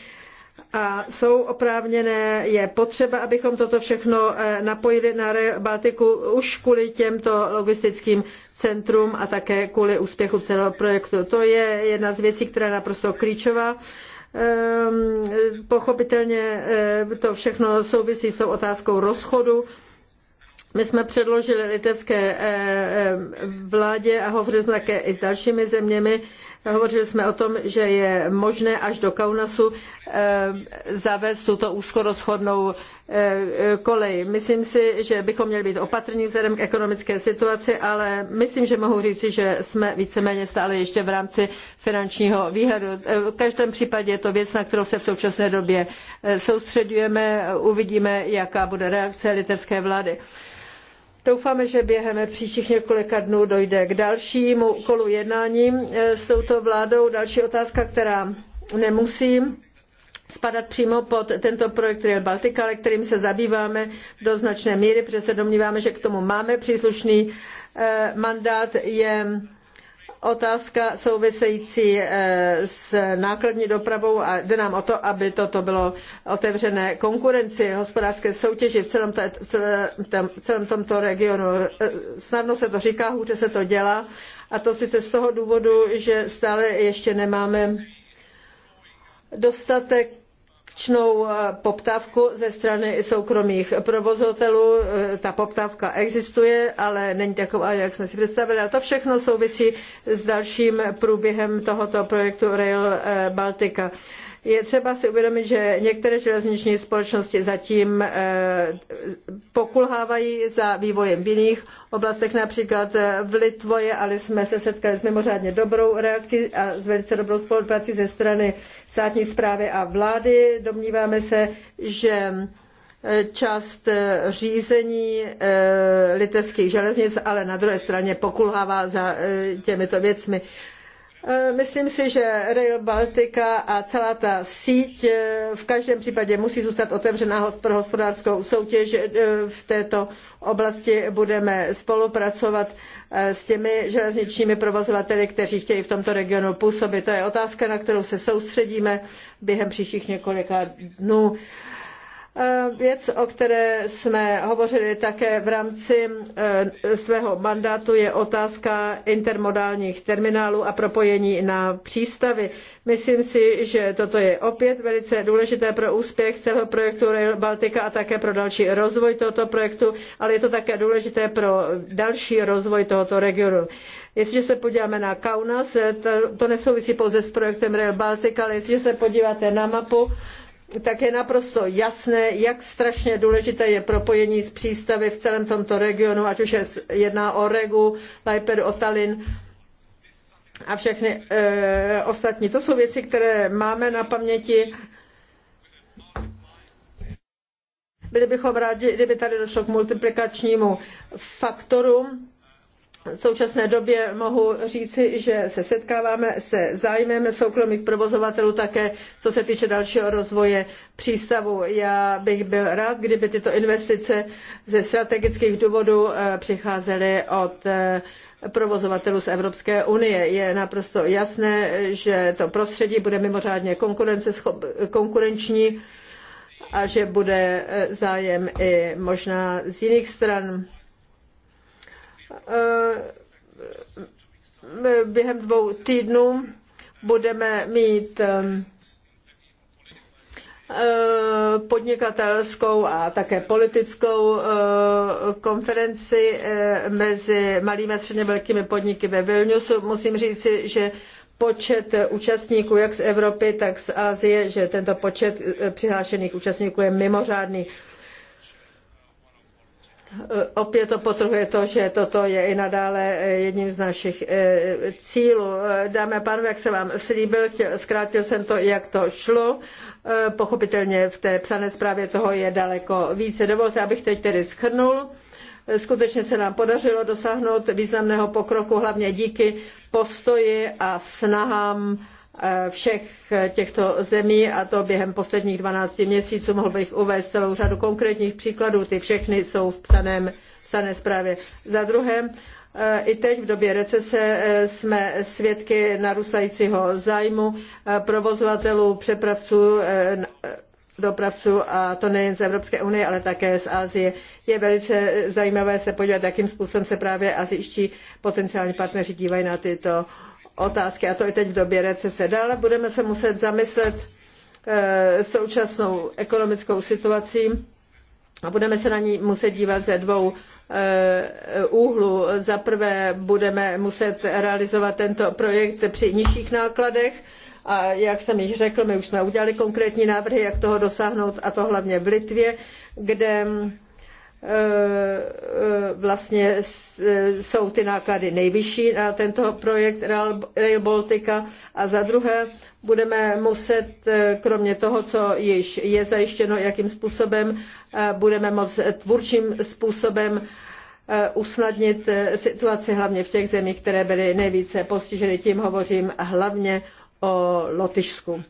a jsou oprávněné. Je potřeba, abychom toto všechno napojili na Baltiku už kvůli těmto logistickým centrum a také kvůli úspěchu celého projektu. To je jedna z věcí, která je naprosto klíčová. Ehm, pochopitelně eh, to všechno souvisí s tou otázkou rozchodu. My jsme předložili litevské eh, eh, vládě a hovořili jsme také i s dalšími zeměmi, Hovořili jsme o tom, že je možné až do Kaunasu eh, zavést tuto úzkorozchodnou eh, eh, kolej. Myslím si, že bychom měli být opatrní vzhledem k ekonomické situaci, ale myslím, že mohu říci, že jsme víceméně stále ještě v rámci finančního výhledu. V každém případě je to věc, na kterou se v současné době soustředujeme. Uvidíme, jaká bude reakce litevské vlády. Doufáme, že během příštích několika dnů dojde k dalšímu kolu jednání e, s touto vládou. Další otázka, která nemusí spadat přímo pod tento projekt Real Baltica, ale kterým se zabýváme do značné míry, protože se domníváme, že k tomu máme příslušný e, mandát, je otázka související eh, s nákladní dopravou a jde nám o to, aby toto bylo otevřené konkurenci hospodářské soutěži v celém, to, celém tomto regionu. Eh, snadno se to říká, hůře se to dělá a to sice z toho důvodu, že stále ještě nemáme dostatek akčnou eh, poptávku ze strany soukromých provozovatelů. Eh, ta poptávka existuje, ale není taková, jak jsme si představili. A to všechno souvisí s dalším průběhem tohoto projektu Rail eh, Baltica. Je třeba si uvědomit, že některé železniční společnosti zatím eh, pokulhávají za vývojem v jiných oblastech, například eh, v Litvoje, ale jsme se setkali s mimořádně dobrou reakcí a s velice dobrou spoluprací ze strany státní správy a vlády. Domníváme se, že eh, část řízení litevských železnic, ale na druhé straně pokulhává za těmito věcmi. Eh, myslím si, že Rail Baltica a celá ta síť eh, v každém případě musí zůstat otevřená pro hospodářskou soutěž. Eh, v této oblasti budeme spolupracovat s těmi železničními provozovateli, kteří chtějí v tomto regionu působit. To je otázka, na kterou se soustředíme během příštích několika dnů. Eh, věc, o které jsme hovořili také v rámci eh, svého mandátu, je otázka intermodálních terminálů a propojení na přístavy. Myslím si, že toto je opět velice důležité pro úspěch celého projektu Rail Baltica a také pro další rozvoj tohoto projektu, ale je to také důležité pro další rozvoj tohoto regionu. Jestliže se podíváme na Kaunas, eh, to, to nesouvisí pouze s projektem Rail Baltica, ale jestliže se podíváte na mapu, tak je naprosto jasné, jak strašně důležité je propojení s přístavy v celém tomto regionu, ať už je jedná o Regu, Lajper, Otalin a všechny e, ostatní. To jsou věci, které máme na paměti. Byli bychom rádi, kdyby tady došlo k multiplikačnímu faktoru v současné době mohu říci, že se setkáváme se zájmem soukromých provozovatelů také, co se týče dalšího rozvoje přístavu. Já bych byl rád, kdyby tyto investice ze strategických důvodů eh, přicházely od eh, provozovatelů z Evropské unie. Je naprosto jasné, že to prostředí bude mimořádně konkurenční a že bude eh, zájem i možná z jiných stran Eh, eh, během dvou týdnů budeme mít ehm, eh, podnikatelskou a také politickou konferenci mezi malými a středně velkými podniky ve Vilniusu. Musím říci, že počet účastníků jak z Evropy, tak z Asie, že tento počet přihlášených účastníků je mimořádný. Eh, opět to potrhuje to, že toto je i nadále eh, jedním z našich eh, cílů. Dámy a pánové, jak jsem vám slíbil, zkrátil jsem to, jak to šlo. Pochopitelně v té psané zprávě toho je daleko více. Dovolte, abych teď tedy schrnul. Skutečně se nám podařilo dosáhnout významného pokroku, hlavně díky postoji a snahám Eh, všech eh, těchto zemí a to během posledních 12 měsíců. Mohl bych uvést celou řadu konkrétních příkladů, ty všechny jsou v psaném, v psané zprávě. Za druhé, eh, i teď v době recese jsme svědky narůstajícího zájmu provozovatelů, přepravců, dopravců a to nejen z Evropské unie, ale také z Asie. Je velice zajímavé se podívat, jakým způsobem se právě azijští potenciální partneři dívají na tyto uh, otázky, a to je teď v době recese. Dále budeme se muset zamyslet eh, současnou ekonomickou situací a budeme se na ní muset dívat ze dvou eh, úhlu. Za prvé budeme muset realizovat tento projekt při nižších nákladech a jak jsem již řekl, my už jsme udělali konkrétní návrhy, jak toho dosáhnout a to hlavně v Litvě, kde Eh, vlastně eh, jsou ty náklady nejvyšší na tento projekt Rail Baltica a za druhé budeme muset, eh, kromě toho, co již je zajištěno, jakým způsobem budeme moct tvůrčím způsobem usnadnit situaci hlavně v těch zemích, které byly nejvíce postiženy. Tím hovořím hlavně o Lotyšsku.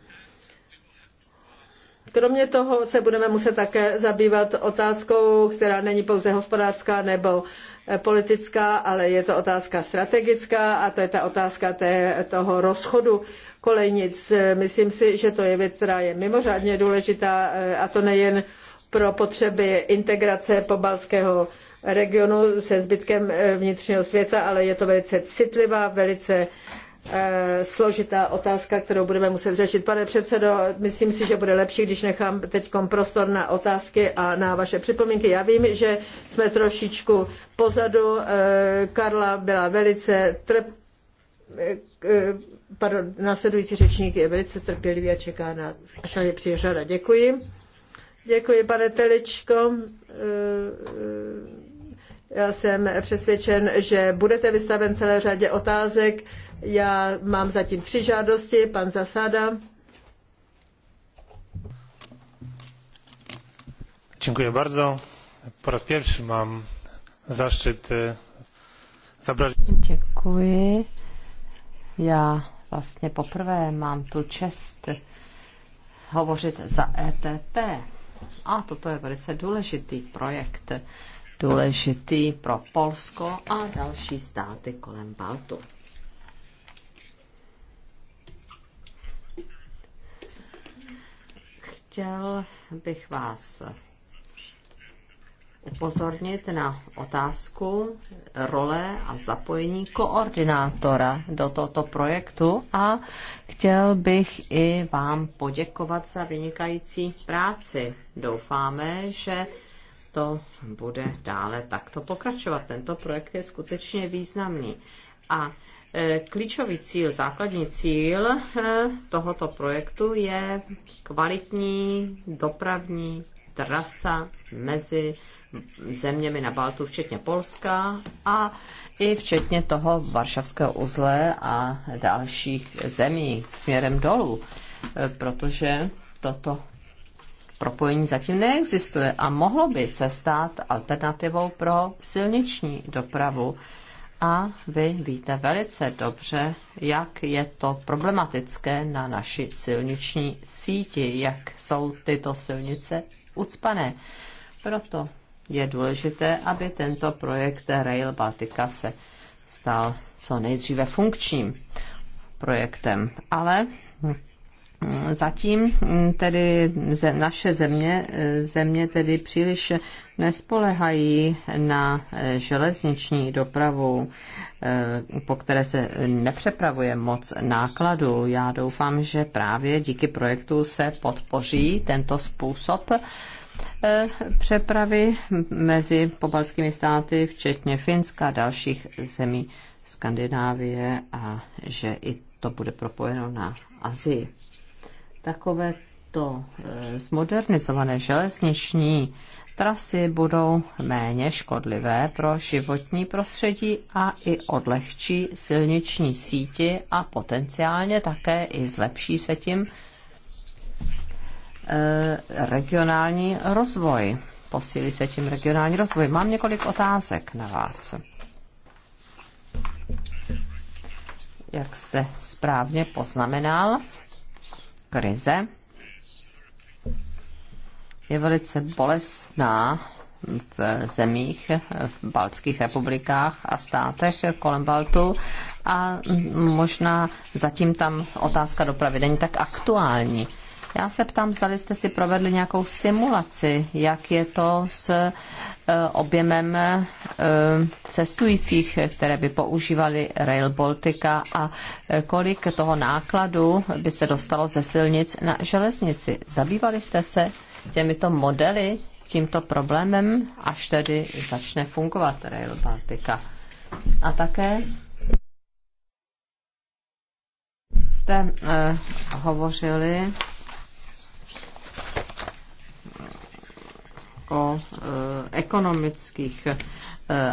Kromě toho se budeme muset také zabývat otázkou, která není pouze hospodářská nebo eh, politická, ale je to otázka strategická a to je ta otázka té, toho rozchodu kolejnic. Myslím si, že to je věc, která je mimořádně důležitá eh, a to nejen pro potřeby integrace pobalského regionu se zbytkem eh, vnitřního světa, ale je to velice citlivá, velice Eh, složitá otázka, kterou budeme muset řešit. Pane předsedo, myslím si, že bude lepší, když nechám teď prostor na otázky a na vaše připomínky. Já vím, že jsme trošičku pozadu. Eh, Karla byla velice trp... Eh, pardon, následující řečník je velice trpělivý a čeká na až je přijde řada. Děkuji. Děkuji, pane Teličko. Já jsem přesvědčen, že budete vystaven celé řadě otázek. Já mám zatím tři žádosti. Pan Zasada. Dziękuję bardzo. Po raz pierwszy mam zaszczyt e, zabrać. Děkuji. Já vlastně poprvé mám tu čest hovořit za EPP. A toto je velice důležitý projekt, důležitý pro Polsko a další státy kolem Baltu. chtěl bych vás upozornit na otázku role a zapojení koordinátora do tohoto projektu a chtěl bych i vám poděkovat za vynikající práci. Doufáme, že to bude dále takto pokračovat. Tento projekt je skutečně významný. A E, klíčový cíl, základní cíl e, tohoto projektu je kvalitní dopravní trasa mezi zeměmi na Baltu, včetně Polska a i včetně toho Varšavského uzle a dalších zemí směrem dolů, e, protože toto propojení zatím neexistuje a mohlo by se stát alternativou pro silniční dopravu a vy víte velice dobře, jak je to problematické na naší silniční síti, jak jsou tyto silnice ucpané. Proto je důležité, aby tento projekt Rail Baltica se stal co nejdříve funkčním projektem. Ale Zatím mm, tedy naše země, e, země tedy příliš nespolehají na e, železniční dopravu, e, po které se nepřepravuje moc nákladů. Já doufám, že právě díky projektu se podpoří tento způsob přepravy mezi pobalskými státy, včetně Finska a dalších zemí Skandinávie a že i to bude propojeno na Asii takové to eh, zmodernizované železniční trasy budou méně škodlivé pro životní prostředí a i odlehčí silniční síti a potenciálně také i zlepší se tím eh, regionální rozvoj. Posílí se tím regionální rozvoj. Mám několik otázek na vás. Jak jste správně poznamenal, krize je velice bolestná v zemích, v baltských republikách a státech kolem Baltu a možná zatím tam otázka dopravy není tak aktuální. Já se ptám, zda jste si provedli nějakou simulaci, jak je to s Eh, objemem eh, cestujících, které by používali Rail Baltica a eh, kolik toho nákladu by se dostalo ze silnic na železnici. Zabývali jste se těmito modely, tímto problémem, až tedy začne fungovat Rail Baltica. A také jste uh, hovořili o e, ekonomických e,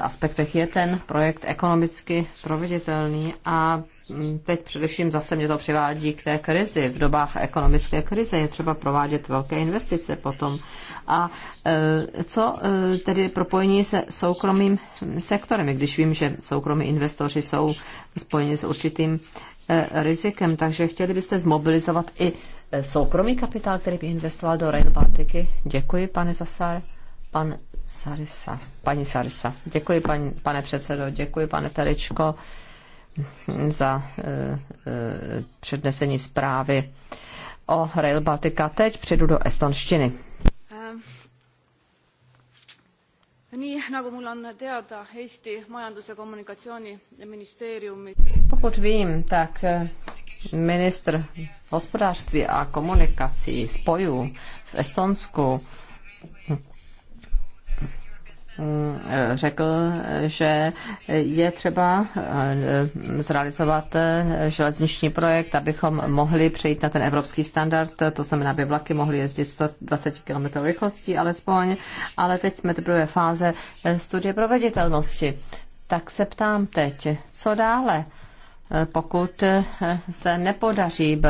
aspektech. Je ten projekt ekonomicky proveditelný a mm, teď především zase mě to přivádí k té krizi. V dobách ekonomické krize je třeba provádět velké investice potom. A e, co tedy propojení se soukromým sektorem, když vím, že soukromí investoři jsou spojeni s určitým rizikem, takže chtěli byste zmobilizovat i soukromý kapitál, který by investoval do Rail Baltiky. Děkuji, pane Zasar. Pan Sarisa, paní Sarisa. Děkuji, paní, pane předsedo, děkuji, pane Teličko, za uh, uh, přednesení zprávy o Rail Baltica. Teď přijdu do estonštiny. Pokud vím, tak eh, ministr hospodářství a komunikací spojů v Estonsku mm, řekl, že je třeba eh, zrealizovat eh, železniční projekt, abychom mohli přejít na ten evropský standard, to znamená, aby vlaky mohly jezdit 120 km rychlostí alespoň, ale teď jsme teprve fáze eh, studie proveditelnosti. Tak se ptám teď, co dále? pokud se nepodaří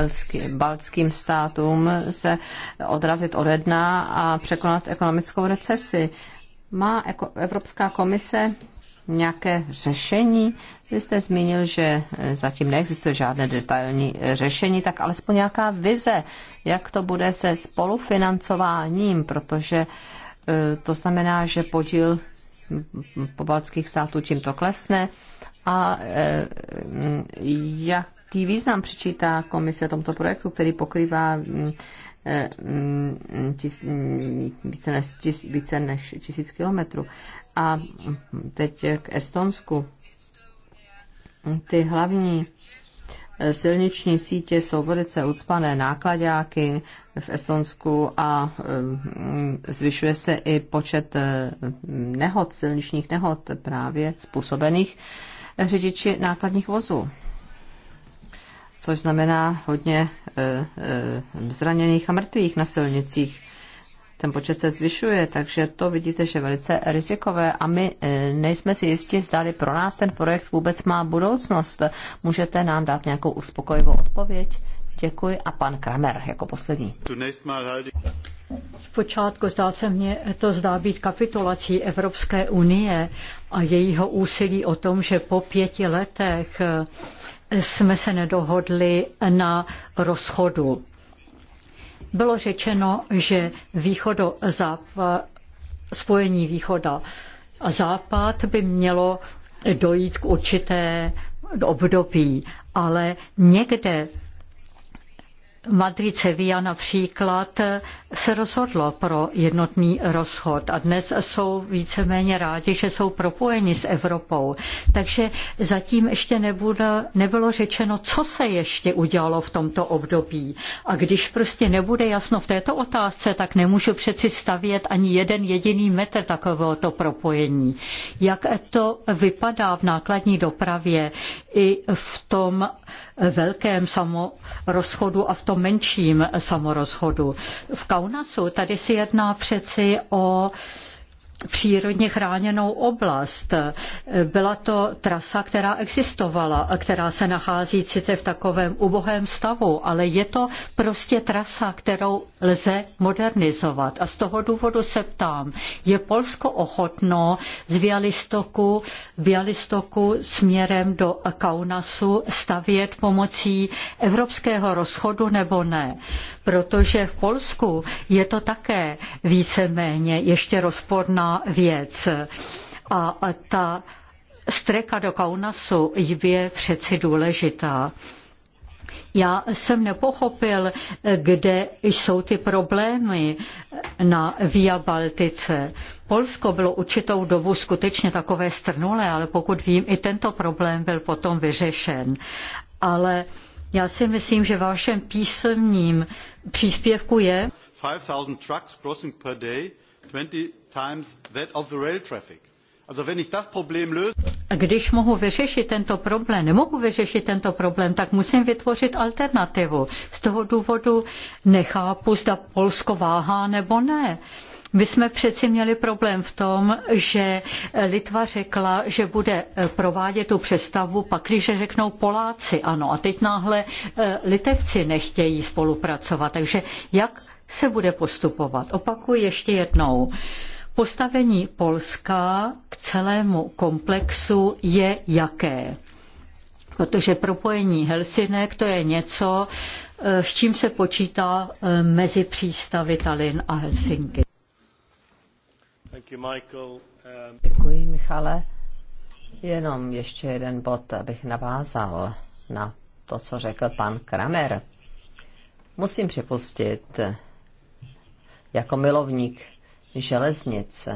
baltským státům se odrazit ode dna a překonat ekonomickou recesi. Má Evropská komise nějaké řešení? Vy jste zmínil, že zatím neexistuje žádné detailní řešení, tak alespoň nějaká vize, jak to bude se spolufinancováním, protože e, to znamená, že podíl pobaltských států tímto klesne a e, jaký význam přičítá komise tomto projektu, který pokrývá e, více, než, více než tisíc kilometrů. A teď k Estonsku. Ty hlavní e, silniční sítě jsou velice ucpané nákladáky v Estonsku a zvyšuje se i počet nehod, silničních nehod právě způsobených řidiči nákladních vozů což znamená hodně e, e, zraněných a mrtvých na silnicích. Ten počet se zvyšuje, takže to vidíte, že je velice rizikové a my e, nejsme si jistí, zdali pro nás ten projekt vůbec má budoucnost. Můžete nám dát nějakou uspokojivou odpověď? Děkuji a pan Kramer jako poslední. Zpočátku zdá se mně, to zdá být kapitulací Evropské unie a jejího úsilí o tom, že po pěti letech eh, jsme se nedohodli na rozchodu. Bylo řečeno, že východo západ, spojení východa a západ by mělo dojít k určité období, ale někde Madrid Sevilla například se rozhodlo pro jednotný rozchod a dnes jsou víceméně rádi, že jsou propojeni s Evropou. Takže zatím ještě nebude, nebylo řečeno, co se ještě udělalo v tomto období. A když prostě nebude jasno v této otázce, tak nemůžu přeci stavět ani jeden jediný metr takovéhoto propojení. Jak to vypadá v nákladní dopravě i v tom velkém samorozchodu a v tom menším samorozchodu. V Kaunasu. Tady si jedná přeci o přírodně chráněnou oblast. Byla to trasa, která existovala, která se nachází sice v takovém ubohém stavu, ale je to prostě trasa, kterou lze modernizovat. A z toho důvodu se ptám, je Polsko ochotno z Bialystoku, Bialystoku směrem do Kaunasu stavět pomocí evropského rozchodu nebo ne? protože v Polsku je to také víceméně ještě rozporná věc. A ta streka do Kaunasu je přeci důležitá. Já jsem nepochopil, kde jsou ty problémy na Via Baltice. Polsko bylo určitou dobu skutečně takové strnulé, ale pokud vím, i tento problém byl potom vyřešen. Ale já si myslím, že v vašem písemním příspěvku je 5000 trucks crossing per day, 20 times that of the rail traffic. Když mohu vyřešit tento problém, nemohu vyřešit tento problém, tak musím vytvořit alternativu. Z toho důvodu nechápu, zda Polsko váhá nebo ne. My jsme přeci měli problém v tom, že Litva řekla, že bude eh, provádět tu přestavbu, pakliže řeknou Poláci ano. A teď náhle eh, Litevci nechtějí spolupracovat. Takže jak se bude postupovat? Opakuji ještě jednou. Postavení Polska k celému komplexu je jaké? Protože propojení Helsinek to je něco, eh, s čím se počítá mezi přístavy Tallinn a Helsinky. Um, Děkuji, Michale. Jenom ještě jeden bod, abych navázal na to, co řekl pan Kramer. Musím připustit, jako milovník železnic,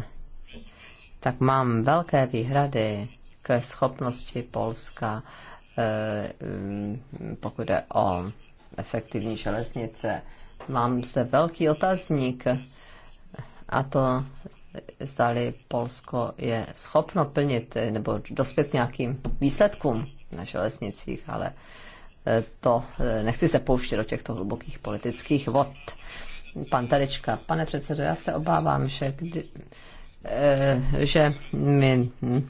tak mám velké výhrady ke schopnosti Polska, eh, mm, pokud jde o efektivní železnice. Mám zde velký otazník, a to zdali Polsko je schopno plnit eh, nebo dospět nějakým výsledkům na železnicích, ale eh, to eh, nechci se pouštět do těchto hlubokých politických vod. Pan Tarička, pane předsedo, já se obávám, že, kdy, že my hm,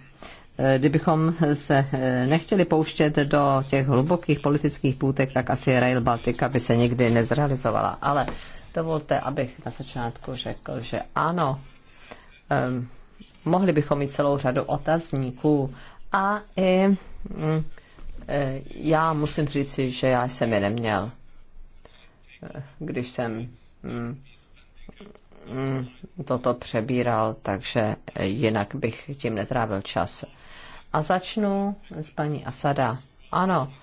kdybychom se nechtěli pouštět do těch hlubokých politických půtek, tak asi Rail Baltica by se nikdy nezrealizovala. Ale dovolte, abych na začátku řekl, že ano, Ehm, mohli bychom mít celou řadu otazníků a i mm, e, já musím říci, že já jsem je neměl, když jsem mm, mm, toto přebíral, takže jinak bych tím netrávil čas. A začnu s paní Asada. Ano,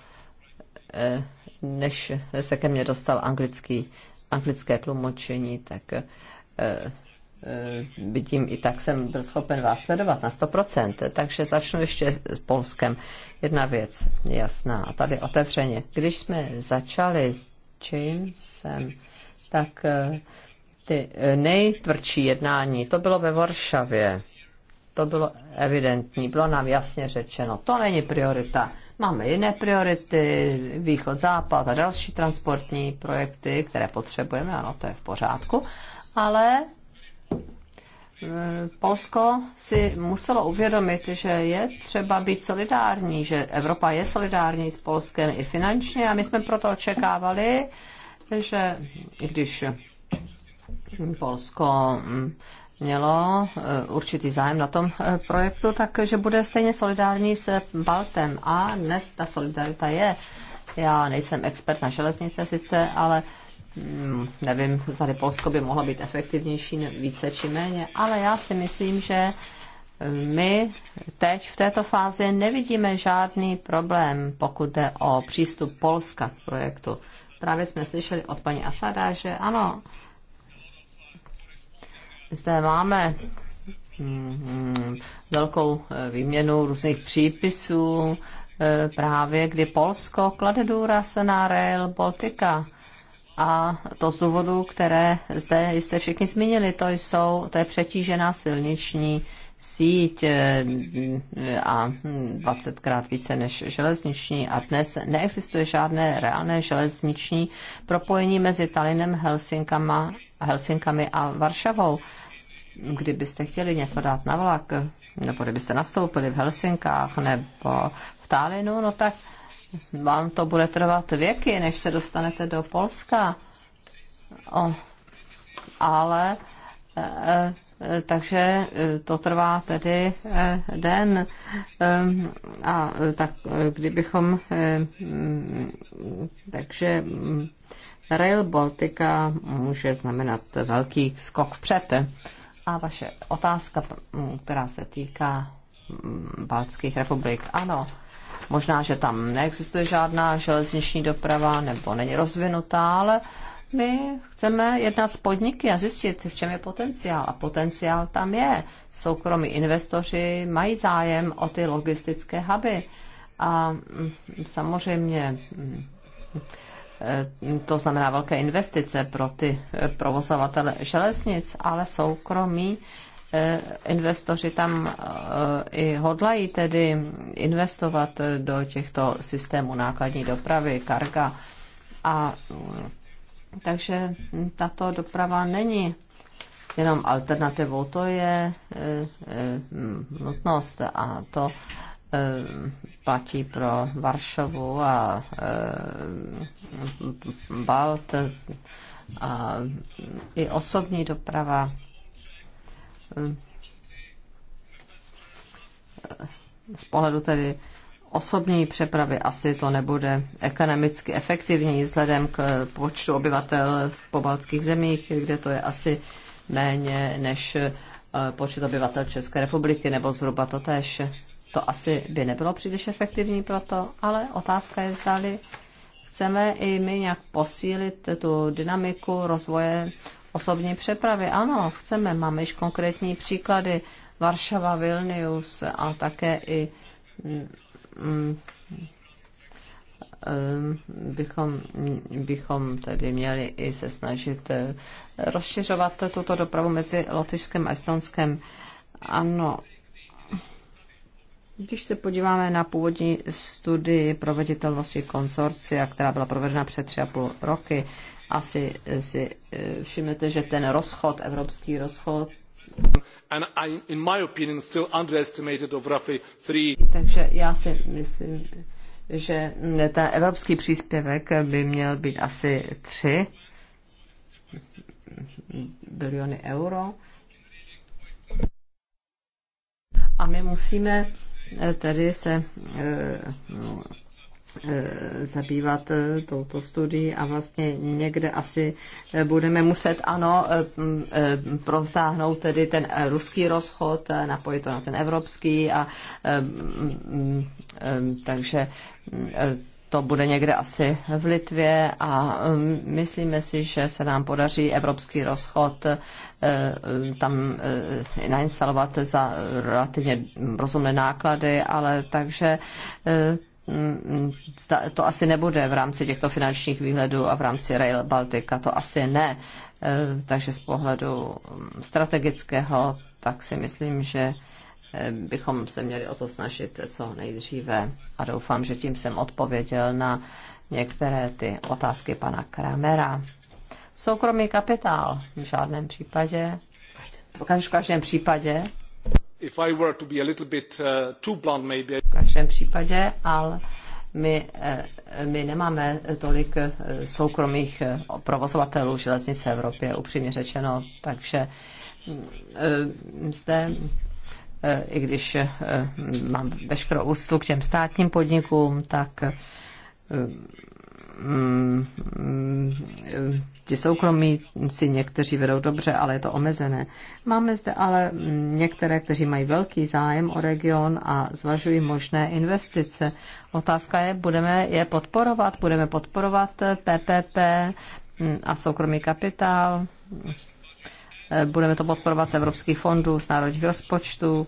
e, než se ke mně dostal anglický, anglické tlumočení, tak e, vidím, eh, i tak jsem byl schopen vás sledovat na 100%, takže začnu ještě s Polskem. Jedna věc jasná, a tady otevřeně. Když jsme začali s Jamesem, tak eh, ty eh, nejtvrdší jednání, to bylo ve Varšavě. To bylo evidentní, bylo nám jasně řečeno. To není priorita. Máme jiné priority, východ, západ a další transportní projekty, které potřebujeme, ano, to je v pořádku. Ale Polsko si muselo uvědomit, že je třeba být solidární, že Evropa je solidární s Polskem i finančně a my jsme proto očekávali, že i když Polsko mm, mělo eh, určitý zájem na tom eh, projektu, takže eh, bude stejně solidární s Baltem. A dnes ta solidarita je. Já nejsem expert na železnice sice, ale uh, Mm, nevím, zda Polsko by mohlo být efektivnější více či méně, ale já si myslím, že eh, my teď v této fázi nevidíme žádný problém, pokud jde o přístup Polska k projektu. Právě jsme slyšeli od paní Asada, že ano, zde máme mm, velkou eh, výměnu různých přípisů, eh, právě kdy Polsko klade důraz na Rail Baltica a to z důvodu, které zde jste všichni zmínili, to, jsou, to je přetížená silniční síť eh, a 20krát více než železniční a dnes neexistuje žádné reálné železniční propojení mezi Talinem, Helsinkama, Helsinkami a Varšavou. Kdybyste chtěli něco dát na vlak, nebo kdybyste nastoupili v Helsinkách nebo v Talinu, no tak vám to bude trvat věky, než se dostanete do Polska. O, ale e, e takže e, to trvá tedy e, den. A tak kdybychom, takže Rail Baltica může znamenat velký skok před. A vaše otázka, která se týká Baltských republik. Ano, Možná, že tam neexistuje žádná železniční doprava nebo není rozvinutá, ale my chceme jednat s podniky a zjistit, v čem je potenciál. A potenciál tam je. Soukromí investoři mají zájem o ty logistické huby. A mm, samozřejmě mm, to znamená velké investice pro ty eh, provozovatele železnic, ale soukromí Eh, investoři tam eh, i hodlají tedy investovat eh, do těchto systémů nákladní dopravy, karga. A mm, takže tato doprava není jenom alternativou, to je nutnost a to platí pro Varšovu a Balt a i osobní doprava Eh, z pohledu tedy osobní přepravy asi to nebude ekonomicky efektivní vzhledem k počtu obyvatel v pobaltských zemích, kde to je asi méně než eh, počet obyvatel České republiky, nebo zhruba to tež. To asi by nebylo příliš efektivní proto, ale otázka je, zdali chceme i my nějak posílit tu dynamiku rozvoje osobní přepravy. Ano, chceme, máme již konkrétní příklady Varšava, Vilnius a také i mm, mm bychom, bychom tedy měli i se snažit eh, rozšiřovat tuto dopravu mezi Lotyšskem a Estonskem. Ano, když se podíváme na původní studii proveditelnosti konsorcia, která byla provedena před tři a půl roky, asi si eh, všimnete, že ten rozchod, evropský rozchod, And I, in my opinion, still underestimated of roughly three. Takže já si myslím, že ten evropský příspěvek by měl být asi 3 biliony euro. A my musíme eh, tedy se eh, no, Eh, zabývat eh, touto studií a vlastně někde asi eh, budeme muset, ano, mm, protáhnout tedy ten ruský rozchod, napojit to na ten evropský a mm, mm, takže to bude někde asi v Litvě a myslíme si, že se nám podaří evropský rozchod tam nainstalovat za relativně rozumné náklady, ale takže to asi nebude v rámci těchto finančních výhledů a v rámci Rail Baltica, to asi ne. E, takže z pohledu mm, strategického, tak si myslím, že e, bychom se měli o to snažit co nejdříve. A doufám, že tím jsem odpověděl na některé ty otázky pana Kramera. Soukromý kapitál v žádném případě. V každém případě if I were to be a little bit uh, too blunt maybe. V každém případě, ale my, eh, my nemáme tolik eh, soukromých eh, provozovatelů železnice v Evropě, upřímně řečeno, takže mm, zde i když mám veškerou úctu k těm státním podnikům, tak Mm, mm, ti soukromí si někteří vedou dobře, ale je to omezené. Máme zde ale některé, kteří mají velký zájem o region a zvažují možné investice. Otázka je, budeme je podporovat, budeme podporovat PPP a soukromý kapitál, budeme to podporovat z evropských fondů, z národních rozpočtů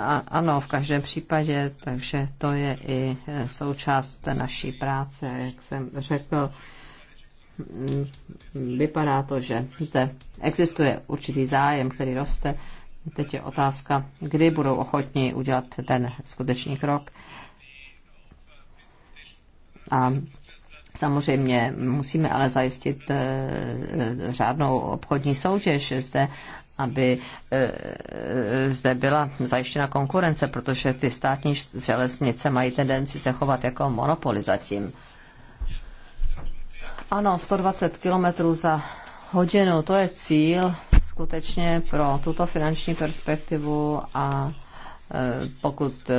a, ano, v každém případě, takže to je i e, součást naší práce, jak jsem řekl. Mm, vypadá to, že zde existuje určitý zájem, který roste. Teď je otázka, kdy budou ochotní udělat ten skutečný krok. A Samozřejmě musíme ale zajistit e, e, řádnou obchodní soutěž. Zde aby e, e, zde byla zajištěna konkurence, protože ty státní železnice mají tendenci se chovat jako monopoly zatím. Ano, 120 km za hodinu, to je cíl skutečně pro tuto finanční perspektivu a e, pokud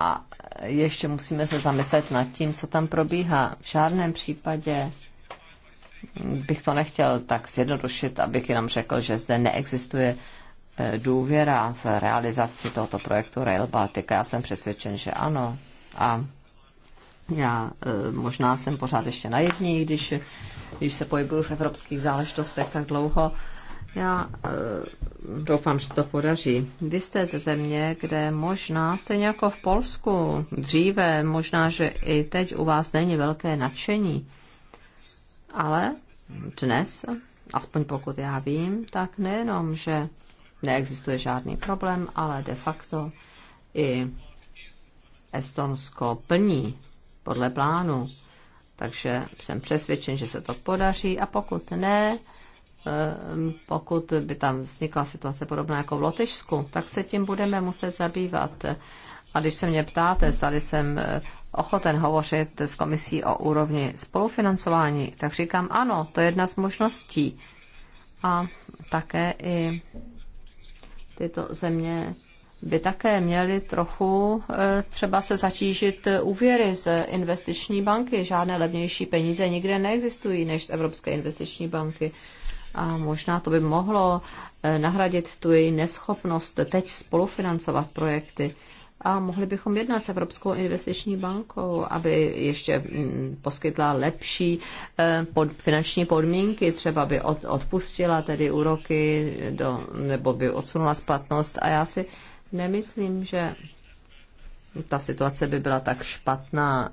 a ještě musíme se zamyslet nad tím, co tam probíhá. V žádném případě bych to nechtěl tak zjednodušit, abych jenom řekl, že zde neexistuje eh, důvěra v realizaci tohoto projektu Rail Baltica. Já jsem přesvědčen, že ano. A já eh, možná jsem pořád ještě naivní, když, když se pohybuju v evropských záležitostech tak dlouho. Já eh, doufám, že se to podaří. Vy jste ze země, kde možná, stejně jako v Polsku dříve, možná, že i teď u vás není velké nadšení ale dnes, aspoň pokud já vím, tak nejenom, že neexistuje žádný problém, ale de facto i Estonsko plní podle plánu. Takže jsem přesvědčen, že se to podaří a pokud ne, eh, pokud by tam vznikla situace podobná jako v Lotyšsku, tak se tím budeme muset zabývat. A když se mě ptáte, zdali jsem eh, ochoten hovořit s komisí o úrovni spolufinancování, tak říkám ano, to je jedna z možností. A také i tyto země by také měly trochu e, třeba se zatížit úvěry z investiční banky. Žádné levnější peníze nikde neexistují než z Evropské investiční banky. A možná to by mohlo e, nahradit tu její neschopnost teď spolufinancovat projekty a mohli bychom jednat s Evropskou investiční bankou, aby ještě mm, poskytla lepší eh, finanční podmínky, třeba by odpustila tedy úroky do, nebo by odsunula splatnost. A já si nemyslím, že ta situace by byla tak špatná,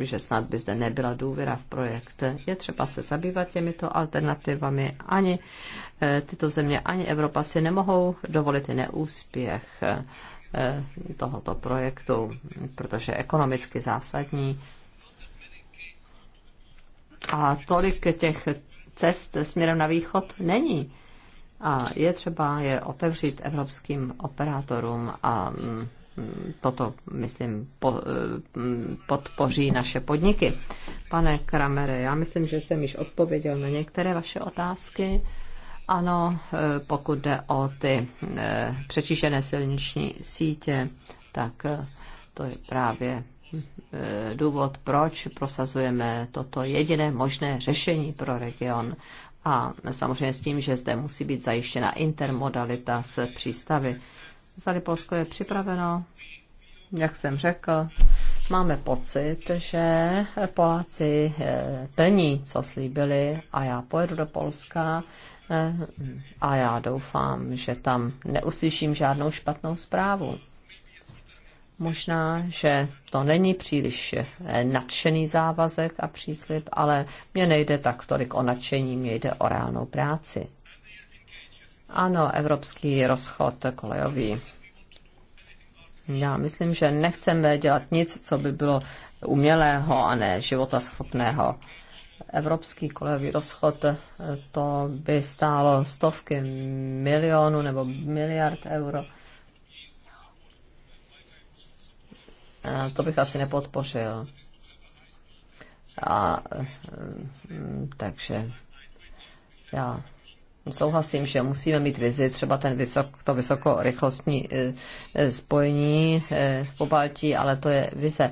eh, že snad by zde nebyla důvěra v projekt. Je třeba se zabývat těmito alternativami. Ani eh, tyto země, ani Evropa si nemohou dovolit neúspěch. Eh, tohoto projektu, protože je ekonomicky zásadní. A tolik těch cest směrem na východ není. A je třeba je otevřít evropským operátorům a mm, toto, myslím, po, eh, podpoří naše podniky. Pane Kramere, já myslím, že jsem již odpověděl na některé vaše otázky. Ano, e, pokud jde o ty e, přečišené silniční sítě, tak e, to je právě důvod, proč prosazujeme toto jediné možné řešení pro region. A samozřejmě s tím, že zde musí být zajištěna intermodalita s přístavy. Zali Polsko je připraveno, jak jsem řekl, máme pocit, že Poláci plní, co slíbili a já pojedu do Polska a já doufám, že tam neuslyším žádnou špatnou zprávu. Možná, že to není příliš eh, nadšený závazek a příslip, ale mně nejde tak tolik o nadšení, mně jde o reálnou práci. Ano, evropský rozchod kolejový. Já myslím, že nechceme dělat nic, co by bylo umělého a ne života schopného evropský kolejový rozchod, eh, to by stálo stovky milionů nebo miliard euro. Eh, to bych asi nepodpořil. A, eh, takže já souhlasím, že musíme mít vizi, třeba ten vysok, to vysokorychlostní spojení v Pobaltí, ale to je vize.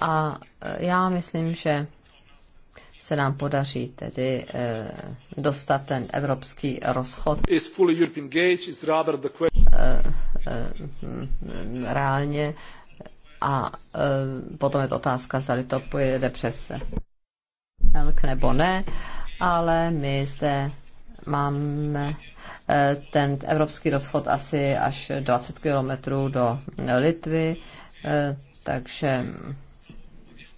A já myslím, že se nám podaří tedy eh, dostat ten evropský rozchod eh, eh, reálně a potom je to otázka, zda to pojede přes Elk nebo ne, ale my zde máme ten evropský rozchod asi až 20 kilometrů do Litvy, takže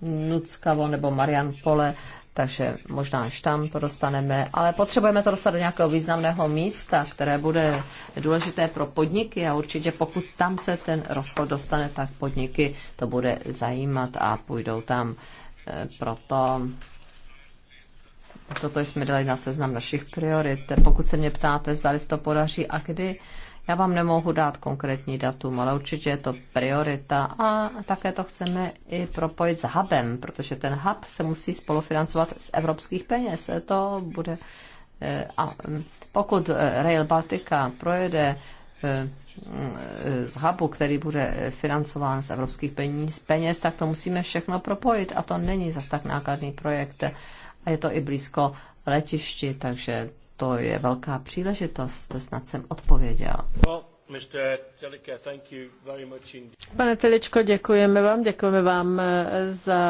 Nuckavo nebo Marian Pole takže možná až tam to dostaneme, ale potřebujeme to dostat do nějakého významného místa, které bude důležité pro podniky a určitě pokud tam se ten rozchod dostane, tak podniky to bude zajímat a půjdou tam. E, proto toto jsme dali na seznam našich priorit. Pokud se mě ptáte, zda se to podaří a kdy, já vám nemohu dát konkrétní datum, ale určitě je to priorita a také to chceme i propojit s hubem, protože ten hub se musí spolufinancovat z evropských peněz. To bude eh, a mm, pokud eh, Rail Baltica projede eh, z hubu, který bude financován z evropských peníz, peněz, tak to musíme všechno propojit a to není zas tak nákladný projekt a je to i blízko letišti, takže to je velká příležitost, snad jsem odpověděl. Pane Teličko, děkujeme vám, děkujeme vám eh, za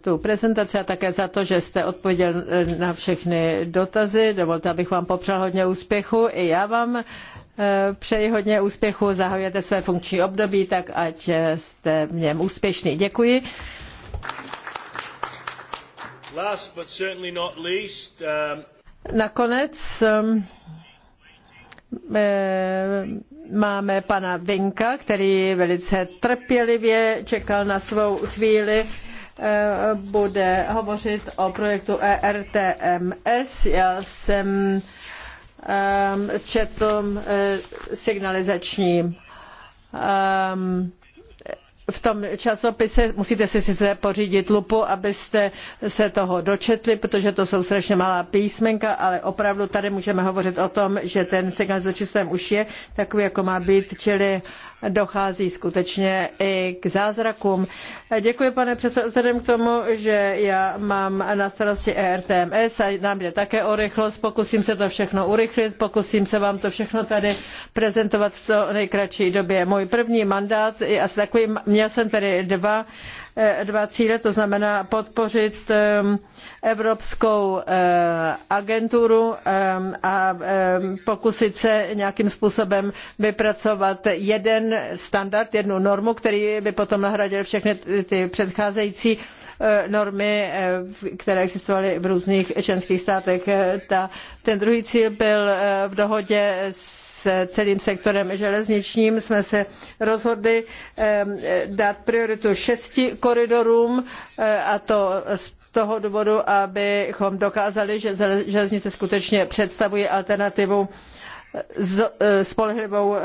tu prezentaci a také za to, že jste odpověděl eh, na všechny dotazy. Dovolte, abych vám popřál hodně úspěchu. I já vám eh, přeji hodně úspěchu, zahajujete své funkční období, tak ať jste v něm úspěšný. Děkuji. Last but certainly not least, um... Nakonec ehm, eh, máme pana Vinka, který velice trpělivě čekal na svou chvíli eh, bude hovořit o projektu ERTMS. Já jsem ehm, četl eh, signalizační ehm, v tom časopise musíte si sice pořídit lupu, abyste se toho dočetli, protože to jsou strašně malá písmenka, ale opravdu tady můžeme hovořit o tom, že ten signalizační systém už je takový, jako má být, čili dochází skutečně i k zázrakům. Děkuji, pane předsedo, vzhledem k tomu, že já mám na starosti ERTMS a nám jde také o rychlost, pokusím se to všechno urychlit, pokusím se vám to všechno tady prezentovat v co nejkratší době. Můj první mandát je asi takový, měl jsem tady dva dva cíle, to znamená podpořit Evropskou eh, agenturu a pokusit se nějakým způsobem vypracovat jeden standard, jednu normu, který by potom nahradil všechny ty předcházející eh, normy, eh, které existovaly v různých členských státech. Ta, ten druhý cíl byl v dohodě s s celým sektorem železničním jsme se rozhodli dát prioritu šesti koridorům eh, a to toho důvodu, abychom dokázali, že železnice skutečně představuje alternativu eh, eh, spolehlivou,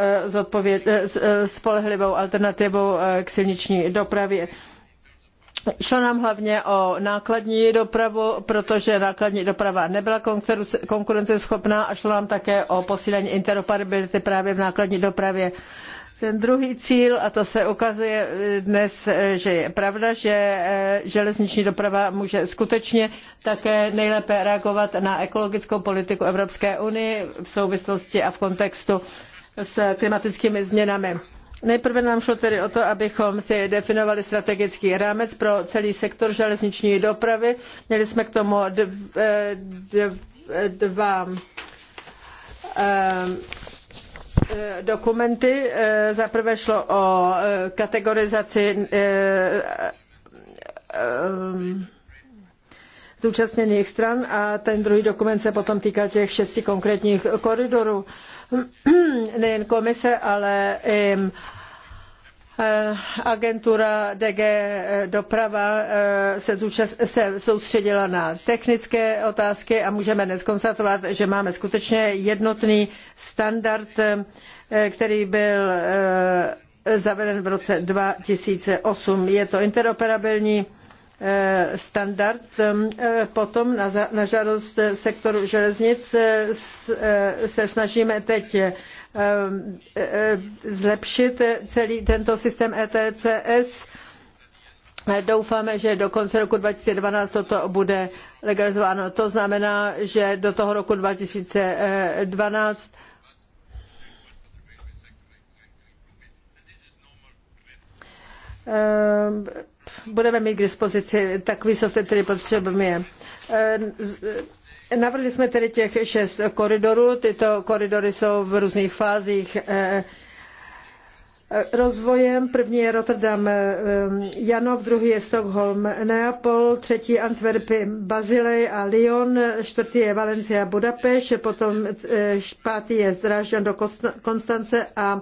spolehlivou alternativu k silniční dopravě. Šlo nám hlavně o nákladní dopravu, protože nákladní doprava nebyla konkurenceschopná a šlo nám také o posílení interoperability právě v nákladní dopravě. Ten druhý cíl, a to se ukazuje dnes, že je pravda, že eh, železniční doprava může skutečně také nejlépe reagovat na ekologickou politiku Evropské unie v souvislosti a v kontextu s klimatickými změnami. Nejprve nám šlo tedy o to, abychom si definovali strategický rámec pro celý sektor železniční dopravy. Měli jsme k tomu eh, eh, dva eh, dokumenty. Za prvé šlo o kategorizaci zúčastněných stran a ten druhý dokument se potom týkal těch šesti konkrétních koridorů nejen komise, ale i eh, agentura DG eh, doprava eh, se, zúčast, se soustředila na technické otázky a můžeme dnes konstatovat, že máme skutečně jednotný standard, který byl zaveden v roce 2008. Je to interoperabilní Eh, standard. Eh, potom na, žádost sektoru železnic eh, se snažíme teď zlepšit celý tento systém ETCS. Doufáme, že do konce roku 2012 toto bude legalizováno. To znamená, že do toho roku 2012 budeme mít k dispozici takový software, který potřebujeme. E, e, navrhli jsme tedy těch šest koridorů. Tyto koridory jsou v různých fázích e, rozvojem. První je Rotterdam Janov, druhý je Stockholm Neapol, třetí Antwerpy Bazilej a Lyon, čtvrtý je Valencia Budapešť, potom pátý je Zdražďan do Konstance a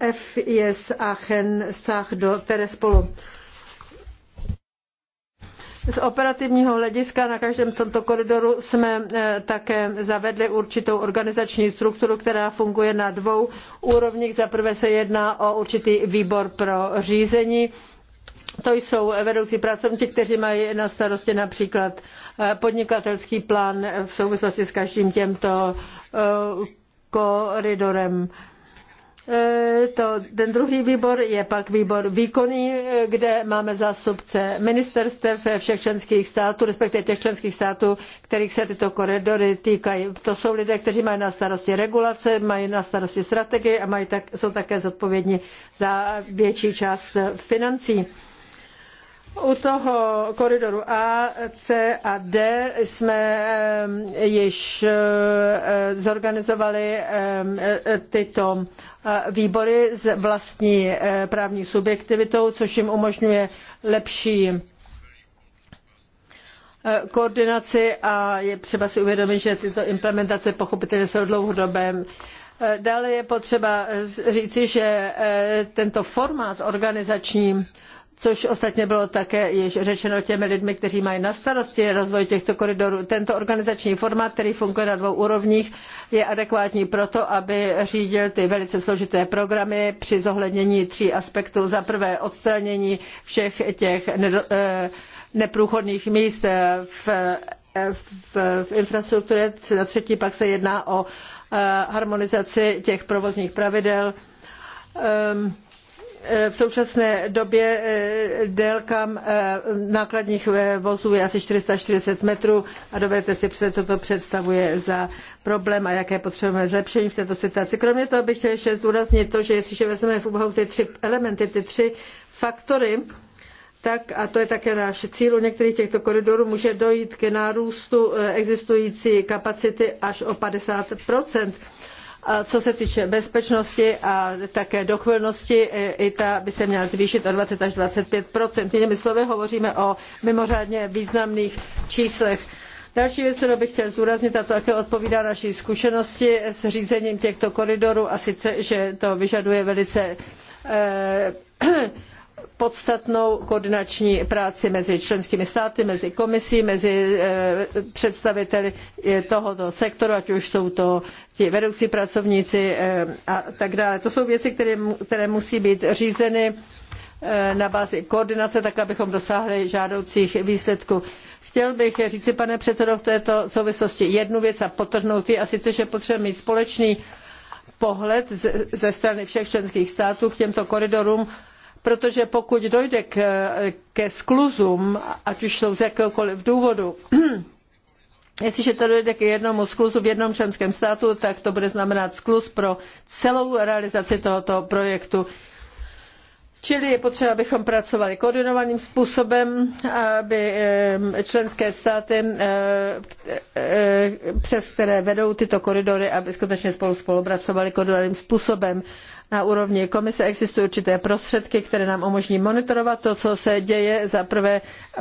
F je z Aachen, Sach do Terespolu. Z operativního hlediska na každém tomto koridoru jsme eh, také zavedli určitou organizační strukturu, která funguje na dvou úrovních. Za prvé se jedná o určitý výbor pro řízení. To jsou vedoucí pracovníci, kteří mají na starosti například eh, podnikatelský plán v souvislosti s každým těmto eh, koridorem. E, to, ten druhý výbor je pak výbor výkonný, e, kde máme zástupce ministerstev všech členských států, respektive těch členských států, kterých se tyto koridory týkají. To jsou lidé, kteří mají na starosti regulace, mají na starosti strategii a mají tak, jsou také zodpovědní za větší část financí. U toho koridoru A, C a D jsme již eh, zorganizovali tyto eh, výbory s vlastní eh, právní subjektivitou, což jim umožňuje lepší koordinaci a je třeba si uvědomit, že tyto implementace pochopitelně jsou dlouhodobé. Dále je potřeba říci, že tento formát organizační což ostatně bylo také již řečeno těmi lidmi, kteří mají na starosti rozvoj těchto koridorů. Tento organizační formát, který funguje na dvou úrovních, je adekvátní proto, aby řídil ty velice složité programy při zohlednění tří aspektů. Za prvé odstranění všech těch eh, neprůchodných míst eh, v eh, v, v infrastruktuře, za třetí pak se jedná o harmonizaci těch provozních pravidel, ehm, Eh, v současné době eh, délka eh, nákladních vozů je asi 440 metrů a dovedete si představit, co to představuje za problém a jaké potřebujeme zlepšení v této situaci. Kromě toho bych chtěl ještě zdůraznit to, že jestliže vezmeme v úvahu ty tři elementy, ty tři faktory, tak, a to je také náš cíl, u některých těchto koridorů může dojít k nárůstu existující kapacity až o 50 co se týče bezpečnosti a také dochvilnosti, i ta by se měla zvýšit o 20 až 25 Jinými slovy, hovoříme o mimořádně významných číslech. Další věc, kterou bych chtěl zúraznit, a to také odpovídá naší zkušenosti s řízením těchto koridorů, a sice, že to vyžaduje velice eh, podstatnou koordinační práci mezi členskými státy, mezi komisí, mezi eh, představiteli eh, tohoto sektoru, ať už jsou to ti vedoucí pracovníci eh, a tak dále. To jsou věci, které, které musí být řízeny na bázi koordinace, tak abychom dosáhli žádoucích výsledků. Chtěl bych říci, pane předsedo, v této souvislosti jednu věc a potrhnout ji, a sice, že potřebujeme mít společný pohled ze strany všech členských států k těmto koridorům protože pokud dojde k, ke skluzům, ať už jsou z jakéhokoliv důvodu, Jestliže to dojde k jednomu skluzu v jednom členském státu, tak to bude znamenat skluz pro celou realizaci tohoto projektu. Čili je potřeba, abychom pracovali koordinovaným způsobem, aby členské státy, přes které vedou tyto koridory, aby skutečně spolu spolupracovali koordinovaným způsobem. Na úrovni komise existují určité prostředky, které nám umožní monitorovat to, co se děje. Za prvé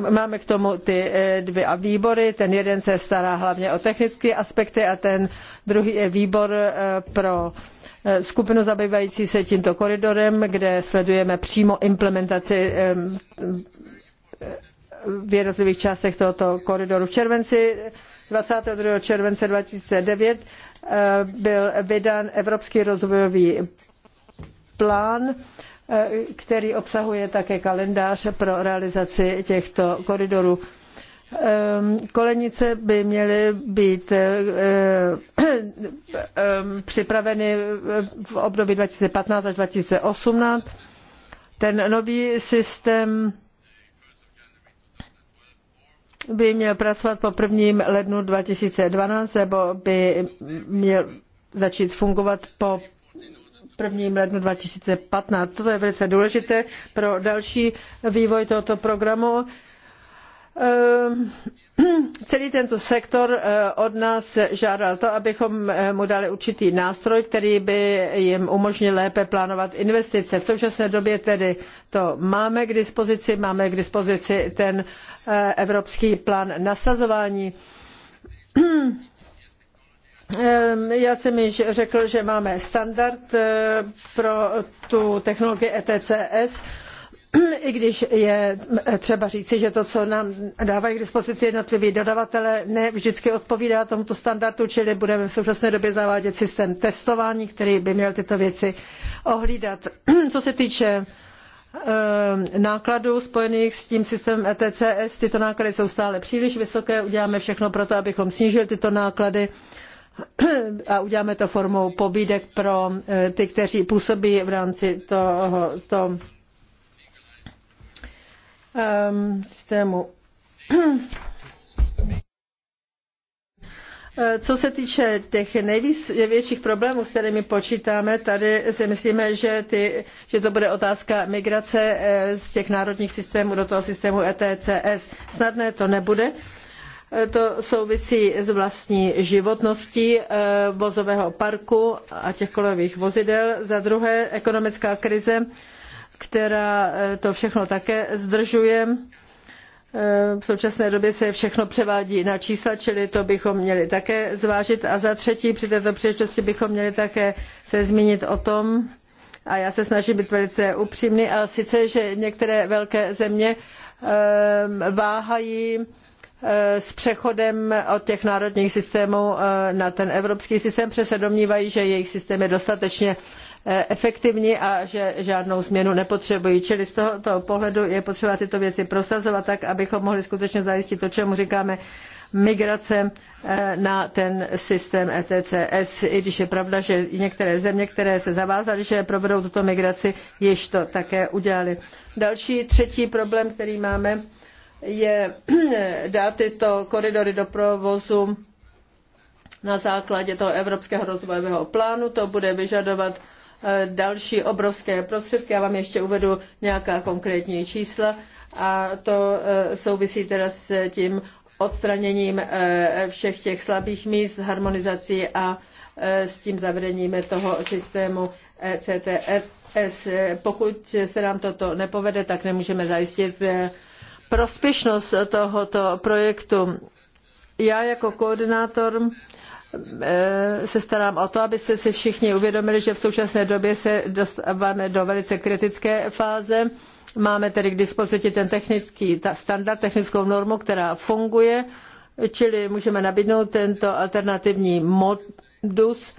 máme k tomu ty eh, dvě výbory. Ten jeden se stará hlavně o technické aspekty a ten druhý je výbor eh, pro eh, skupinu zabývající se tímto koridorem, kde sledujeme přímo implementaci v jednotlivých částech tohoto koridoru. V červenci 22. července 2009 byl vydán Evropský rozvojový plán, eh, který obsahuje také kalendář pro realizaci těchto koridorů. Ehm, Kolenice by měly být eh, eh, ehm, připraveny v období 2015 až 2018. Ten nový systém by měl pracovat po prvním lednu 2012 nebo by měl začít fungovat po 1. lednu 2015. Toto je velice důležité pro další vývoj tohoto programu. Ehm, celý tento sektor eh, od nás žádal to, abychom eh, mu dali určitý nástroj, který by jim umožnil lépe plánovat investice. V současné době tedy to máme k dispozici, máme k dispozici ten eh, evropský plán nasazování Ehm, já jsem již řekl, že máme standard eh, pro tu technologii ETCS, i když je eh, třeba říci, že to, co nám dávají k dispozici jednotliví dodavatele, ne vždycky odpovídá tomuto standardu, čili budeme v současné době zavádět systém testování, který by měl tyto věci ohlídat. Co se týče ehm, nákladů spojených s tím systémem ETCS, tyto náklady jsou stále příliš vysoké, uděláme všechno pro to, abychom snížili tyto náklady a uděláme to formou pobídek pro eh, ty, kteří působí v rámci toho, to um, systému. Eh, co se týče těch největších problémů, s kterými počítáme, tady si myslíme, že, ty, že to bude otázka migrace eh, z těch národních systémů do toho systému ETCS. Snadné to nebude. To souvisí s vlastní životností eh, vozového parku a těch kolejových vozidel. Za druhé, ekonomická krize, která eh, to všechno také zdržuje. Eh, v současné době se všechno převádí na čísla, čili to bychom měli také zvážit. A za třetí, při této příležitosti bychom měli také se zmínit o tom, a já se snažím být velice upřímný, a sice, že některé velké země váhají Eh, s přechodem od těch národních systémů eh, na ten evropský systém, protože se domnívají, že jejich systém je dostatečně eh, efektivní a že žádnou změnu nepotřebují. Čili z tohoto pohledu je potřeba tyto věci prosazovat tak, abychom mohli skutečně zajistit to, čemu říkáme migrace na ten systém ETCS, i když je pravda, že některé země, které se zavázaly, že provedou tuto migraci, již to také udělali. Další třetí problém, který máme, je dát tyto koridory do provozu na základě toho Evropského rozvojového plánu. To bude vyžadovat eh, další obrovské prostředky. Já vám ještě uvedu nějaká konkrétní čísla a to eh, souvisí teda s tím odstraněním eh, všech těch slabých míst, harmonizací a s tím zavedením toho systému e CTFS. Pokud se nám toto nepovede, tak nemůžeme zajistit prospěšnost tohoto projektu. Já jako koordinátor eh, se starám o to, abyste si všichni uvědomili, že v současné době se dostáváme do velice kritické fáze. Máme tedy k dispozici ten technický ta standard, technickou normu, která funguje, čili můžeme nabídnout tento alternativní modus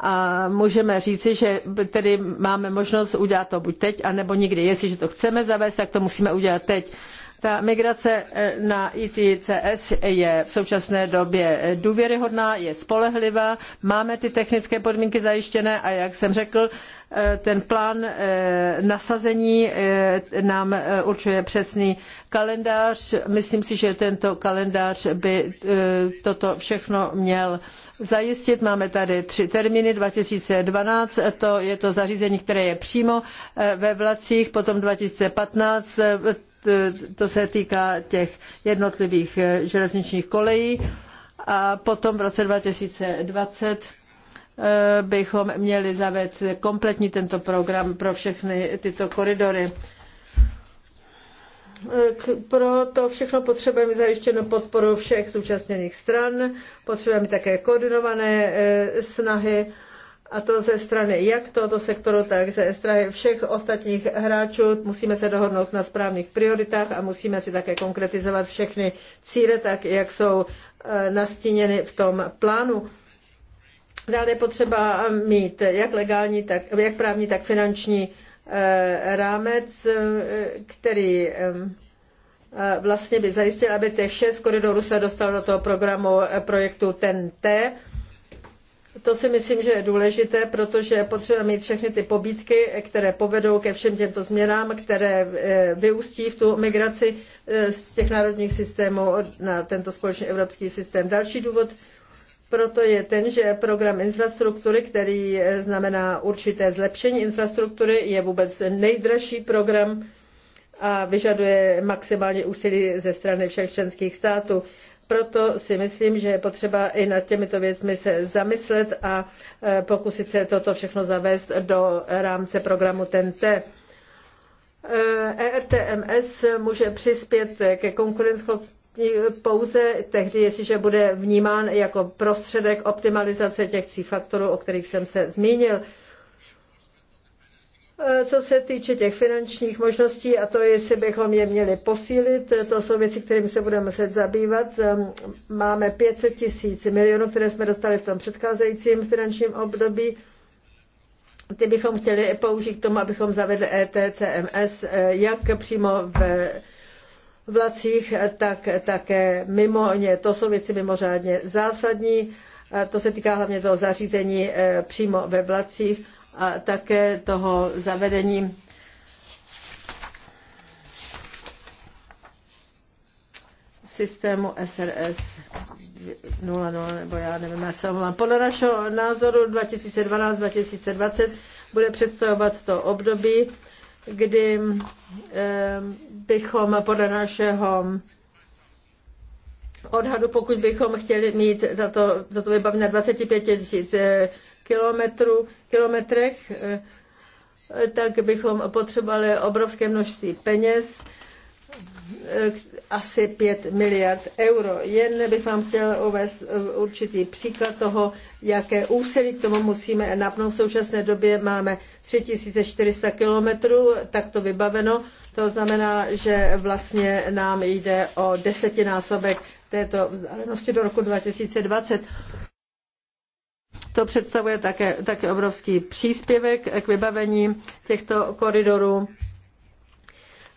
a můžeme říci, že tedy máme možnost udělat to buď teď, anebo nikdy. Jestliže to chceme zavést, tak to musíme udělat teď. Ta migrace eh, na ITCS je v současné době eh, důvěryhodná, je spolehlivá, máme ty technické podmínky zajištěné a jak jsem řekl, eh, ten plán nasazení nám určuje přesný kalendář. Myslím si, že tento kalendář by toto všechno měl zajistit. Máme tady tři termíny, 2012, to je to zařízení, které je přímo ve vlacích, potom 2015, Eh, to se týká těch jednotlivých eh, železničních kolejí. A potom v roce 2020 eh, bychom měli zavést kompletní tento program pro všechny tyto koridory. Pro to všechno potřebujeme zajištěnou podporu všech zúčastněných stran, potřebujeme také koordinované snahy a to ze strany jak tohoto sektoru, tak ze strany všech ostatních hráčů. Musíme se dohodnout na správných prioritách a musíme si také konkretizovat všechny cíle, tak jak jsou eh, nastíněny v tom plánu. Dále je potřeba mít jak legální, tak, jak právní, tak finanční eh, rámec, eh, který vlastně by zajistil, aby těch šest koridorů se dostalo do toho programu projektu TEN-T. To si myslím, že je důležité, protože potřebujeme mít všechny ty pobídky, které povedou ke všem těmto změnám, které eh, vyústí v tu migraci eh, z těch národních systémů na tento společný evropský systém. Další důvod proto je ten, že program infrastruktury, který eh, znamená určité zlepšení infrastruktury, je vůbec nejdražší program a vyžaduje maximální úsilí ze strany všech členských států proto si myslím, že je potřeba i nad těmito věcmi se zamyslet a e, pokusit se toto všechno zavést do rámce programu TNT. ERTMS e může přispět ke konkurenci pouze tehdy, jestliže bude vnímán jako prostředek optimalizace těch tří faktorů, o kterých jsem se zmínil. Eh, co se týče těch finančních možností, a to jestli bychom je měli posílit, eh, to jsou věci, kterými se budeme muset zabývat. Máme 500 tisíc milionů, které jsme dostali v tom předcházejícím finančním období. Ty bychom chtěli použít k tomu, abychom zavedli ETCMS, eh, jak přímo v vlacích, tak také mimo ně. To jsou věci mimořádně zásadní. To se týká hlavně toho zařízení přímo ve vlacích a také toho zavedení systému SRS 00, nebo já nevím, já se omlám. Podle našeho názoru 2012-2020 bude představovat to období, kdy eh, bychom podle našeho odhadu, pokud bychom chtěli mít tato, tato vybavení na 25 tisíc eh, kilometru, kilometrech, eh, tak bychom potřebovali obrovské množství peněz, eh, asi 5 miliard euro. Jen bych vám chtěl uvést eh, určitý příklad toho, jaké úsilí k tomu musíme napnout. V současné době máme 3400 kilometrů takto vybaveno. To znamená, že vlastně nám jde o desetinásobek této vzdálenosti do roku 2020. To představuje také, také obrovský příspěvek k vybavení těchto koridorů,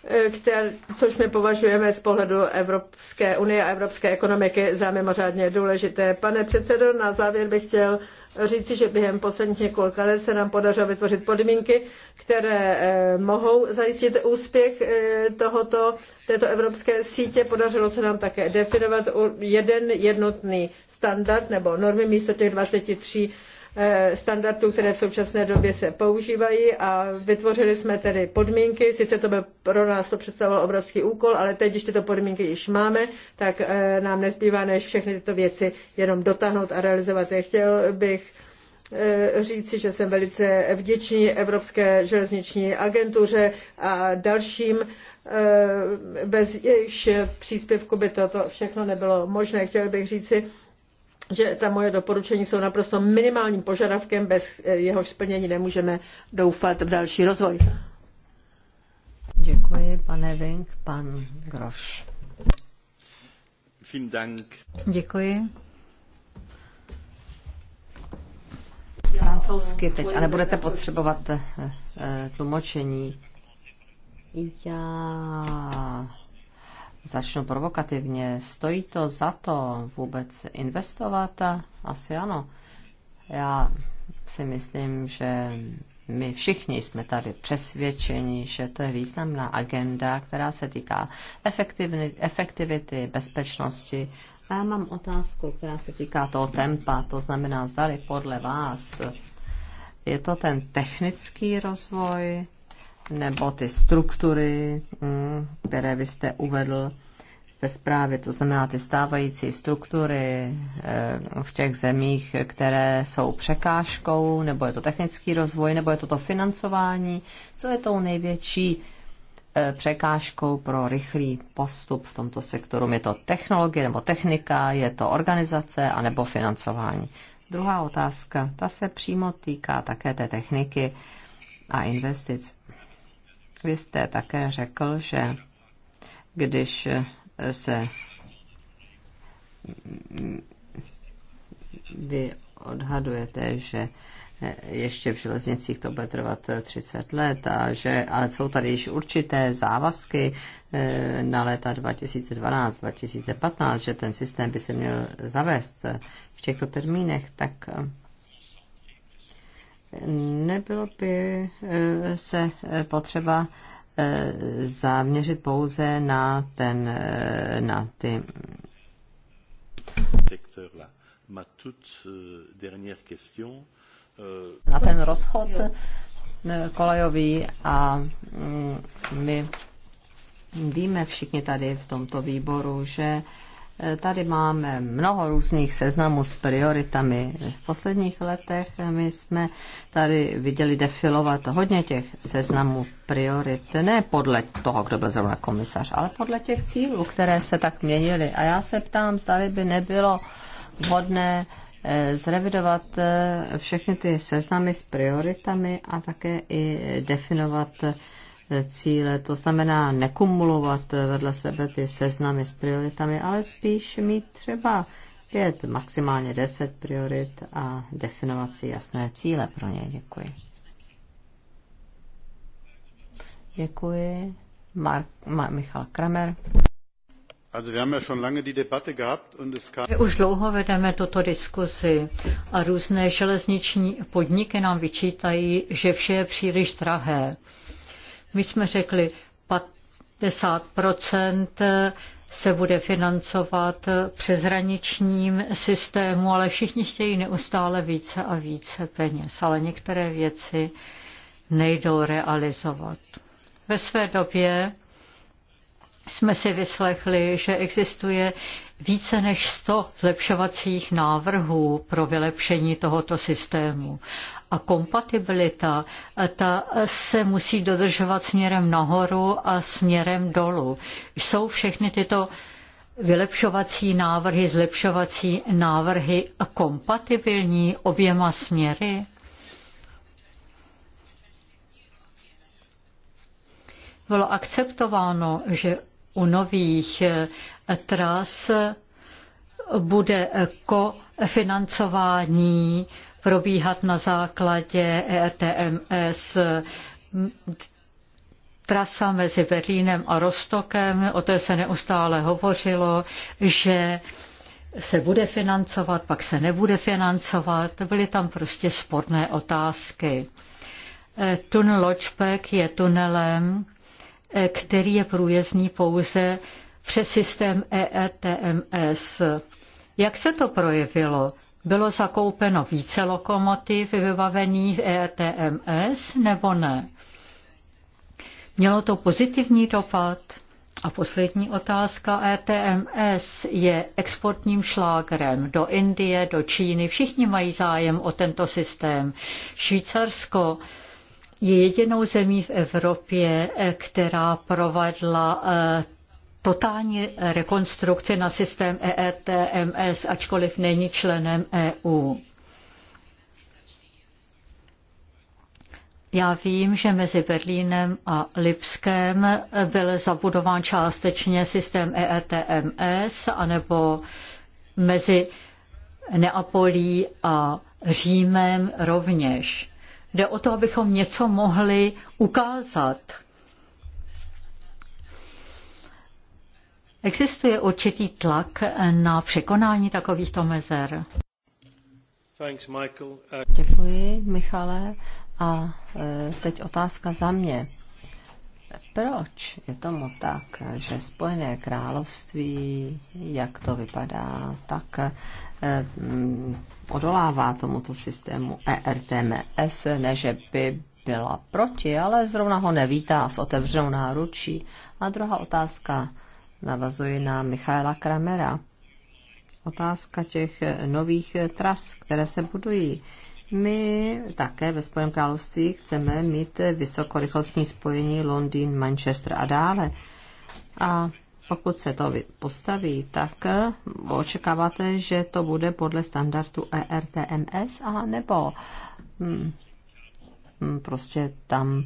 eh, které, což my považujeme z pohledu Evropské unie a evropské ekonomiky za mimořádně důležité. Pane předsedo, na závěr bych chtěl říci, že během posledních několika let se nám podařilo vytvořit podmínky, které eh, mohou zajistit úspěch eh, tohoto, této evropské sítě. Podařilo se nám také definovat jeden jednotný standard nebo normy místo těch 23 eh, standardů, které v současné době se používají a vytvořili jsme tedy podmínky, sice to by pro nás to představovalo obrovský úkol, ale teď, když tyto podmínky již máme, tak eh, nám nezbývá než všechny tyto věci jenom dotáhnout a realizovat Já Chtěl bych eh, říci, že jsem velice vděčný Evropské železniční agentuře a dalším bez jejich příspěvku by toto všechno nebylo možné. Chtěl bych říci, že ta moje doporučení jsou naprosto minimálním požadavkem, bez eh, jehož splnění nemůžeme doufat v další rozvoj. Děkuji, pane Vink, pan Groš. Děkuji. Francouzsky teď, ale budete potřebovat eh, eh, tlumočení. Já začnu provokativně, stojí to za to vůbec investovat? Asi ano. Já si myslím, že my všichni jsme tady přesvědčeni, že to je významná agenda, která se týká efektivity, bezpečnosti. A já mám otázku, která se týká toho tempa, to znamená, zdali podle vás je to ten technický rozvoj, nebo ty struktury, mm, které vy jste uvedl ve zprávě, to znamená ty stávající struktury eh, v těch zemích, které jsou překážkou, nebo je to technický rozvoj, nebo je to to financování, co je tou největší eh, překážkou pro rychlý postup v tomto sektoru. Je to technologie nebo technika, je to organizace a nebo financování. Druhá otázka, ta se přímo týká také té techniky a investic. Vy jste také řekl, že když se vy odhadujete, že ještě v železnicích to bude trvat 30 let, a že, ale jsou tady již určité závazky eh, na léta 2012-2015, že ten systém by se měl zavést v těchto termínech, tak eh, nebylo by eh, se eh, potřeba eh, zaměřit pouze na ten, na ty na ten rozchod kolejový a mm, my víme všichni tady v tomto výboru, že Tady máme mnoho různých seznamů s prioritami. V posledních letech my jsme tady viděli defilovat hodně těch seznamů priorit, ne podle toho, kdo byl zrovna komisař, ale podle těch cílů, které se tak měnily. A já se ptám, zda by nebylo vhodné eh, zrevidovat eh, všechny ty seznamy s prioritami a také i definovat cíle, to znamená nekumulovat vedle sebe ty seznamy s prioritami, ale spíš mít třeba pět, maximálně deset priorit a definovat si jasné cíle pro ně. Děkuji. Děkuji. Mark, Mar- Michal Kramer. Už dlouho vedeme tuto diskusi a různé železniční podniky nám vyčítají, že vše je příliš drahé. My jsme řekli, 50 se bude financovat přeshraničním systému, ale všichni chtějí neustále více a více peněz, ale některé věci nejdou realizovat. Ve své době jsme si vyslechli, že existuje více než 100 zlepšovacích návrhů pro vylepšení tohoto systému a kompatibilita, ta se musí dodržovat směrem nahoru a směrem dolů. Jsou všechny tyto vylepšovací návrhy, zlepšovací návrhy kompatibilní oběma směry? Bylo akceptováno, že u nových eh, tras bude kofinancování probíhat na základě ERTMS trasa mezi Berlínem a Rostokem, o té se neustále hovořilo, že se bude financovat, pak se nebude financovat, byly tam prostě sporné otázky. E, Tunel Ločpek je tunelem, e, který je průjezdný pouze přes systém ERTMS. Jak se to projevilo? Bylo zakoupeno více lokomotiv vybavených ETMS nebo ne? Mělo to pozitivní dopad? A poslední otázka. ETMS je exportním šlágrem do Indie, do Číny. Všichni mají zájem o tento systém. Švýcarsko je jedinou zemí v Evropě, e, která provedla e, totální rekonstrukci na systém EETMS, ačkoliv není členem EU. Já vím, že mezi Berlínem a Lipskem byl zabudován částečně systém EETMS, anebo mezi Neapolí a Římem rovněž. Jde o to, abychom něco mohli ukázat Existuje určitý tlak na překonání takovýchto mezer? Thanks, Michael. Uh, Děkuji, Michale. A e, teď otázka za mě. Proč je tomu tak, že Spojené království, jak to vypadá, tak e, mm, odolává tomuto systému ERTMS, ne že by byla proti, ale zrovna ho nevítá s otevřenou náručí. A druhá otázka, navazuji na Michaela Kramera. Otázka těch nových tras, které se budují. My také ve Spojeném království chceme mít vysokorychlostní spojení Londýn, Manchester a dále. A pokud se to postaví, tak očekáváte, že to bude podle standardu ERTMS a nebo hmm, prostě tam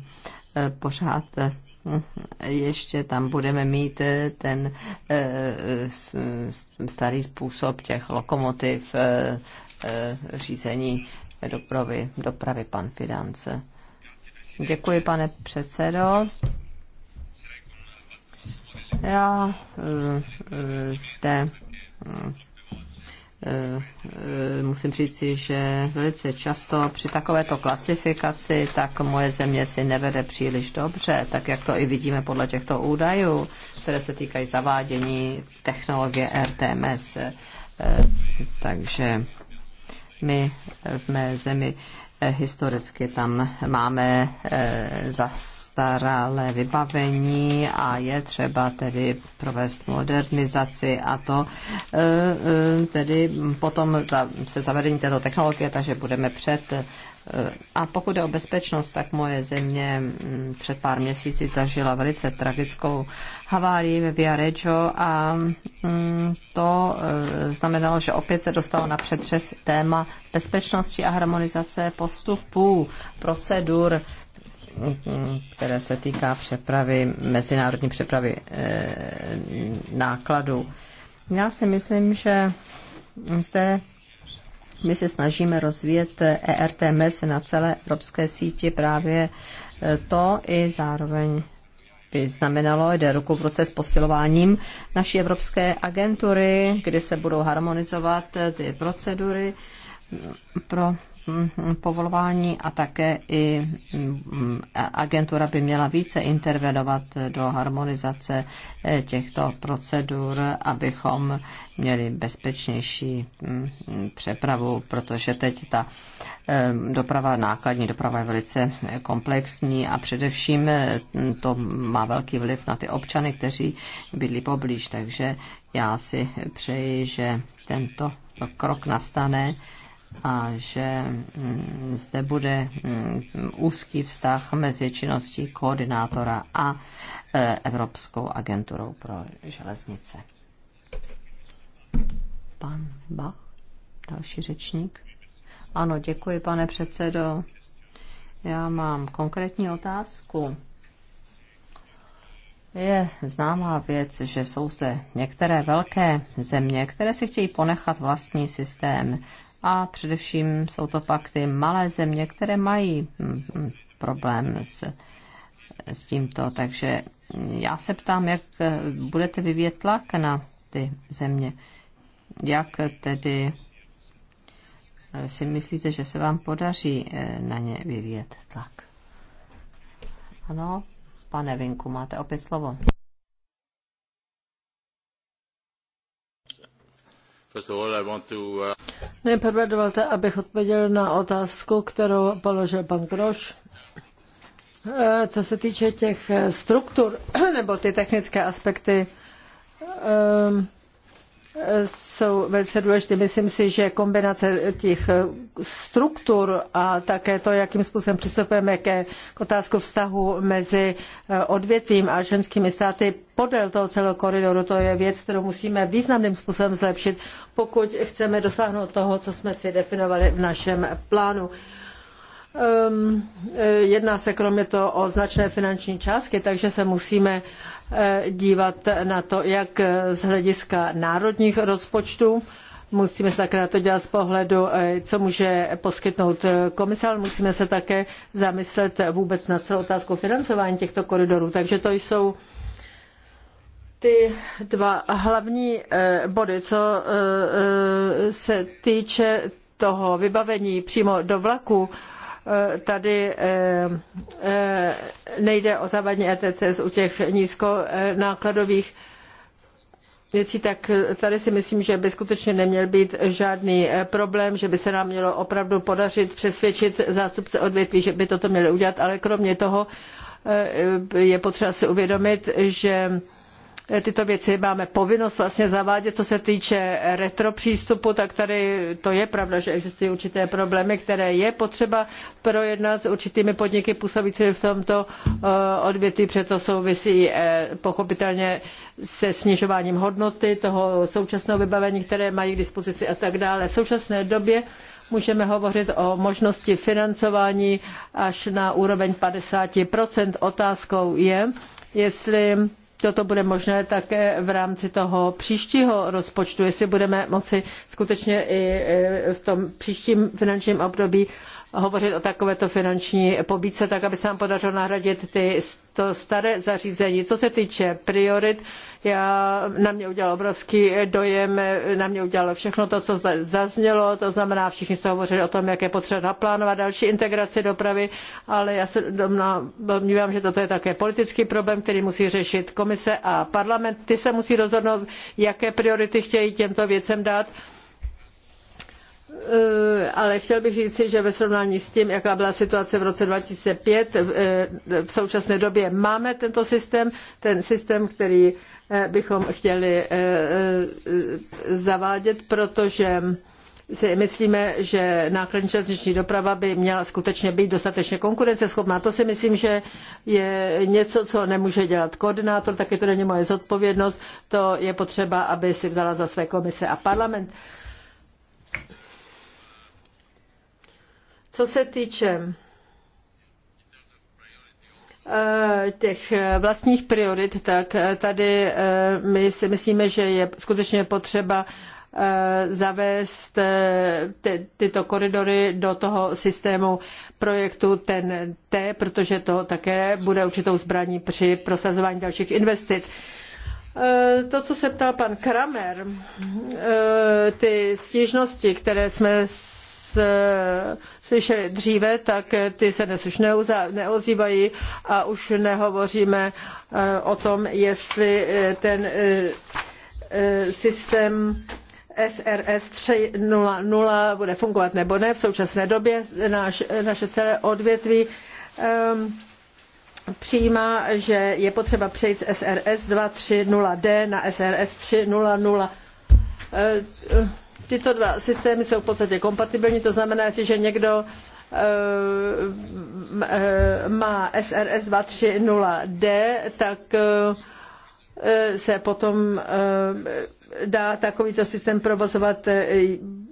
eh, pořád ještě tam budeme mít eh, ten eh, starý způsob těch lokomotiv eh, řízení dopravy, dopravy pan Fidance. Děkuji, pane předsedo. Já zde hm, Eh, eh, musím říci, že velice často při takovéto klasifikaci, tak moje země si nevede příliš dobře, tak jak to i vidíme podle těchto údajů, které se týkají zavádění technologie RTMS. Eh, takže my v mé zemi Eh, historicky tam máme eh, zastaralé vybavení a je třeba tedy provést modernizaci a to eh, tedy potom se zavedení této technologie, takže budeme před a pokud je o bezpečnost, tak moje země mm, před pár měsíci zažila velice tragickou havárii ve Reggio a mm, to e, znamenalo, že opět se dostalo na přetřes téma bezpečnosti a harmonizace postupů, procedur, mm, které se týká přepravy, mezinárodní přepravy e, nákladů. Já si myslím, že zde my se snažíme rozvíjet ERTMS na celé evropské síti právě e, to i zároveň by znamenalo, jde ruku v ruce s posilováním naší evropské agentury, kde se budou harmonizovat e, ty procedury pro Mm, povolování a také i mm, agentura by měla více intervenovat do harmonizace eh, těchto procedur, abychom měli bezpečnější mm, přepravu, protože teď ta eh, doprava, nákladní doprava je velice komplexní a především eh, to má velký vliv na ty občany, kteří bydlí poblíž, takže já si přeji, že tento krok nastane a že mm, zde bude mm, úzký vztah mezi činností koordinátora a e, Evropskou agenturou pro železnice. Pan Bach, další řečník. Ano, děkuji, pane předsedo. Já mám konkrétní otázku. Je známá věc, že jsou zde některé velké země, které si chtějí ponechat vlastní systém a především jsou to pak ty malé země, které mají mm, mm, problém s, s tímto. Takže já se ptám, jak eh, budete vyvíjet tlak na ty země. Jak tedy eh, si myslíte, že se vám podaří eh, na ně vyvíjet tlak? Ano, pane Vinku, máte opět slovo. Uh, Nejprve dovolte, abych odpověděl na otázku, kterou položil pan Groš. Eh, co se týče těch eh, struktur nebo ty technické aspekty, um, jsou velice důležité. Myslím si, že kombinace těch struktur a také to, jakým způsobem přistupujeme ke k otázku vztahu mezi eh, odvětvím a ženskými státy podél toho celého koridoru, to je věc, kterou musíme významným způsobem zlepšit, pokud chceme dosáhnout toho, co jsme si definovali v našem plánu. Ehm, eh, jedná se kromě toho o značné finanční částky, takže se musíme uh, Eh, dívat na to, jak eh, z hlediska národních rozpočtů, musíme se také na to dělat z pohledu, eh, co může poskytnout komise, ale musíme se také zamyslet vůbec nad celou otázkou financování těchto koridorů. Takže to jsou ty dva hlavní body, co se týče toho vybavení přímo do vlaku, Eh, tady eh, eh, nejde o zavadní ETCS u těch nízkonákladových věcí, tak tady si myslím, že by skutečně neměl být žádný problém, že by se nám mělo opravdu podařit přesvědčit zástupce odvětví, že by toto měli udělat, ale kromě toho je potřeba si uvědomit, že tyto věci máme povinnost vlastně zavádět. Co se týče retro přístupu, tak tady to je pravda, že existují určité problémy, které je potřeba projednat s určitými podniky působícími v tomto eh, odvětví, protože to souvisí eh, pochopitelně se snižováním hodnoty toho současného vybavení, které mají k dispozici a tak dále. V současné době můžeme hovořit o možnosti financování až na úroveň 50%. Otázkou je, jestli toto bude možné také v rámci toho příštího rozpočtu, jestli budeme moci skutečně i e, v tom příštím finančním období hovořit o takovéto finanční pobídce, tak aby se nám podařilo nahradit ty to staré zařízení. Co se týče priorit, já, na mě udělal obrovský dojem, na mě udělalo všechno to, co zaznělo, to znamená, všichni se hovořili o tom, jak je potřeba naplánovat další integraci dopravy, ale já se domnívám, že toto je také politický problém, který musí řešit komise a parlament. Ty se musí rozhodnout, jaké priority chtějí těmto věcem dát Eh, ale chtěl bych říci, že ve srovnání s tím, jaká byla situace v roce 2005, eh, v současné době máme tento systém, ten systém, který eh, bychom chtěli zavádět, protože si myslíme, že nákladní železniční doprava by měla skutečně být dostatečně konkurenceschopná. To si myslím, že je něco, co nemůže dělat koordinátor, taky to není moje zodpovědnost. To je potřeba, aby si vzala za své komise a parlament. Co se týče eh, těch vlastních priorit, tak eh, tady eh, my si myslíme, že je skutečně potřeba zavést ty, tyto koridory do toho systému projektu ten T, protože to také bude určitou zbraní při prosazování dalších investic. To, co se ptal pan Kramer, ty stížnosti, které jsme s slyšeli dříve, tak ty se dnes už neozývají a už nehovoříme eh, o tom, jestli eh, ten eh, systém SRS 3.0.0 bude fungovat nebo ne. V současné době naš, naše celé odvětví um, přijímá, že je potřeba přejít z SRS 2.3.0D na SRS 3.0.0. Uh, uh, Tyto dva systémy jsou v podstatě kompatibilní, to znamená, že někdo eh, má SRS 230D, tak eh, se potom eh, dá takovýto systém provozovat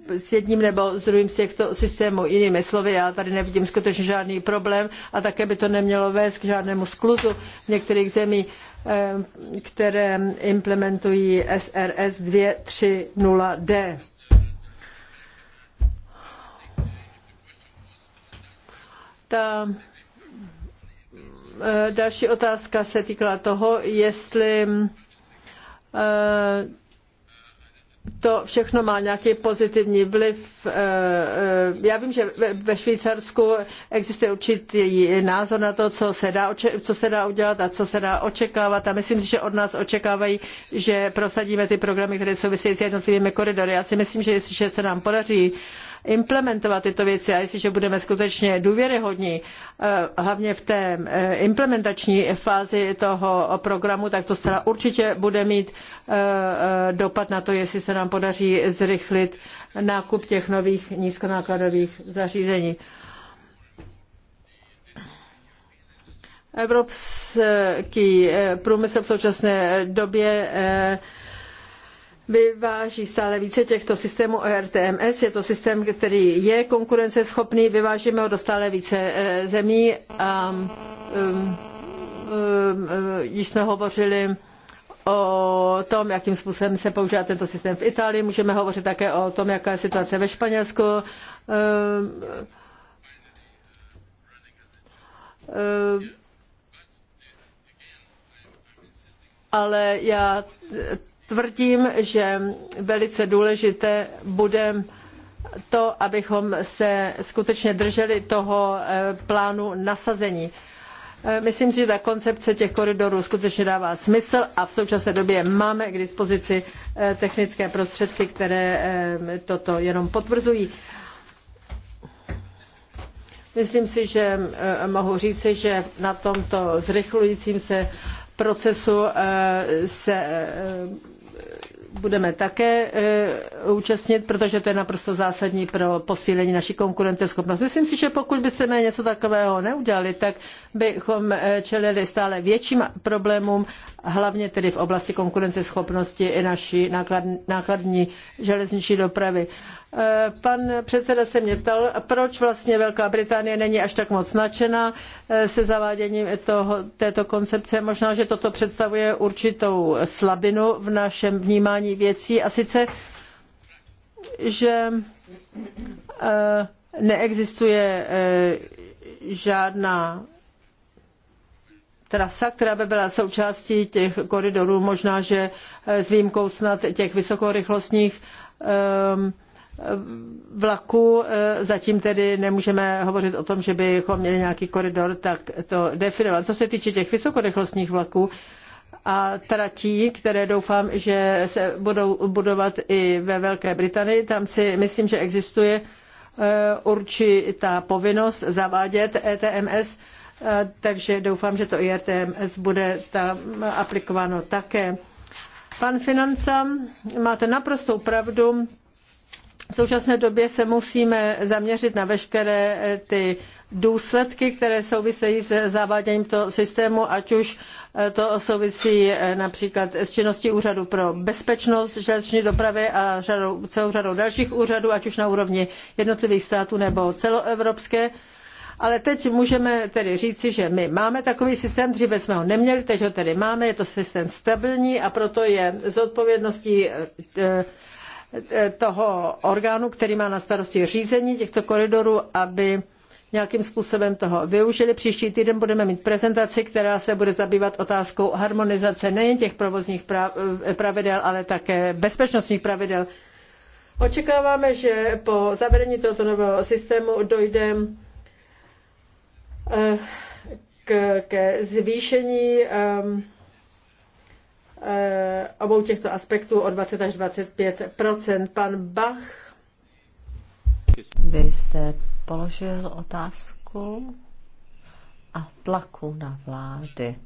s jedním nebo s druhým z těchto systémů. Jinými slovy, já tady nevidím skutečně žádný problém a také by to nemělo vést k žádnému skluzu v některých zemí, které implementují SRS 230D. Ta e, další otázka se týkala toho, jestli e, to všechno má nějaký pozitivní vliv. E, já vím, že ve Švýcarsku existuje určitý názor na to, co se, dá, co se dá udělat a co se dá očekávat. A myslím si, že od nás očekávají, že prosadíme ty programy, které jsou s jednotlivými koridory. Já si myslím, že jestliže se nám podaří implementovat tyto věci a jestliže budeme skutečně důvěryhodní, eh, hlavně v té eh, implementační fázi toho programu, tak to zcela určitě bude mít eh, dopad na to, jestli se nám podaří zrychlit nákup těch nových nízkonákladových zařízení. Evropský průmysl v současné době vyváží stále více těchto systémů ERTMS. Je to systém, který je konkurenceschopný, vyvážíme ho do stále více eh, zemí. A, um, již jsme hovořili o tom, jakým způsobem se používá tento systém v Itálii. Můžeme hovořit také o tom, jaká je situace ve Španělsku. Eh, eh, ale já tvrdím, že velice důležité bude to, abychom se skutečně drželi toho eh, plánu nasazení. Eh, myslím si, že ta koncepce těch koridorů skutečně dává smysl a v současné době máme k dispozici eh, technické prostředky, které toto jenom potvrzují. Myslím si, že mohu říci, že na tomto zrychlujícím se procesu se budeme také e, účastnit, protože to je naprosto zásadní pro posílení naší konkurenceschopnosti. Myslím si, že pokud byste něco takového neudělali, tak bychom e, čelili stále větším problémům, hlavně tedy v oblasti konkurenceschopnosti i naší nákladní železniční dopravy. Eh, pan předseda se mě ptal, proč vlastně Velká Británie není až tak moc nadšená eh, se zaváděním toho, této koncepce. Možná, že toto představuje určitou slabinu v našem vnímání věcí a sice, že eh, neexistuje žádná trasa, která by byla součástí těch koridorů, možná, že s výjimkou snad těch vysokorychlostních um, vlaku. Eh, zatím tedy nemůžeme hovořit o tom, že bychom měli nějaký koridor, tak to definovat. Co se týče těch vysokorychlostních vlaků, a tratí, které doufám, že se budou budovat i ve Velké Británii. Tam si myslím, že existuje eh, určitá povinnost zavádět ETMS, eh, takže doufám, že to i e ETMS bude tam aplikováno také. Pan Financa, máte naprostou pravdu, v současné době se musíme zaměřit na veškeré eh, ty důsledky, které souvisejí s zaváděním toho systému, ať už eh, to souvisí eh, například s činností Úřadu pro bezpečnost železniční dopravy a řadou, celou řadou dalších úřadů, ať už na úrovni jednotlivých států nebo celoevropské. Ale teď můžeme tedy říci, že my máme takový systém, dříve jsme ho neměli, teď ho tedy máme, je to systém stabilní a proto je zodpovědností odpovědností Eh, toho orgánu, který má na starosti řízení těchto koridorů, aby nějakým způsobem toho využili. Příští týden budeme mít prezentaci, která se bude zabývat otázkou harmonizace nejen těch provozních eh, pravidel, ale také bezpečnostních pravidel. Očekáváme, že po zavedení tohoto nového systému dojde eh, k, ke zvýšení um, Eh, obou těchto aspektů o 20 až 25 Pan Bach. Vy jste položil otázku a tlaku na vlády.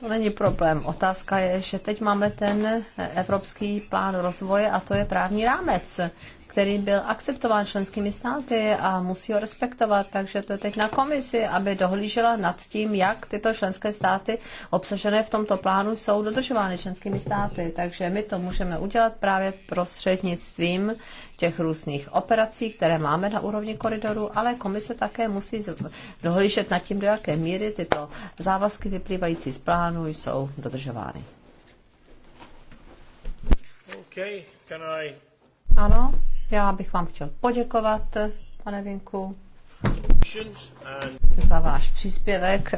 To není problém. Otázka je, že teď máme ten evropský plán rozvoje a to je právní rámec který byl akceptován členskými státy a musí ho respektovat. Takže to je teď na komisi, aby dohlížela nad tím, jak tyto členské státy obsažené v tomto plánu jsou dodržovány členskými státy. Takže my to můžeme udělat právě prostřednictvím těch různých operací, které máme na úrovni koridoru, ale komise také musí dohlížet nad tím, do jaké míry tyto závazky vyplývající z plánu jsou dodržovány. Okay, can I... Ano. Já bych vám chtěl poděkovat, pane Vinku, za váš příspěvek.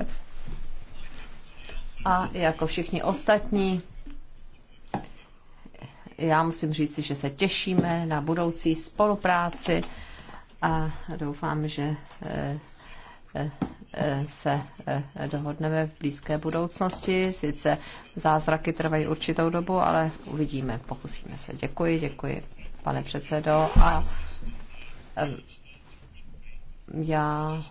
A jako všichni ostatní, já musím říci, že se těšíme na budoucí spolupráci a doufám, že eh, eh, se eh, dohodneme v blízké budoucnosti. Sice zázraky trvají určitou dobu, ale uvidíme, pokusíme se. Děkuji, děkuji pane předsedo, a já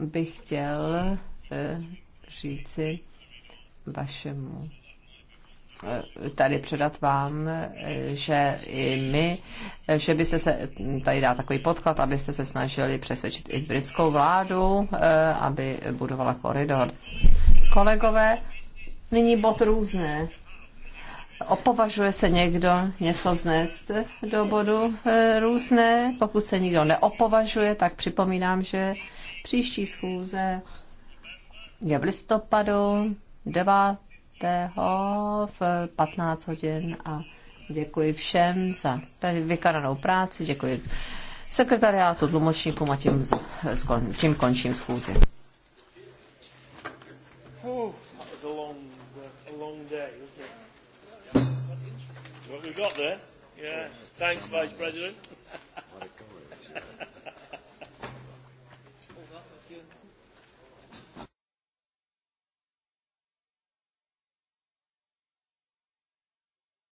bych chtěl e, říci vašemu e, tady předat vám, e, že i my, že byste se, tady dá takový podklad, abyste se snažili přesvědčit i britskou vládu, aby budovala koridor. Kolegové, nyní bod různé opovažuje se někdo něco vznést do bodu eh, různé. Pokud se nikdo neopovažuje, tak připomínám, že příští schůze je v listopadu 9. v 15 hodin a děkuji všem za vykonanou práci, děkuji sekretariátu, tlumočníkům a tím, tím končím schůzi. Oh. got there. Yeah. Thanks, Vice President.